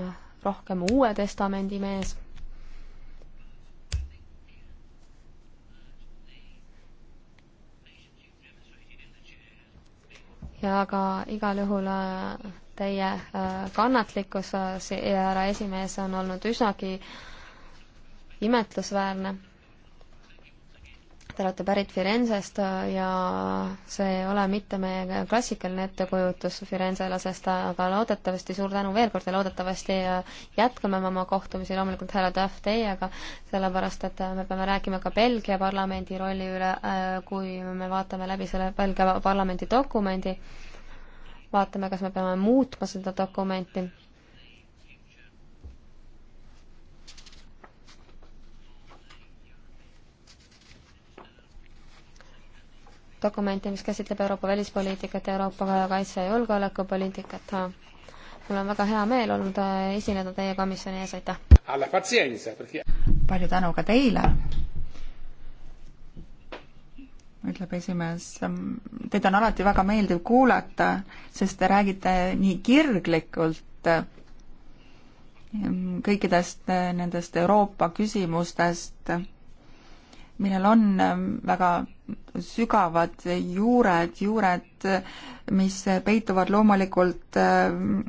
rohkem Uue Testamendi mees ja aga igal juhul äh, teie äh, kannatlikkus, äh, härra esimees, on olnud üsnagi imetlusväärne Te olete pärit Firenzest äh, ja see ei ole mitte meie klassikaline ettekujutus firenzelasest, aga loodetavasti suur tänu veel kord ja loodetavasti äh, jätkame oma kohtumisi loomulikult härra Duff teiega, sellepärast et äh, me peame rääkima ka Belgia parlamendi rolli üle, kui me vaatame läbi selle Belgia parlamendi dokumendi, vaatame, kas me peame muutma seda dokumenti dokumenti, mis käsitleb Euroopa välispoliitikat, Euroopa kaitse- ja julgeolekupoliitikat. mul on väga hea meel olnud äh, esineda teie komisjoni ees, aitäh! palju tänu ka teile! ütleb esimees, ähm, teid on alati väga meeldiv kuulata, sest te räägite nii kirglikult ähm, kõikidest äh, nendest Euroopa küsimustest millel on ähm, väga sügavad juured, juured, mis peituvad loomulikult ähm,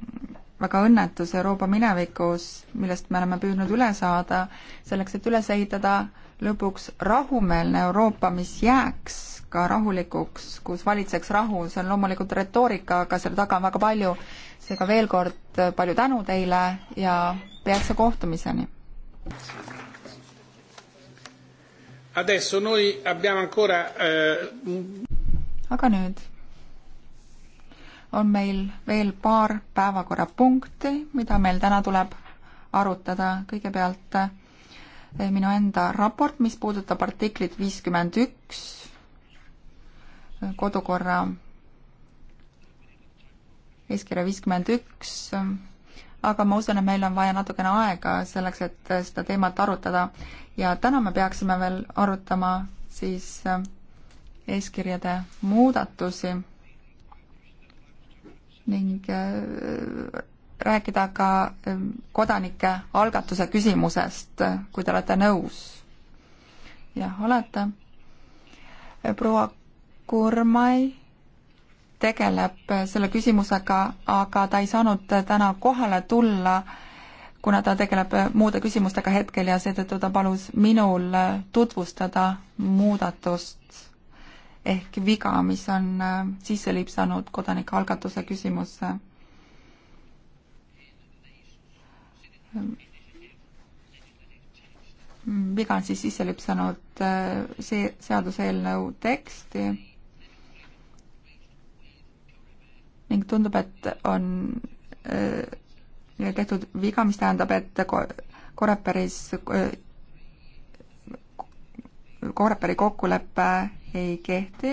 väga õnnetus Euroopa minevikus, millest me oleme püüdnud üle saada, selleks, et üles ehitada lõpuks rahumeelne Euroopa, mis jääks ka rahulikuks, kus valitseks rahu, see on loomulikult retoorika, aga selle taga on väga palju. seega veel kord palju tänu teile ja peatse kohtumiseni! Adesso noi abbiamo ancora eh... aga nüüd on meil veel paar päevakorrapunkti, mida meil täna tuleb arutada. kõigepealt eh, minu enda raport, mis puudutab artiklit viiskümmend üks eh, kodukorra eeskirja viiskümmend üks, aga ma usun, et meil on vaja natukene aega selleks, et eh, seda teemat arutada ja täna me peaksime veel arutama siis äh, eeskirjade muudatusi ning äh, rääkida ka äh, kodanike algatuse küsimusest, kui te olete nõus. jah, olete. proua Kurmai tegeleb selle küsimusega, aga ta ei saanud täna kohale tulla äh, kuna ta tegeleb muude küsimustega hetkel ja seetõttu ta palus minul tutvustada muudatust ehk viga, mis on äh, sisse lipsanud kodanikualgatuse küsimusse. viga on siis sisse lipsanud äh, see seaduseelnõu teksti ning tundub, et on äh, tehtud viga, mis tähendab, et Koreperis, Koreperi kokkulepe ei kehti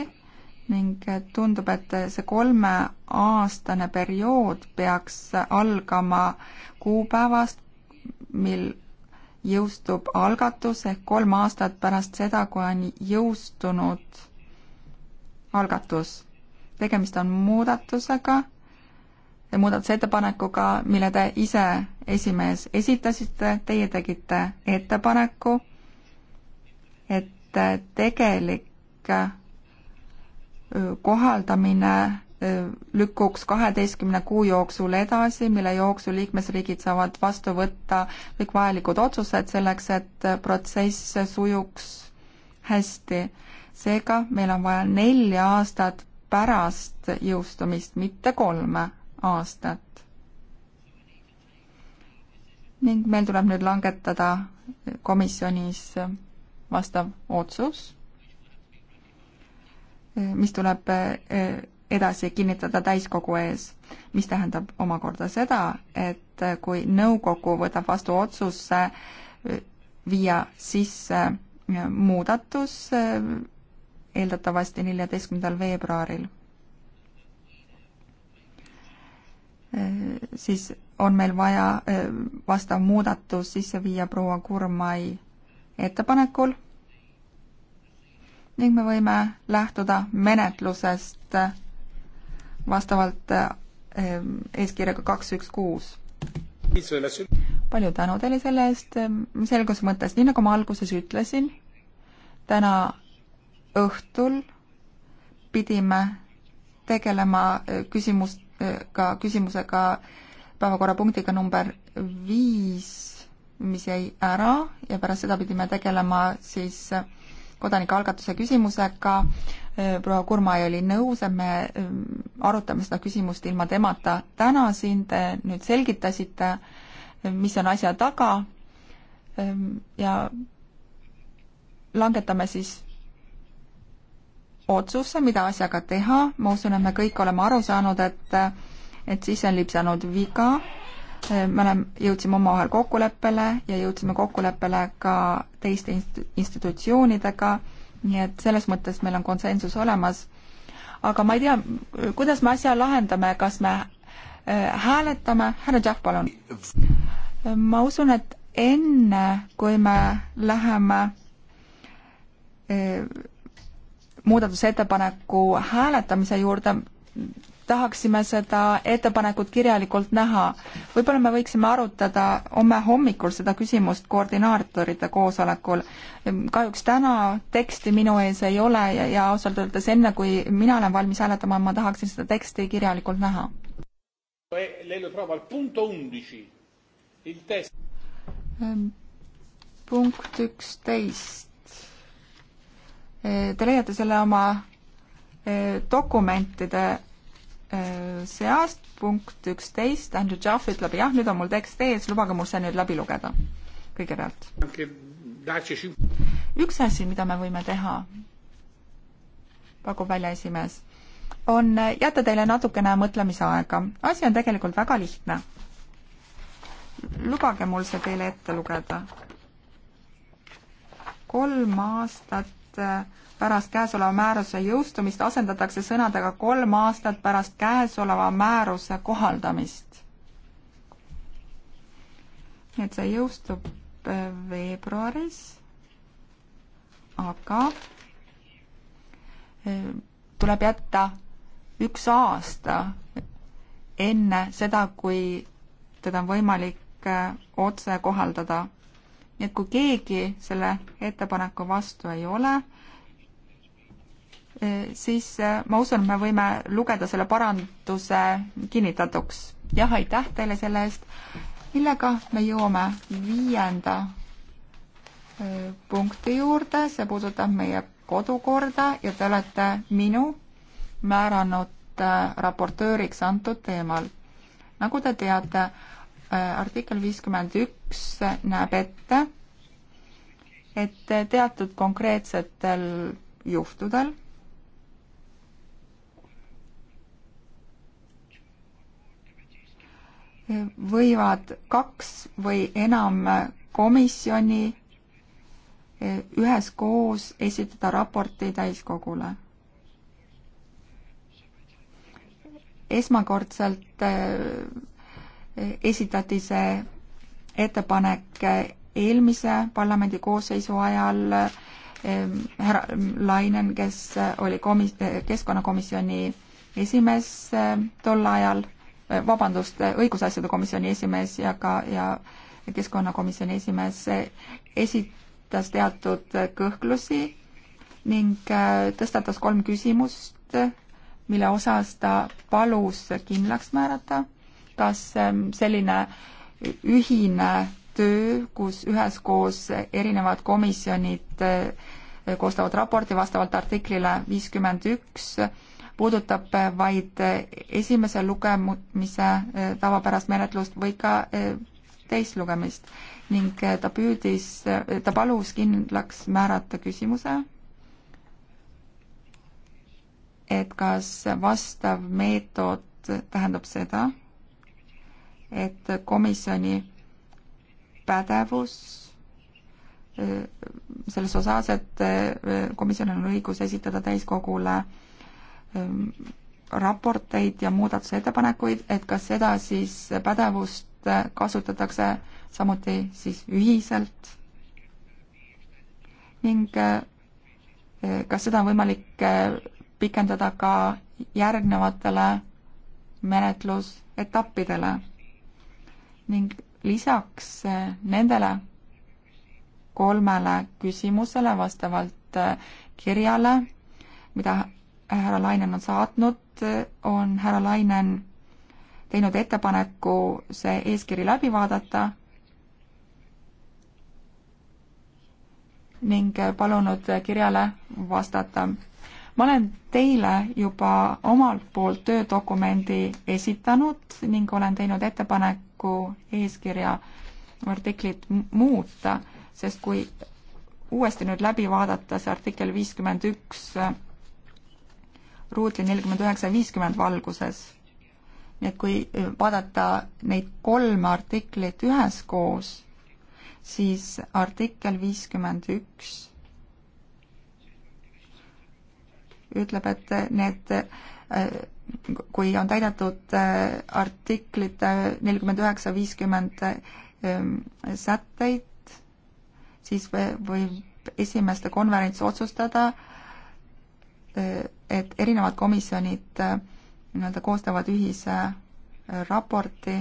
ning tundub, et see kolmeaastane periood peaks algama kuupäevast, mil jõustub algatus ehk kolm aastat pärast seda, kui on jõustunud algatus. tegemist on muudatusega, muudatusettepanekuga, mille te ise, esimees, esitasite, teie tegite ettepaneku, et tegelik kohaldamine lükkuks kaheteistkümne kuu jooksul edasi, mille jooksul liikmesriigid saavad vastu võtta kõik vajalikud otsused selleks, et protsess sujuks hästi. seega meil on vaja nelja aastat pärast jõustumist, mitte kolme aastat. ning meil tuleb nüüd langetada komisjonis vastav otsus, mis tuleb e, edasi kinnitada täiskogu ees, mis tähendab omakorda seda, et kui nõukogu võtab vastu otsusse e, viia sisse e, muudatus eeldatavasti neljateistkümnendal veebruaril Äh, siis on meil vaja äh, vastav muudatus sisse viia proua Kurmai ettepanekul ning me võime lähtuda menetlusest äh, vastavalt eeskirjaga kaks üks kuus. palju tänu teile selle eest, selgus mõttes, nii nagu ma alguses ütlesin, täna õhtul pidime tegelema küsimust ka küsimusega päevakorrapunktiga number viis, mis jäi ära ja pärast seda pidime tegelema siis kodanikualgatuse küsimusega. proua Kurmai oli nõus, et me ähm, arutame seda küsimust ilma temata täna siin, te nüüd selgitasite, mis on asja taga ähm, ja langetame siis otsuse, mida asjaga teha, ma usun, et me kõik oleme aru saanud, et et siis on lipsanud viga, me oleme, jõudsime omavahel kokkuleppele ja jõudsime kokkuleppele ka teiste inst-, institutsioonidega, nii et selles mõttes meil on konsensus olemas. aga ma ei tea, kuidas me asja lahendame, kas me äh, hääletame, härra Tšahh, palun. ma usun, et enne, kui me läheme äh, muudatusettepaneku hääletamise juurde tahaksime seda ettepanekut kirjalikult näha. võib-olla me võiksime arutada homme hommikul seda küsimust koordinaatorite koosolekul. kahjuks täna teksti minu ees ei ole ja, ja ausalt öeldes enne, kui mina olen valmis hääletama, ma tahaksin seda teksti kirjalikult näha. punkt üksteist Eh, te leiate selle oma eh, dokumentide eh, seast, punkt üksteist, Andrew Duff ütleb, jah, nüüd on mul tekst ees, lubage mul see nüüd läbi lugeda kõigepealt. üks asi, mida me võime teha, pakub välja esimees, on jätta teile natukene mõtlemisaega. asi on tegelikult väga lihtne. lubage mul see teile ette lugeda. kolm aastat aastat äh, pärast käesoleva määruse jõustumist asendatakse sõnadega kolm aastat pärast käesoleva määruse kohaldamist. nii et see jõustub äh, veebruaris, aga äh, tuleb jätta üks aasta enne seda, kui teda on võimalik otse kohaldada nii et kui keegi selle ettepaneku vastu ei ole, eh, siis eh, ma usun, et me võime lugeda selle paranduse kinnitatuks. jah, aitäh teile selle eest. millega me jõuame viienda eh, punkti juurde, see puudutab meie kodukorda ja te olete minu määranud raportööriks antud teemal. nagu te teate, Äh, artikkel viiskümmend üks näeb ette, et teatud konkreetsetel juhtudel võivad kaks või enam komisjoni äh, üheskoos esitada raporti täiskogule esmakordselt äh, esitati see ettepanek eelmise parlamendi koosseisu ajal ehm, härra Lainen, kes oli komis-, keskkonnakomisjoni esimees ehm, tol ajal, eh, vabandust, õigusasjade komisjoni esimees ja ka, ja keskkonnakomisjoni esimees eh, esitas teatud kõhklusi ning eh, tõstatas kolm küsimust, mille osas ta palus kindlaks määrata kas ähm, selline ühine töö, kus üheskoos erinevad komisjonid äh, koostavad raporti vastavalt artiklile viiskümmend üks, puudutab äh, vaid äh, esimese lugemise tavapärast menetlust või ka teist lugemist ning ta püüdis, ta palus kindlaks määrata küsimuse, et kas vastav meetod tähendab seda, et komisjoni pädevus äh, selles osas, et äh, komisjonil on õigus esitada täiskogule ähm, raporteid ja muudatusettepanekuid, et kas seda siis pädevust äh, kasutatakse samuti siis ühiselt ning kas seda on võimalik pikendada ka järgnevatele menetlusetappidele ning lisaks eh, nendele kolmele küsimusele vastavalt eh, kirjale, mida härra Lainen on saatnud, eh, on härra Lainen teinud ettepaneku see eeskiri läbi vaadata ning palunud kirjale vastata. ma olen teile juba omalt poolt töödokumendi esitanud ning olen teinud ettepaneku kohaliku eeskirja artiklit muuta, sest kui uuesti nüüd läbi vaadata see artikkel viiskümmend üks ruutli nelikümmend üheksa ja viiskümmend valguses, nii et kui äh, vaadata neid kolme artiklit üheskoos, siis artikkel viiskümmend üks ütleb, et need äh, kui on täidetud äh, artiklite äh, nelikümmend üheksa, viiskümmend ähm, sätteid, siis võib esimeste konverents otsustada, äh, et erinevad komisjonid nii-öelda koostavad ühise raporti.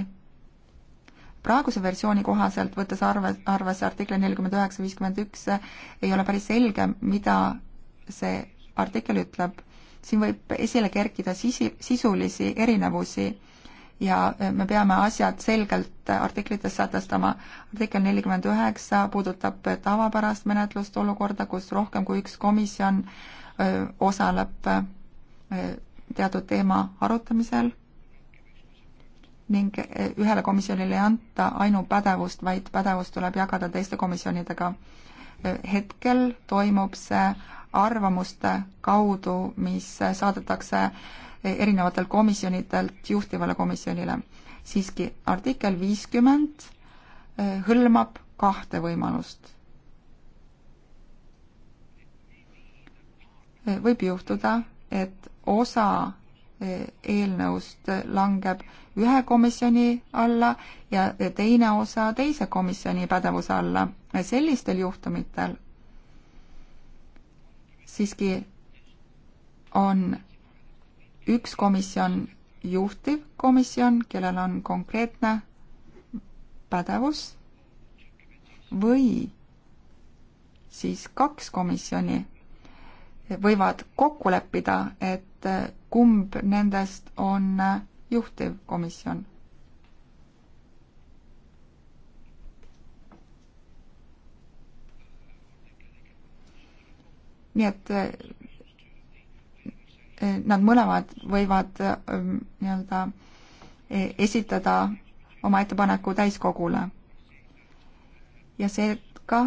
praeguse versiooni kohaselt, võttes arve, arvesse artikli nelikümmend üheksa, viiskümmend üks, ei ole päris selge, mida see artikkel ütleb siin võib esile kerkida sisi, sisulisi erinevusi ja äh, me peame asjad selgelt artiklites sätestama. artikkel nelikümmend üheksa puudutab tavapärast menetlust olukorda, kus rohkem kui üks komisjon äh, osaleb äh, teatud teema arutamisel ning ühele komisjonile ei anta ainupädevust, vaid pädevus tuleb jagada teiste komisjonidega hetkel toimub see arvamuste kaudu, mis saadetakse erinevatelt komisjonidelt juhtivale komisjonile. siiski artikkel viiskümmend eh, hõlmab kahte võimalust. Eh, võib juhtuda, et osa eh, eelnõust langeb ühe komisjoni alla ja teine osa teise komisjoni pädevuse alla. sellistel juhtumitel siiski on üks komisjon juhtiv komisjon, kellel on konkreetne pädevus või siis kaks komisjoni võivad kokku leppida, et kumb nendest on juhtiv komisjon. nii et eh, eh, nad mõlemad võivad eh, nii-öelda esitada oma ettepaneku täiskogule. ja seega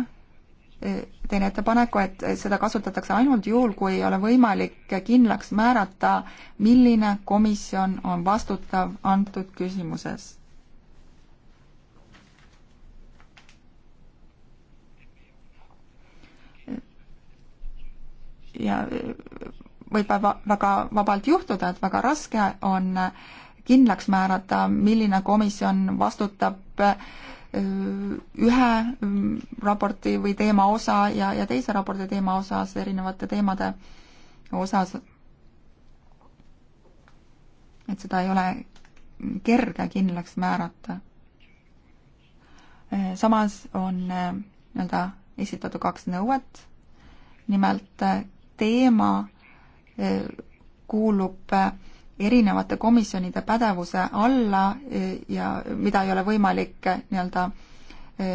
teen ettepaneku, et seda kasutatakse ainult juhul, kui ei ole võimalik kindlaks määrata, milline komisjon on vastutav antud küsimuses. ja võib väga vabalt juhtuda, et väga raske on kindlaks määrata, milline komisjon vastutab äh, Äh, ühe ähm, raporti või teema osa ja, ja teise raporti teema osas, erinevate teemade osas. et seda ei ole kerge kindlaks määrata. Äh, samas on äh, nii-öelda esitatud kaks nõuet, nimelt teema kuulub erinevate komisjonide pädevuse alla e, ja mida ei ole võimalik e, nii-öelda e,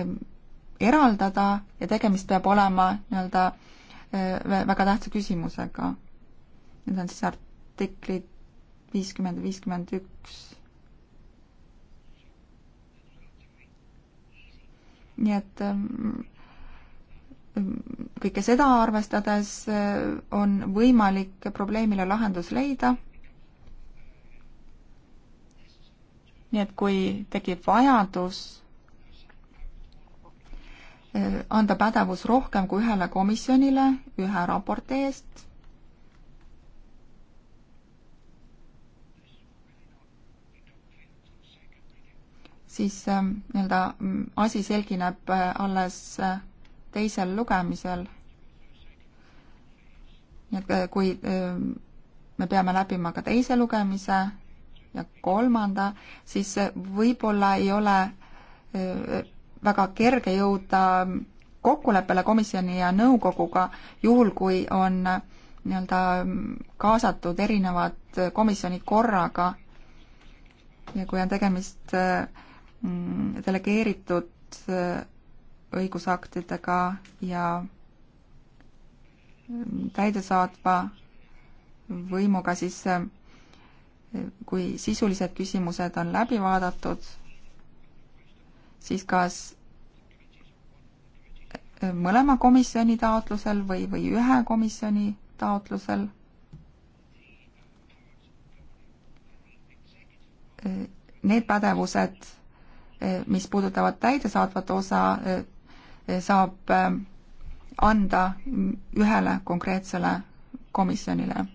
eraldada ja tegemist peab olema nii-öelda väga tähtsa küsimusega. Need on siis artiklid viiskümmend ja viiskümmend üks. nii et kõike seda arvestades on võimalik probleemile lahendus leida nii et kui tekib vajadus eh, anda pädevus rohkem kui ühele komisjonile ühe raporti eest, siis eh, nii-öelda mm, asi selgineb eh, alles teisel lugemisel. nii et kui me peame läbima ka teise lugemise ja kolmanda, siis võib-olla ei ole eh, väga kerge jõuda kokkuleppele komisjoni ja nõukoguga, juhul kui on nii-öelda kaasatud erinevad komisjonid korraga ja kui on tegemist mm, delegeeritud eh, õigusaktidega ja mm, täidesaatva võimuga, siis eh, kui sisulised küsimused on läbi vaadatud, siis kas mõlema komisjoni taotlusel või, või ühe komisjoni taotlusel need pädevused, mis puudutavad täidesaatvat osa, saab anda ühele konkreetsele komisjonile.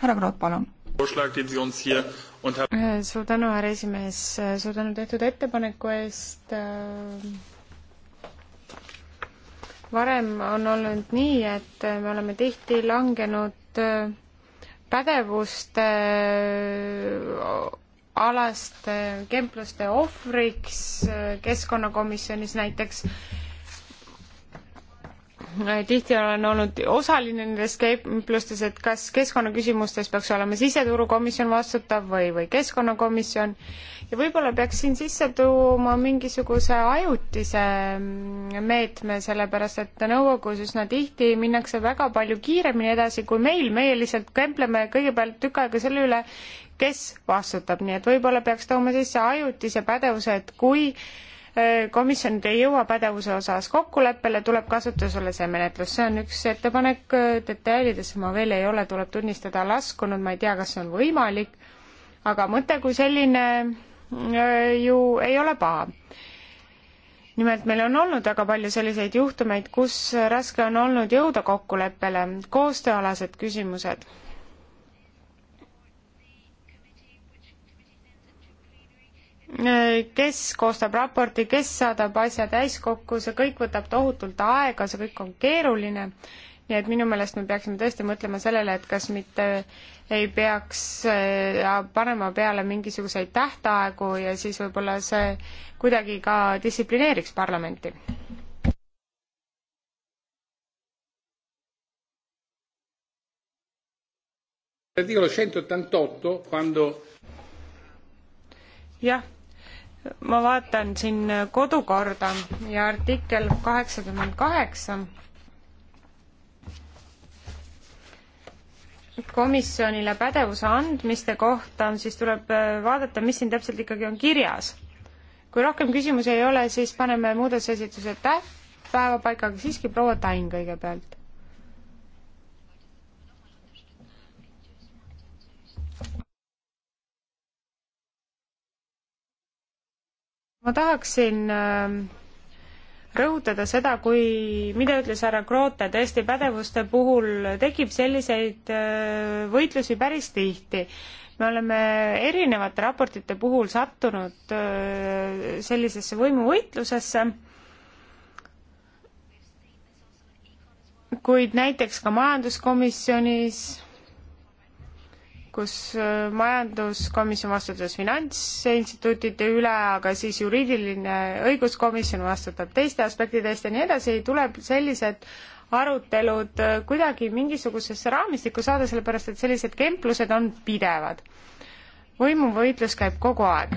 härra Kroot, palun Äh, suur tänu, härra esimees, äh, suur tänu tehtud ettepaneku eest. Äh, varem on olnud nii, et me oleme tihti langenud pädevuste alaste kempluste ohvriks keskkonnakomisjonis näiteks Äh, tihti olen olnud osaline nendes käiblustes, et kas keskkonnaküsimustes peaks olema siseturukomisjon vastutav või, või keskkonnakomisjon ja võib-olla peaks siin sisse tuuma mingisuguse ajutise mm, meetme, sellepärast et nõukogus üsna tihti minnakse väga palju kiiremini edasi kui meil, meie lihtsalt kempleme kõigepealt tükk aega selle üle, kes vastutab, nii et võib-olla peaks tooma sisse ajutise pädevuse, et kui äh, komisjon ei jõua pädevuse osas kokkuleppele, tuleb kasutusele see menetlus, see on üks ettepanek, äh, detailidesse ma veel ei ole, tuleb tunnistada, laskunud, ma ei tea, kas see on võimalik, aga mõte kui selline äh, ju ei ole paha nimelt meil on olnud väga palju selliseid juhtumeid, kus raske on olnud jõuda kokkuleppele, koostööalased küsimused kes koostab raporti, kes saadab asja täiskokku, see kõik võtab tohutult aega, see kõik on keeruline, nii et minu meelest me peaksime tõesti mõtlema sellele, et kas mitte ei peaks äh, panema peale mingisuguseid tähtaegu ja siis võib-olla see kuidagi ka distsiplineeriks parlamenti. artikkel sada kaheksakümmend, kui jah ma vaatan siin kodukorda ja artikkel kaheksakümmend kaheksa. komisjonile pädevuse andmiste kohta, siis tuleb äh, vaadata, mis siin täpselt ikkagi on kirjas. kui rohkem küsimusi ei ole, siis paneme muudatusetituse tähtpäeva paika, aga siiski proua Tain kõigepealt. ma tahaksin ähm, rõhutada seda, kui, mida ütles härra Kroote, tõesti pädevuste puhul tekib selliseid äh, võitlusi päris tihti. me oleme erinevate raportite puhul sattunud äh, sellisesse võimuvõitlusesse, kuid näiteks ka majanduskomisjonis kus äh, majanduskomisjon vastutas finantsinstituutide üle, aga siis juriidiline õiguskomisjon vastutab teiste aspektide eest ja nii edasi, tuleb sellised arutelud äh, kuidagi mingisugusesse raamistikku saada, sellepärast et sellised kemplused on pidevad. võimuvõitlus käib kogu aeg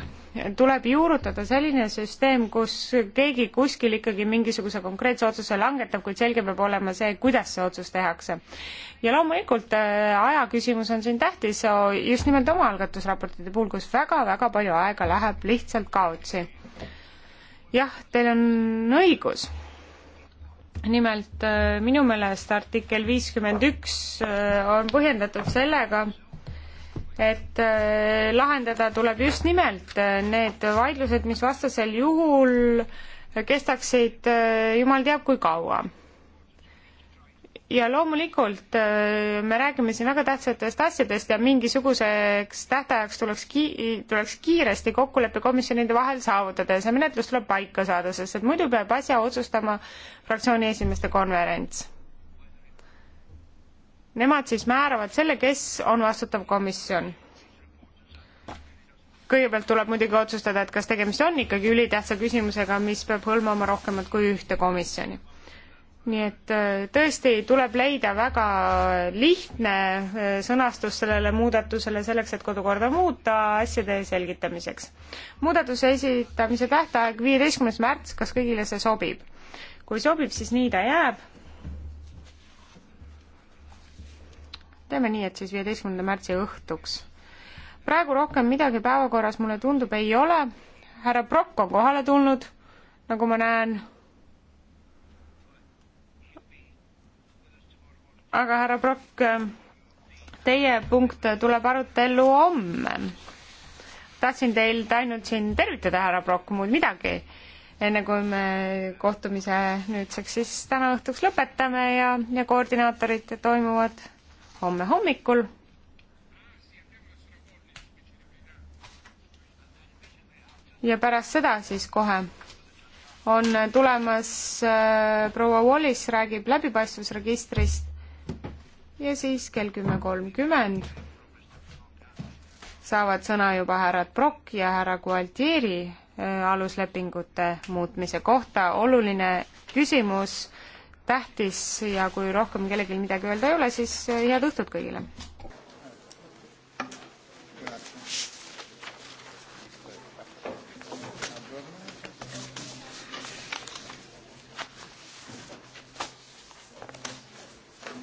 tuleb juurutada selline süsteem, kus keegi kuskil ikkagi mingisuguse konkreetse otsuse langetab, kuid selge peab olema see, kuidas see otsus tehakse. ja loomulikult äh, aja küsimus on siin tähtis, just nimelt omaalgatusraportite puhul, kus väga-väga palju aega läheb lihtsalt kaotsi. jah, teil on õigus. nimelt äh, minu meelest artikkel viiskümmend üks äh, on põhjendatud sellega, et äh, lahendada tuleb just nimelt äh, need vaidlused, mis vastasel juhul kestaksid äh, jumal teab kui kaua. ja loomulikult me räägime siin väga tähtsatest asjadest ja mingisuguseks tähtajaks tuleks ki-, tuleks kiiresti kokkulepe komisjonide vahel saavutada ja see menetlus tuleb paika saada, sest et muidu peab asja otsustama fraktsiooni esimeeste konverents Nemad siis määravad selle, kes on vastutav komisjon. kõigepealt tuleb muidugi otsustada, et kas tegemist on ikkagi ülitähtsa küsimusega, mis peab hõlmama rohkemat kui ühte komisjoni. nii et äh, tõesti tuleb leida väga lihtne äh, sõnastus sellele muudatusele selleks, et kodukorda muuta asjade selgitamiseks. muudatuse esitamise tähtaeg viieteistkümnes märts, kas kõigile see sobib? kui sobib, siis nii ta jääb teeme nii, et siis viieteistkümnenda märtsi õhtuks. praegu rohkem midagi päevakorras, mulle tundub, ei ole. härra Prokk on kohale tulnud, nagu ma näen. aga härra Prokk, teie punkt tuleb arutellu homme. tahtsin teilt ainult siin tervitada, härra Prokk, muud midagi enne kui me kohtumise nüüdseks siis täna õhtuks lõpetame ja, ja koordinaatorid toimuvad homme hommikul. ja pärast seda siis kohe on tulemas äh, proua Wallis räägib läbipaistvusregistrist ja siis kell kümme kolmkümmend saavad sõna juba härrad Brock ja härra Gualtieri äh, aluslepingute muutmise kohta. oluline küsimus tähtis ja kui rohkem kellelgi midagi öelda ei ole, siis eh, head õhtut kõigile!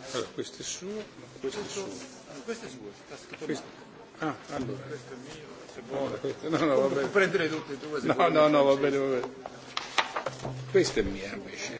Allora, questo è suo, questo è suo. Questo è suo, sta scritto questo. Ah, allora. Questo è mio, se vuole. No, questo, no, no, va bene. Prendere tutte e due se No, no, no, va bene, va bene. Questa è mia invece.